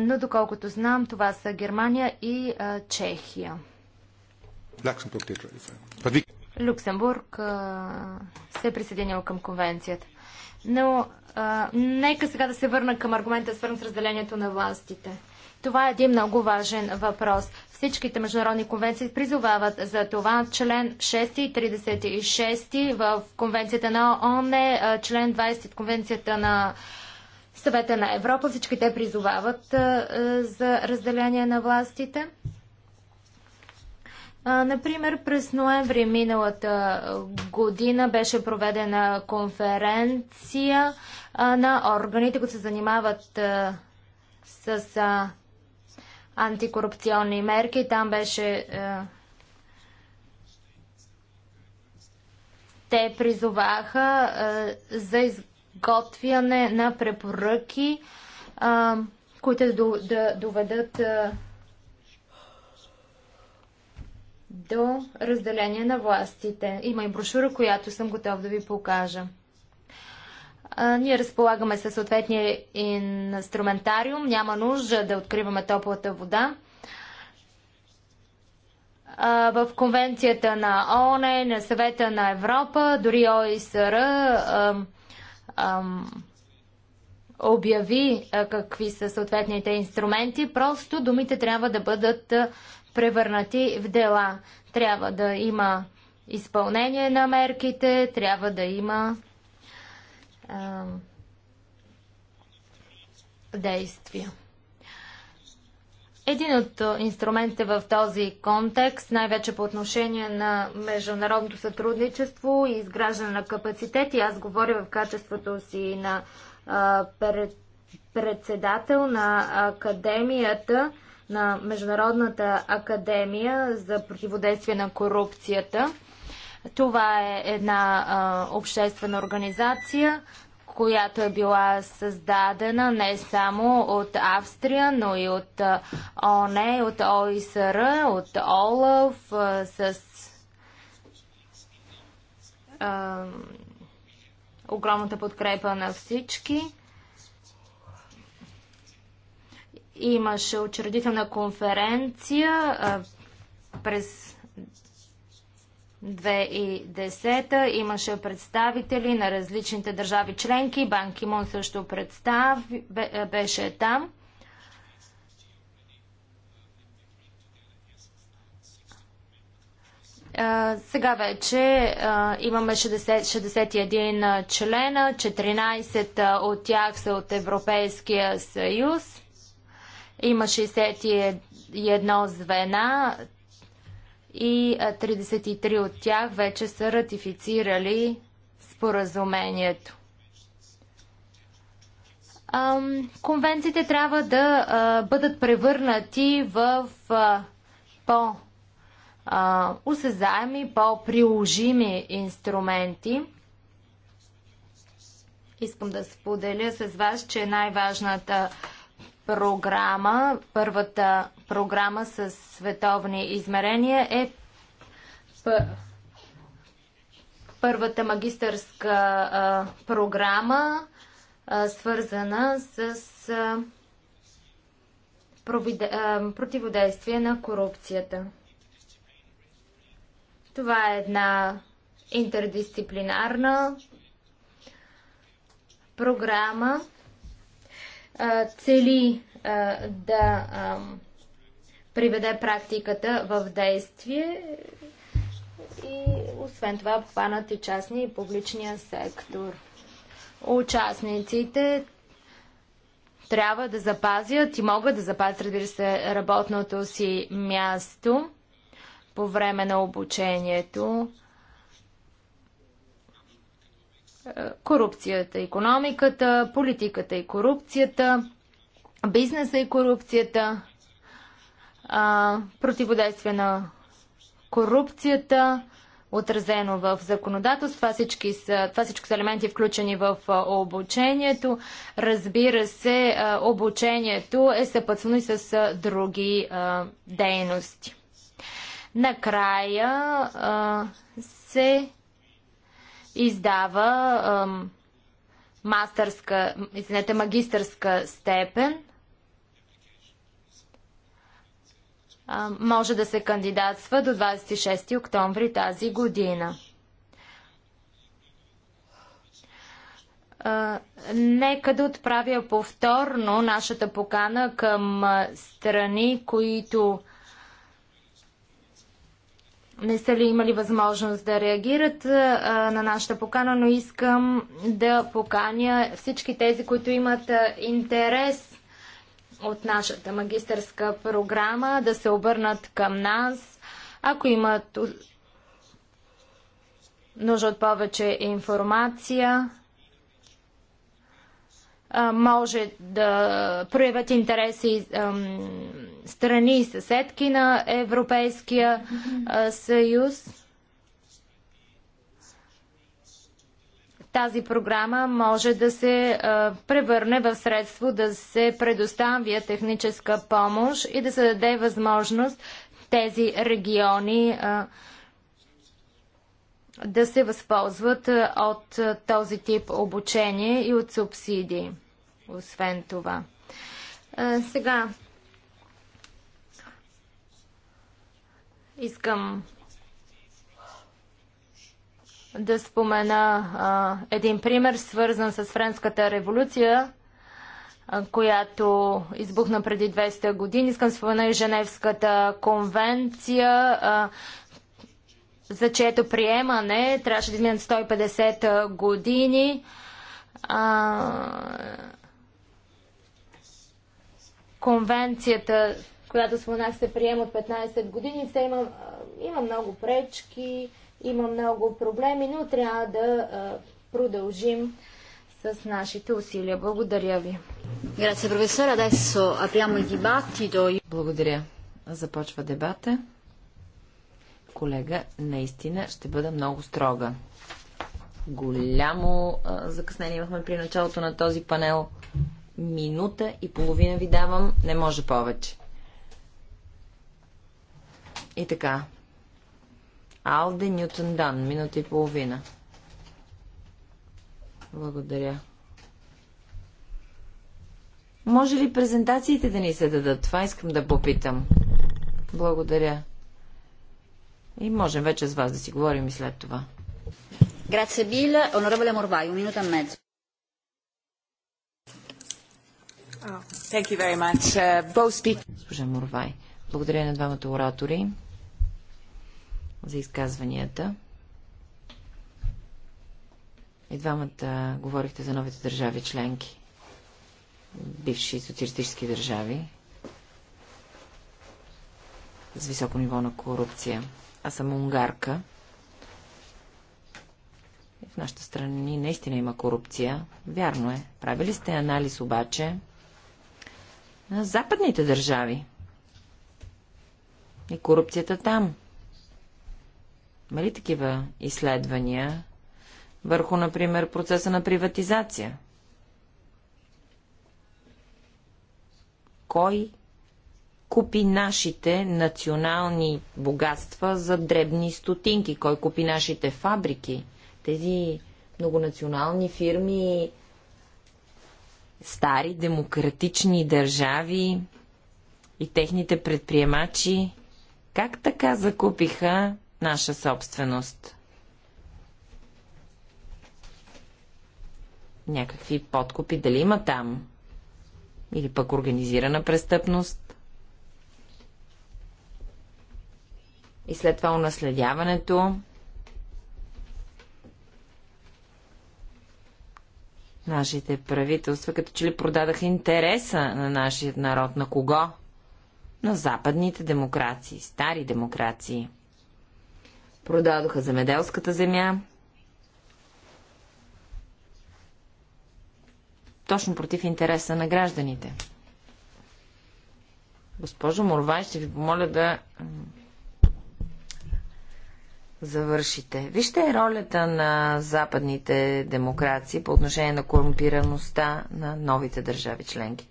Но доколкото знам, това са Германия и Чехия. Люксембург се е присъединил към конвенцията. Но а, нека сега да се върна към аргумента, свързан с разделението на властите. Това е един много важен въпрос. Всичките международни конвенции призовават за това член 6 и 36 в конвенцията на ООН, е, член 20 от конвенцията на съвета на Европа. Всички те призовават а, за разделение на властите например, през ноември миналата година беше проведена конференция на органите, които се занимават с антикорупционни мерки. Там беше. Те призоваха за изготвяне на препоръки, които да доведат до разделение на властите. Има и брошура, която съм готов да ви покажа. А, ние разполагаме със съответния инструментариум. Няма нужда да откриваме топлата вода. А, в конвенцията на ООН, на съвета на Европа, дори ОИСР ам, обяви какви са съответните инструменти, просто думите трябва да бъдат превърнати в дела. Трябва да има изпълнение на мерките, трябва да има а, действия. Един от инструментите в този контекст, най-вече по отношение на международното сътрудничество и изграждане на капацитет, и аз говоря в качеството си на а, пред, председател на Академията на Международната академия за противодействие на корупцията. Това е една а, обществена организация, която е била създадена не само от Австрия, но и от ОНЕ, от ОИСР, от Олав с а, огромната подкрепа на всички. Имаше учредителна конференция през 2010 имаше представители на различните държави членки. Бан Кимон също представи, беше там. Сега вече имаме 61 члена, 14 от тях са от Европейския съюз. Има 61 звена и 33 от тях вече са ратифицирали споразумението. Конвенциите трябва да бъдат превърнати в по- осезаеми, по-приложими инструменти. Искам да споделя с вас, че най-важната програма, първата програма с световни измерения е първата магистърска програма, свързана с противодействие на корупцията. Това е една интердисциплинарна програма, цели да приведе практиката в действие и освен това обхванат и частни и публичния сектор. Участниците трябва да запазят и могат да запазят, разбира се, работното си място по време на обучението корупцията, економиката, политиката и корупцията, бизнеса и корупцията, противодействие на корупцията, отразено в законодателство. Това, всички са, това всички са елементи включени в обучението. Разбира се, обучението е съпътствано и с други дейности. Накрая се издава ам, мастърска, извинете, магистърска степен. А, може да се кандидатства до 26 октомври тази година. А, нека да отправя повторно нашата покана към страни, които не са ли имали възможност да реагират а, на нашата покана, но искам да поканя всички тези, които имат а, интерес от нашата магистърска програма, да се обърнат към нас, ако имат нужда от повече информация може да проявят интереси страни и съседки на Европейския съюз. Тази програма може да се превърне в средство да се предоставя техническа помощ и да се даде възможност тези региони да се възползват от този тип обучение и от субсидии освен това. А, сега
искам
да спомена а, един пример, свързан с Френската революция, а, която избухна преди 200 години. Искам да спомена и Женевската конвенция, а, за чието приемане трябваше да изминат 150 години. А, конвенцията, която споменах, се приема от 15 години. Все има, има много пречки, има много проблеми, но трябва да продължим с нашите усилия. Благодаря ви. професор, Благодаря.
Започва дебата. Колега, наистина ще бъда много строга. Голямо а, закъснение имахме при началото на този панел. Минута и половина ви давам, не може повече. И така. Алде Нютон Дан, минута и половина. Благодаря. Може ли презентациите да ни се дадат? Това искам да попитам. Благодаря. И можем вече с вас да си говорим и след това. Грация бил. онорабеля Морбай, минута и
Uh,
Госпожа Мурвай, благодаря на двамата оратори за изказванията. И двамата говорихте за новите държави членки, бивши социалистически държави, с високо ниво на корупция. Аз съм унгарка. В нашата страна наистина има корупция. Вярно е. Правили сте анализ обаче на западните държави. И корупцията там. Има ли такива изследвания върху, например, процеса на приватизация? Кой купи нашите национални богатства за дребни стотинки? Кой купи нашите фабрики? Тези многонационални фирми стари демократични държави и техните предприемачи как така закупиха наша собственост? Някакви подкупи дали има там? Или пък организирана престъпност? И след това унаследяването Нашите правителства като че ли продадаха интереса на нашия народ. На кого? На западните демокрации, стари демокрации. Продадоха земеделската земя. Точно против интереса на гражданите. Госпожо Морвай, ще ви помоля да завършите. Вижте ролята на западните демокрации по отношение на корумпираността на новите държави членки.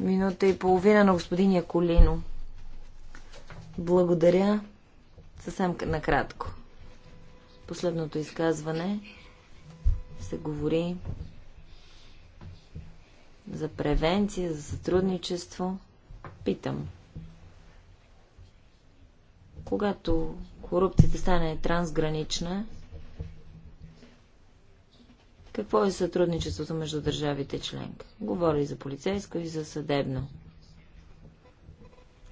Минута и половина на господин Яколино. Благодаря. Съвсем накратко. Последното изказване се говори за превенция, за сътрудничество. Питам. Когато корупцията стане трансгранична, какво е сътрудничеството между държавите членки? Говори за полицейско и за съдебно.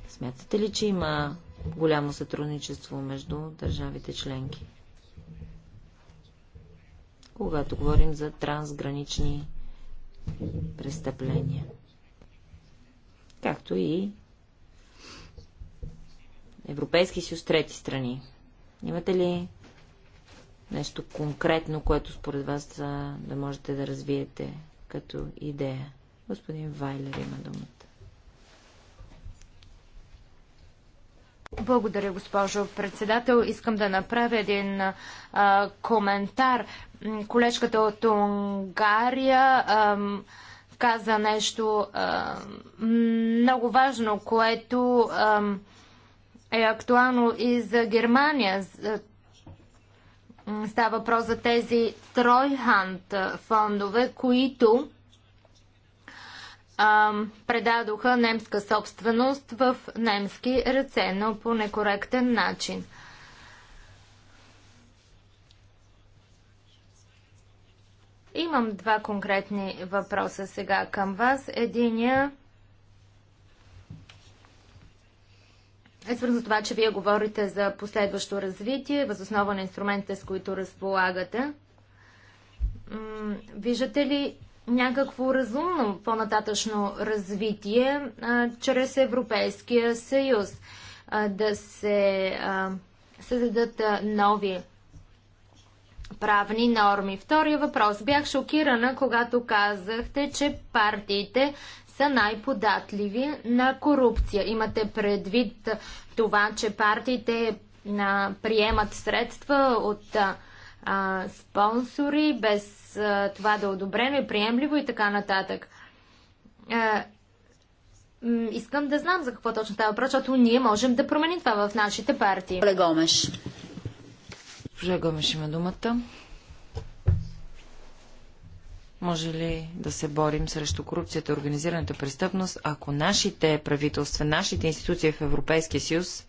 Смятате ли, че има голямо сътрудничество между държавите членки? Когато говорим за трансгранични престъпления. Както и Европейски съюз, трети страни. Имате ли нещо конкретно, което според вас да можете да развиете като идея? Господин Вайлер има думата.
Благодаря, госпожо председател. Искам да направя един а, коментар. Колежката от Унгария а, каза нещо а, много важно, което. А, е актуално и за Германия. Е, става въпрос за тези тройхант е, фондове, които а, предадоха немска собственост в немски ръце, но по некоректен начин. Имам два конкретни въпроса сега към вас. Единия е свързано с това, че вие говорите за последващо развитие, възоснова на инструментите, с които разполагате. Виждате ли някакво разумно по-нататъчно развитие а, чрез Европейския съюз? А, да се а, създадат а, нови правни норми. Втория въпрос. Бях шокирана, когато казахте, че партиите са най-податливи на корупция. Имате предвид това, че партиите а, приемат средства от а, спонсори, без а, това да е одобрено и приемливо и така нататък. А, искам да знам за какво точно става въпрос, защото ние можем да променим това в нашите партии. Оле Гомеш.
Госпожа Гомеш има думата. Може ли да се борим срещу корупцията и организираната престъпност, ако нашите правителства, нашите институции в Европейския съюз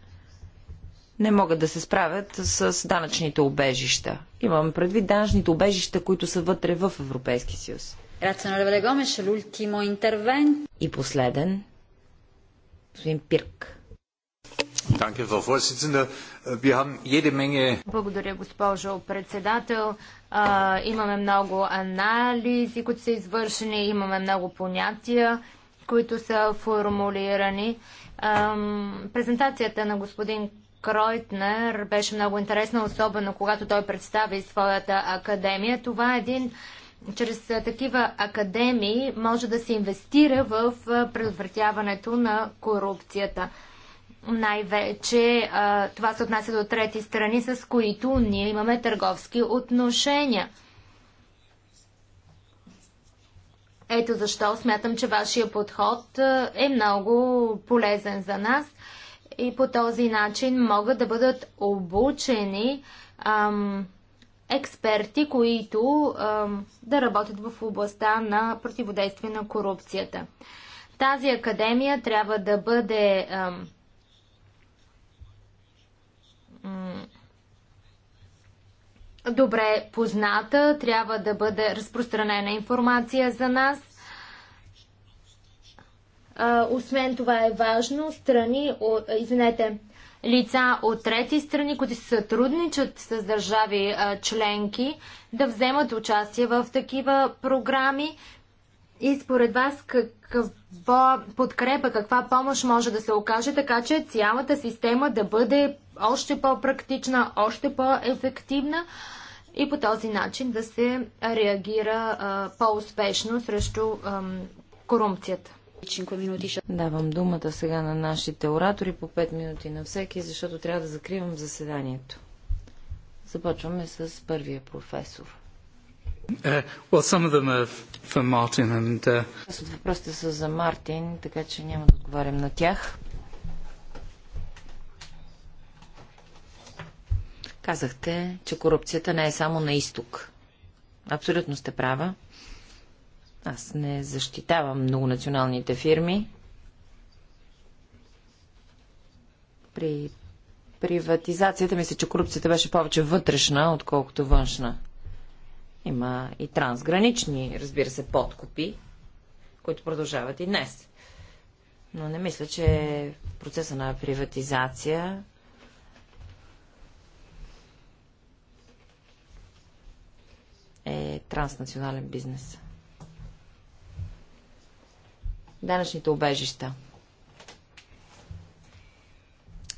не могат да се справят с данъчните обежища? Имам предвид данъчните обежища, които са вътре в Европейския съюз. Е и последен, господин Пирк. Äh,
Благодаря, госпожо председател. А, имаме много анализи, които са извършени, имаме много понятия, които са формулирани. А, презентацията на господин Кройтнер беше много интересна, особено когато той представи своята академия. Това е един чрез такива академии може да се инвестира в предотвратяването на корупцията най-вече това се отнася до трети страни, с които ние имаме търговски отношения. Ето защо смятам, че вашия подход е много полезен за нас и по този начин могат да бъдат обучени ам, експерти, които ам, да работят в областта на противодействие на корупцията. Тази академия трябва да бъде ам, добре позната, трябва да бъде разпространена информация за нас. Освен това е важно страни, извинете, лица от трети страни, които се сътрудничат с държави членки, да вземат участие в такива програми. И според вас каква подкрепа, каква помощ може да се окаже, така че цялата система да бъде още по-практична, още по-ефективна и по този начин да се реагира по-успешно срещу ам, корумцията. Давам думата сега на
нашите оратори по 5 минути на всеки, защото трябва да закривам заседанието. Започваме с първия професор.
Uh, uh,
Аз от въпросите са за Мартин, така че няма да отговарям на тях. Казахте, че корупцията не е само на изток. Абсолютно сте права. Аз не защитавам многонационалните фирми. При приватизацията мисля, че корупцията беше повече вътрешна, отколкото външна. Има и трансгранични, разбира се, подкупи, които продължават и днес. Но не мисля, че процеса на приватизация е транснационален бизнес. Данъчните обежища.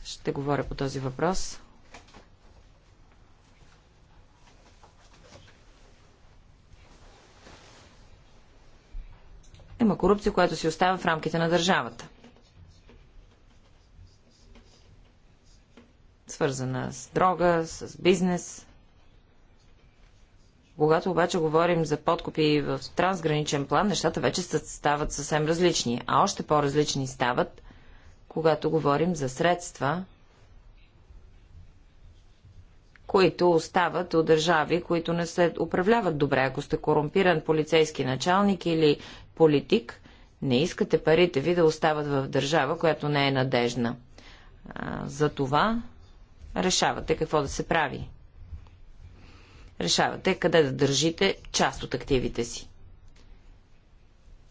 Ще говоря по този въпрос. Има корупция, която си остава в рамките на държавата. Свързана с дрога, с бизнес. Когато обаче говорим за подкупи в трансграничен план, нещата вече стават съвсем различни, а още по-различни стават, когато говорим за средства, които остават от държави, които не се управляват добре. Ако сте корумпиран полицейски началник или политик, не искате парите ви да остават в държава, която не е надежна. За това решавате какво да се прави. Решавате къде да държите част от активите си.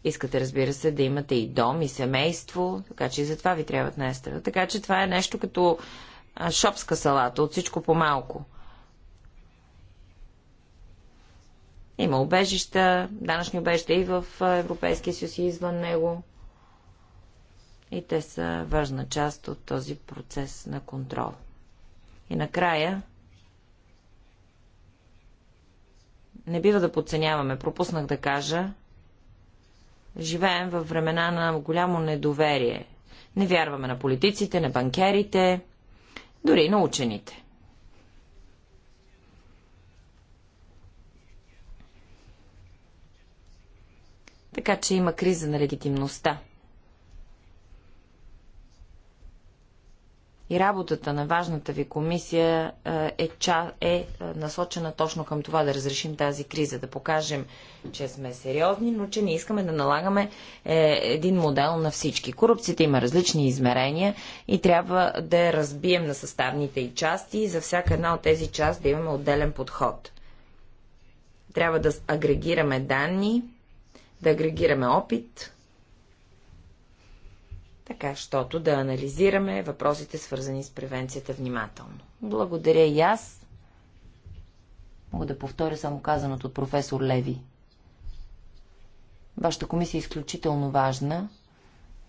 Искате, разбира се, да имате и дом, и семейство, така че и за това ви трябват нестера. Така че това е нещо като шопска салата, от всичко по малко – Има убежища, данъчни обежища и в Европейския съюз и извън него. И те са важна част от този процес на контрол. И накрая, не бива да подценяваме, пропуснах да кажа, живеем във времена на голямо недоверие. Не вярваме на политиците, на банкерите, дори на учените. Така че има криза на легитимността. И работата на важната ви комисия е, ча, е насочена точно към това да разрешим тази криза, да покажем, че сме сериозни, но че не искаме да налагаме е, един модел на всички. Корупцията има различни измерения и трябва да я разбием на съставните и части и за всяка една от тези части да имаме отделен подход. Трябва да агрегираме данни, да агрегираме опит, така, щото да анализираме въпросите, свързани с превенцията внимателно.
Благодаря
и аз. Мога да повторя само казаното от професор Леви. Вашата комисия е изключително важна.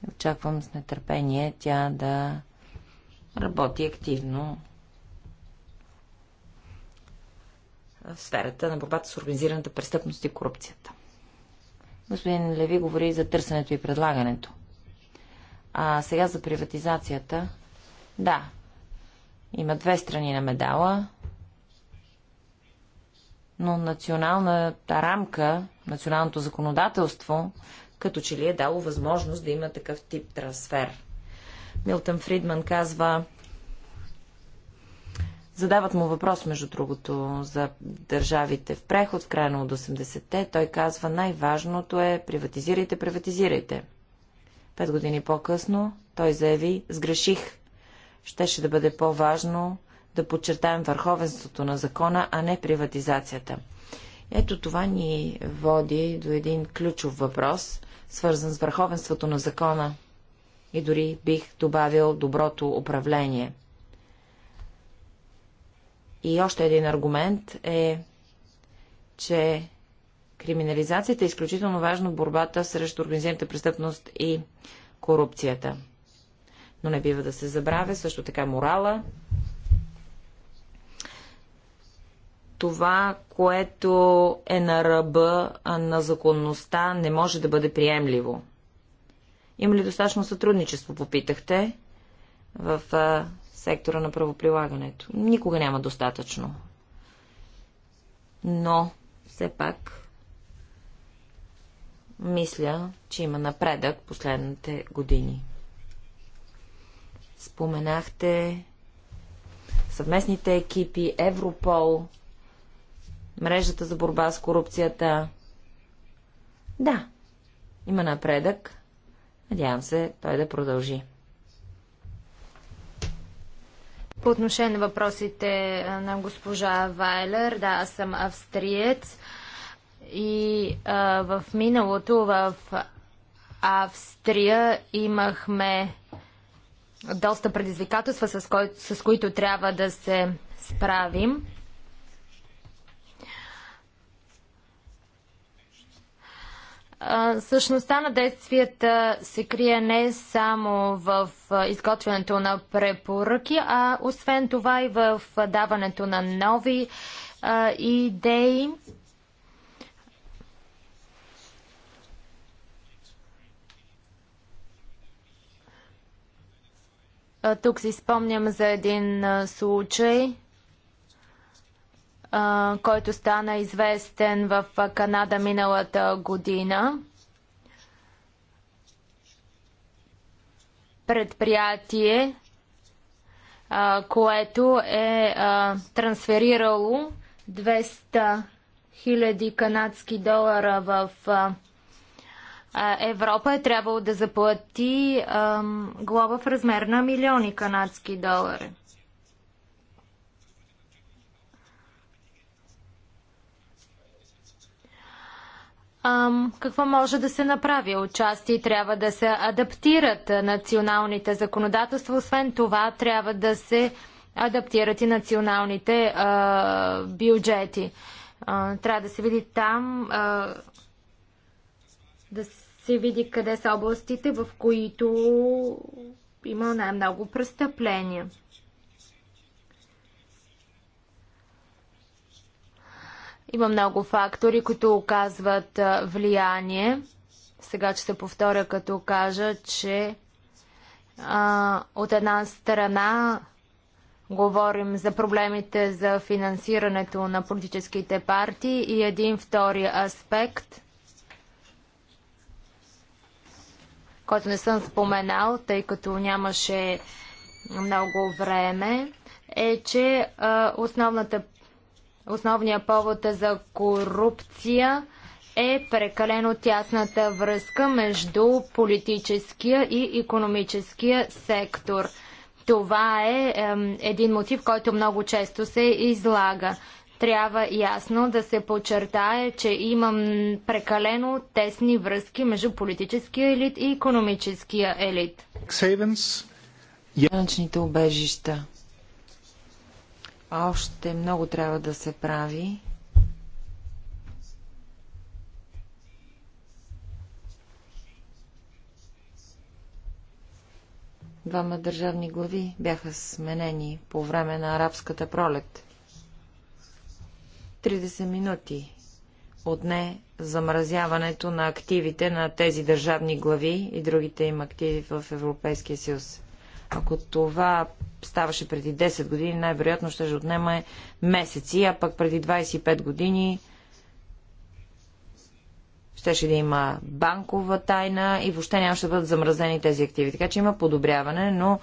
Очаквам с нетърпение тя да работи активно в сферата на борбата с организираната престъпност и корупцията. Господин Леви говори за търсенето и предлагането. А сега за приватизацията. Да, има две страни на медала, но националната рамка, националното законодателство, като че ли е дало възможност да има такъв тип трансфер. Милтън Фридман казва, Задават му въпрос, между другото, за държавите в преход в края на 80-те. Той казва, най-важното е приватизирайте, приватизирайте. Пет години по-късно той заяви, сгреших. Щеше да бъде по-важно да подчертаем върховенството на закона, а не приватизацията. Ето това ни води до един ключов въпрос, свързан с върховенството на закона и дори бих добавил доброто управление. И още един аргумент е, че криминализацията е изключително важна в борбата срещу организираната престъпност и корупцията. Но не бива да се забравя също така морала. Това, което е на ръба на законността, не може да бъде приемливо. Има ли достатъчно сътрудничество, попитахте? В сектора на правоприлагането. Никога няма достатъчно. Но, все пак, мисля, че има напредък последните години. Споменахте съвместните екипи, Европол, мрежата за борба с корупцията. Да, има напредък. Надявам се той да продължи.
По отношение на въпросите на госпожа Вайлер, да, аз съм австриец и а, в миналото в Австрия имахме доста предизвикателства, с, кой, с които трябва да се справим. Същността на действията се крие не само в изготвянето на препоръки, а освен това и в даването на нови а, идеи. Тук си спомням за един случай, който стана известен в Канада миналата година. Предприятие, което е трансферирало 200 000 канадски долара в Европа е трябвало да заплати глоба в размер на милиони канадски долари. Ам, какво може да се направи? Отчасти трябва да се адаптират националните законодателства, освен това трябва да се адаптират и националните а, бюджети. А, трябва да се види там, а, да се види къде са областите, в които има най-много престъпления. Има много фактори, които оказват влияние. Сега ще се повторя, като кажа, че а, от една страна говорим за проблемите за финансирането на политическите партии и един втори аспект, който не съм споменал, тъй като нямаше много време, е, че а, основната Основният повод за корупция е прекалено тясната връзка между политическия и економическия сектор. Това е, е един мотив, който много често се излага. Трябва ясно да се подчертае, че имам прекалено тесни връзки между политическия елит и економическия елит.
Яночните обежища.
Още много
трябва да се прави. Двама държавни глави бяха сменени по време на арабската пролет. 30 минути отне замразяването на активите на тези държавни глави и другите им активи в Европейския съюз. Ако това ставаше преди 10 години, най-вероятно ще же отнема месеци, а пък преди 25 години щеше да има банкова тайна и въобще нямаше да бъдат замразени тези активи. Така че има подобряване, но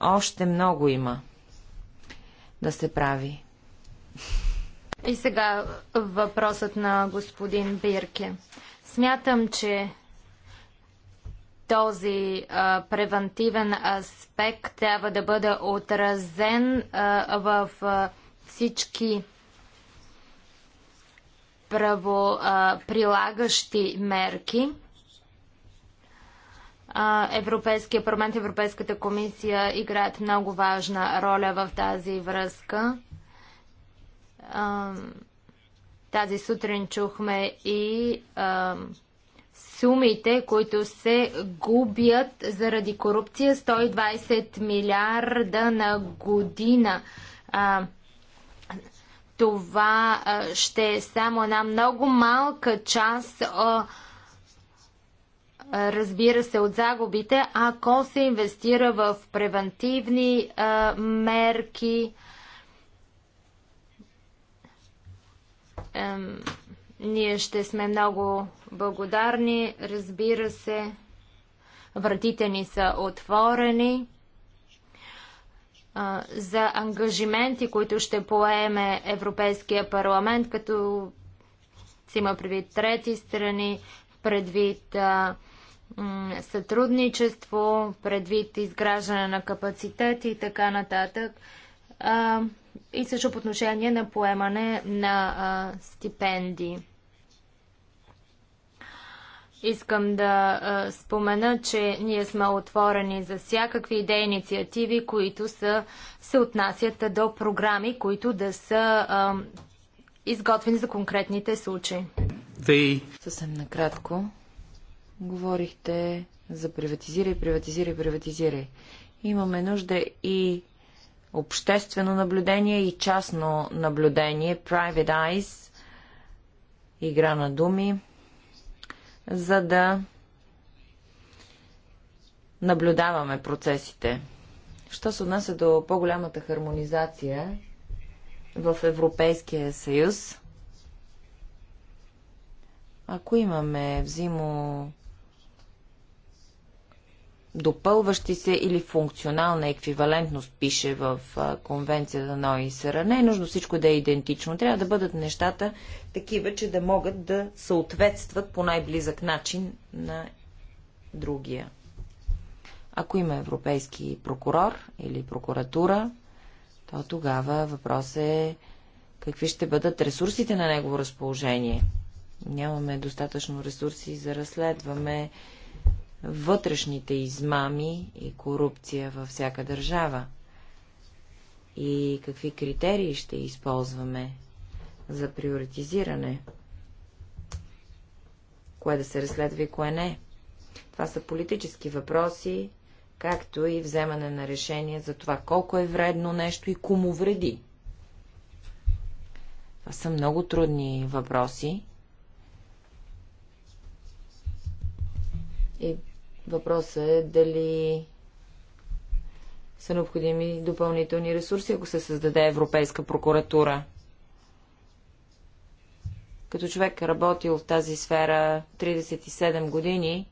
още много има да се прави.
И сега въпросът на господин Бирке. Смятам, че този а, превентивен аспект трябва да бъде отразен а, в а, всички правоприлагащи мерки. Европейския парламент и Европейската комисия играят много важна роля в тази връзка. Тази сутрин чухме и сумите, които се губят заради корупция, 120 милиарда на година. А, това а, ще е само една много малка част, а, разбира се, от загубите, ако се инвестира в превентивни а, мерки. Ние ще сме много благодарни. Разбира се, вратите ни са отворени за ангажименти, които ще поеме Европейския парламент, като си има предвид трети страни, предвид а, сътрудничество, предвид изграждане на капацитет и така нататък. А, и също по отношение на поемане на а, стипендии. Искам да а, спомена, че ние сме отворени за всякакви идеи, инициативи, които са, се отнасят до програми, които да са а, изготвени за конкретните случаи.
The...
Съвсем накратко, говорихте за приватизирай, приватизирай, приватизирай. Имаме нужда и обществено наблюдение, и частно наблюдение, private eyes, игра на думи за да наблюдаваме процесите. Що се отнася до по-голямата хармонизация в Европейския съюз, ако имаме взимо допълващи се или функционална еквивалентност, пише в конвенцията на ОИСР. Не е нужно всичко да е идентично. Трябва да бъдат нещата такива, че да могат да съответстват по най-близък начин на другия. Ако има европейски прокурор или прокуратура, то тогава въпрос е какви ще бъдат ресурсите на негово разположение. Нямаме достатъчно ресурси за разследваме вътрешните измами и корупция във всяка държава? И какви критерии ще използваме за приоритизиране? Кое да се разследва и кое не? Това са политически въпроси, както и вземане на решение за това колко е вредно нещо и кому вреди. Това са много трудни въпроси. И Въпросът е дали са необходими допълнителни ресурси, ако се създаде Европейска прокуратура. Като човек работил в тази сфера 37 години,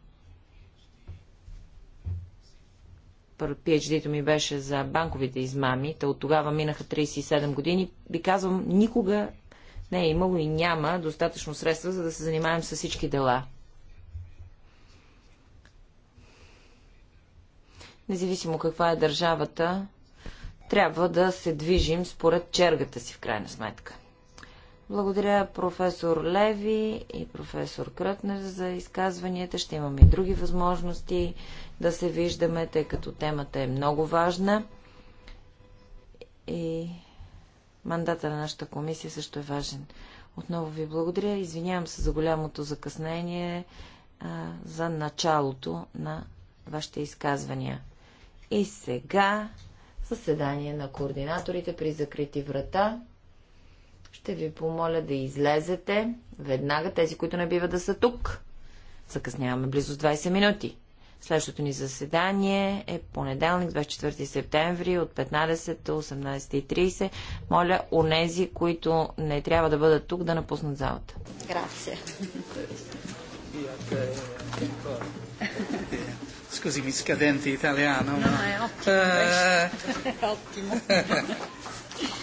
PhD-то ми беше за банковите измами, та от тогава минаха 37 години, би казвам, никога не е имало и няма достатъчно средства, за да се занимаем с всички дела. независимо каква е държавата, трябва да се движим според чергата си, в крайна сметка. Благодаря професор Леви и професор Крътнер за изказванията. Ще имаме и други възможности да се виждаме, тъй като темата е много важна. И мандата на нашата комисия също е важен. Отново ви благодаря. Извинявам се за голямото закъснение а, за началото на вашите изказвания. И сега съседание на координаторите при закрити врата. Ще ви помоля да излезете веднага тези, които не бива да са тук. Закъсняваме близо 20 минути. Следващото ни заседание е понеделник, 24 септември от 15 до 18.30. Моля, онези, които не трябва да бъдат тук, да напуснат залата. Грация. Scusi, mi scadente italiano. No, ma... è
ottimo. Eh... ottimo.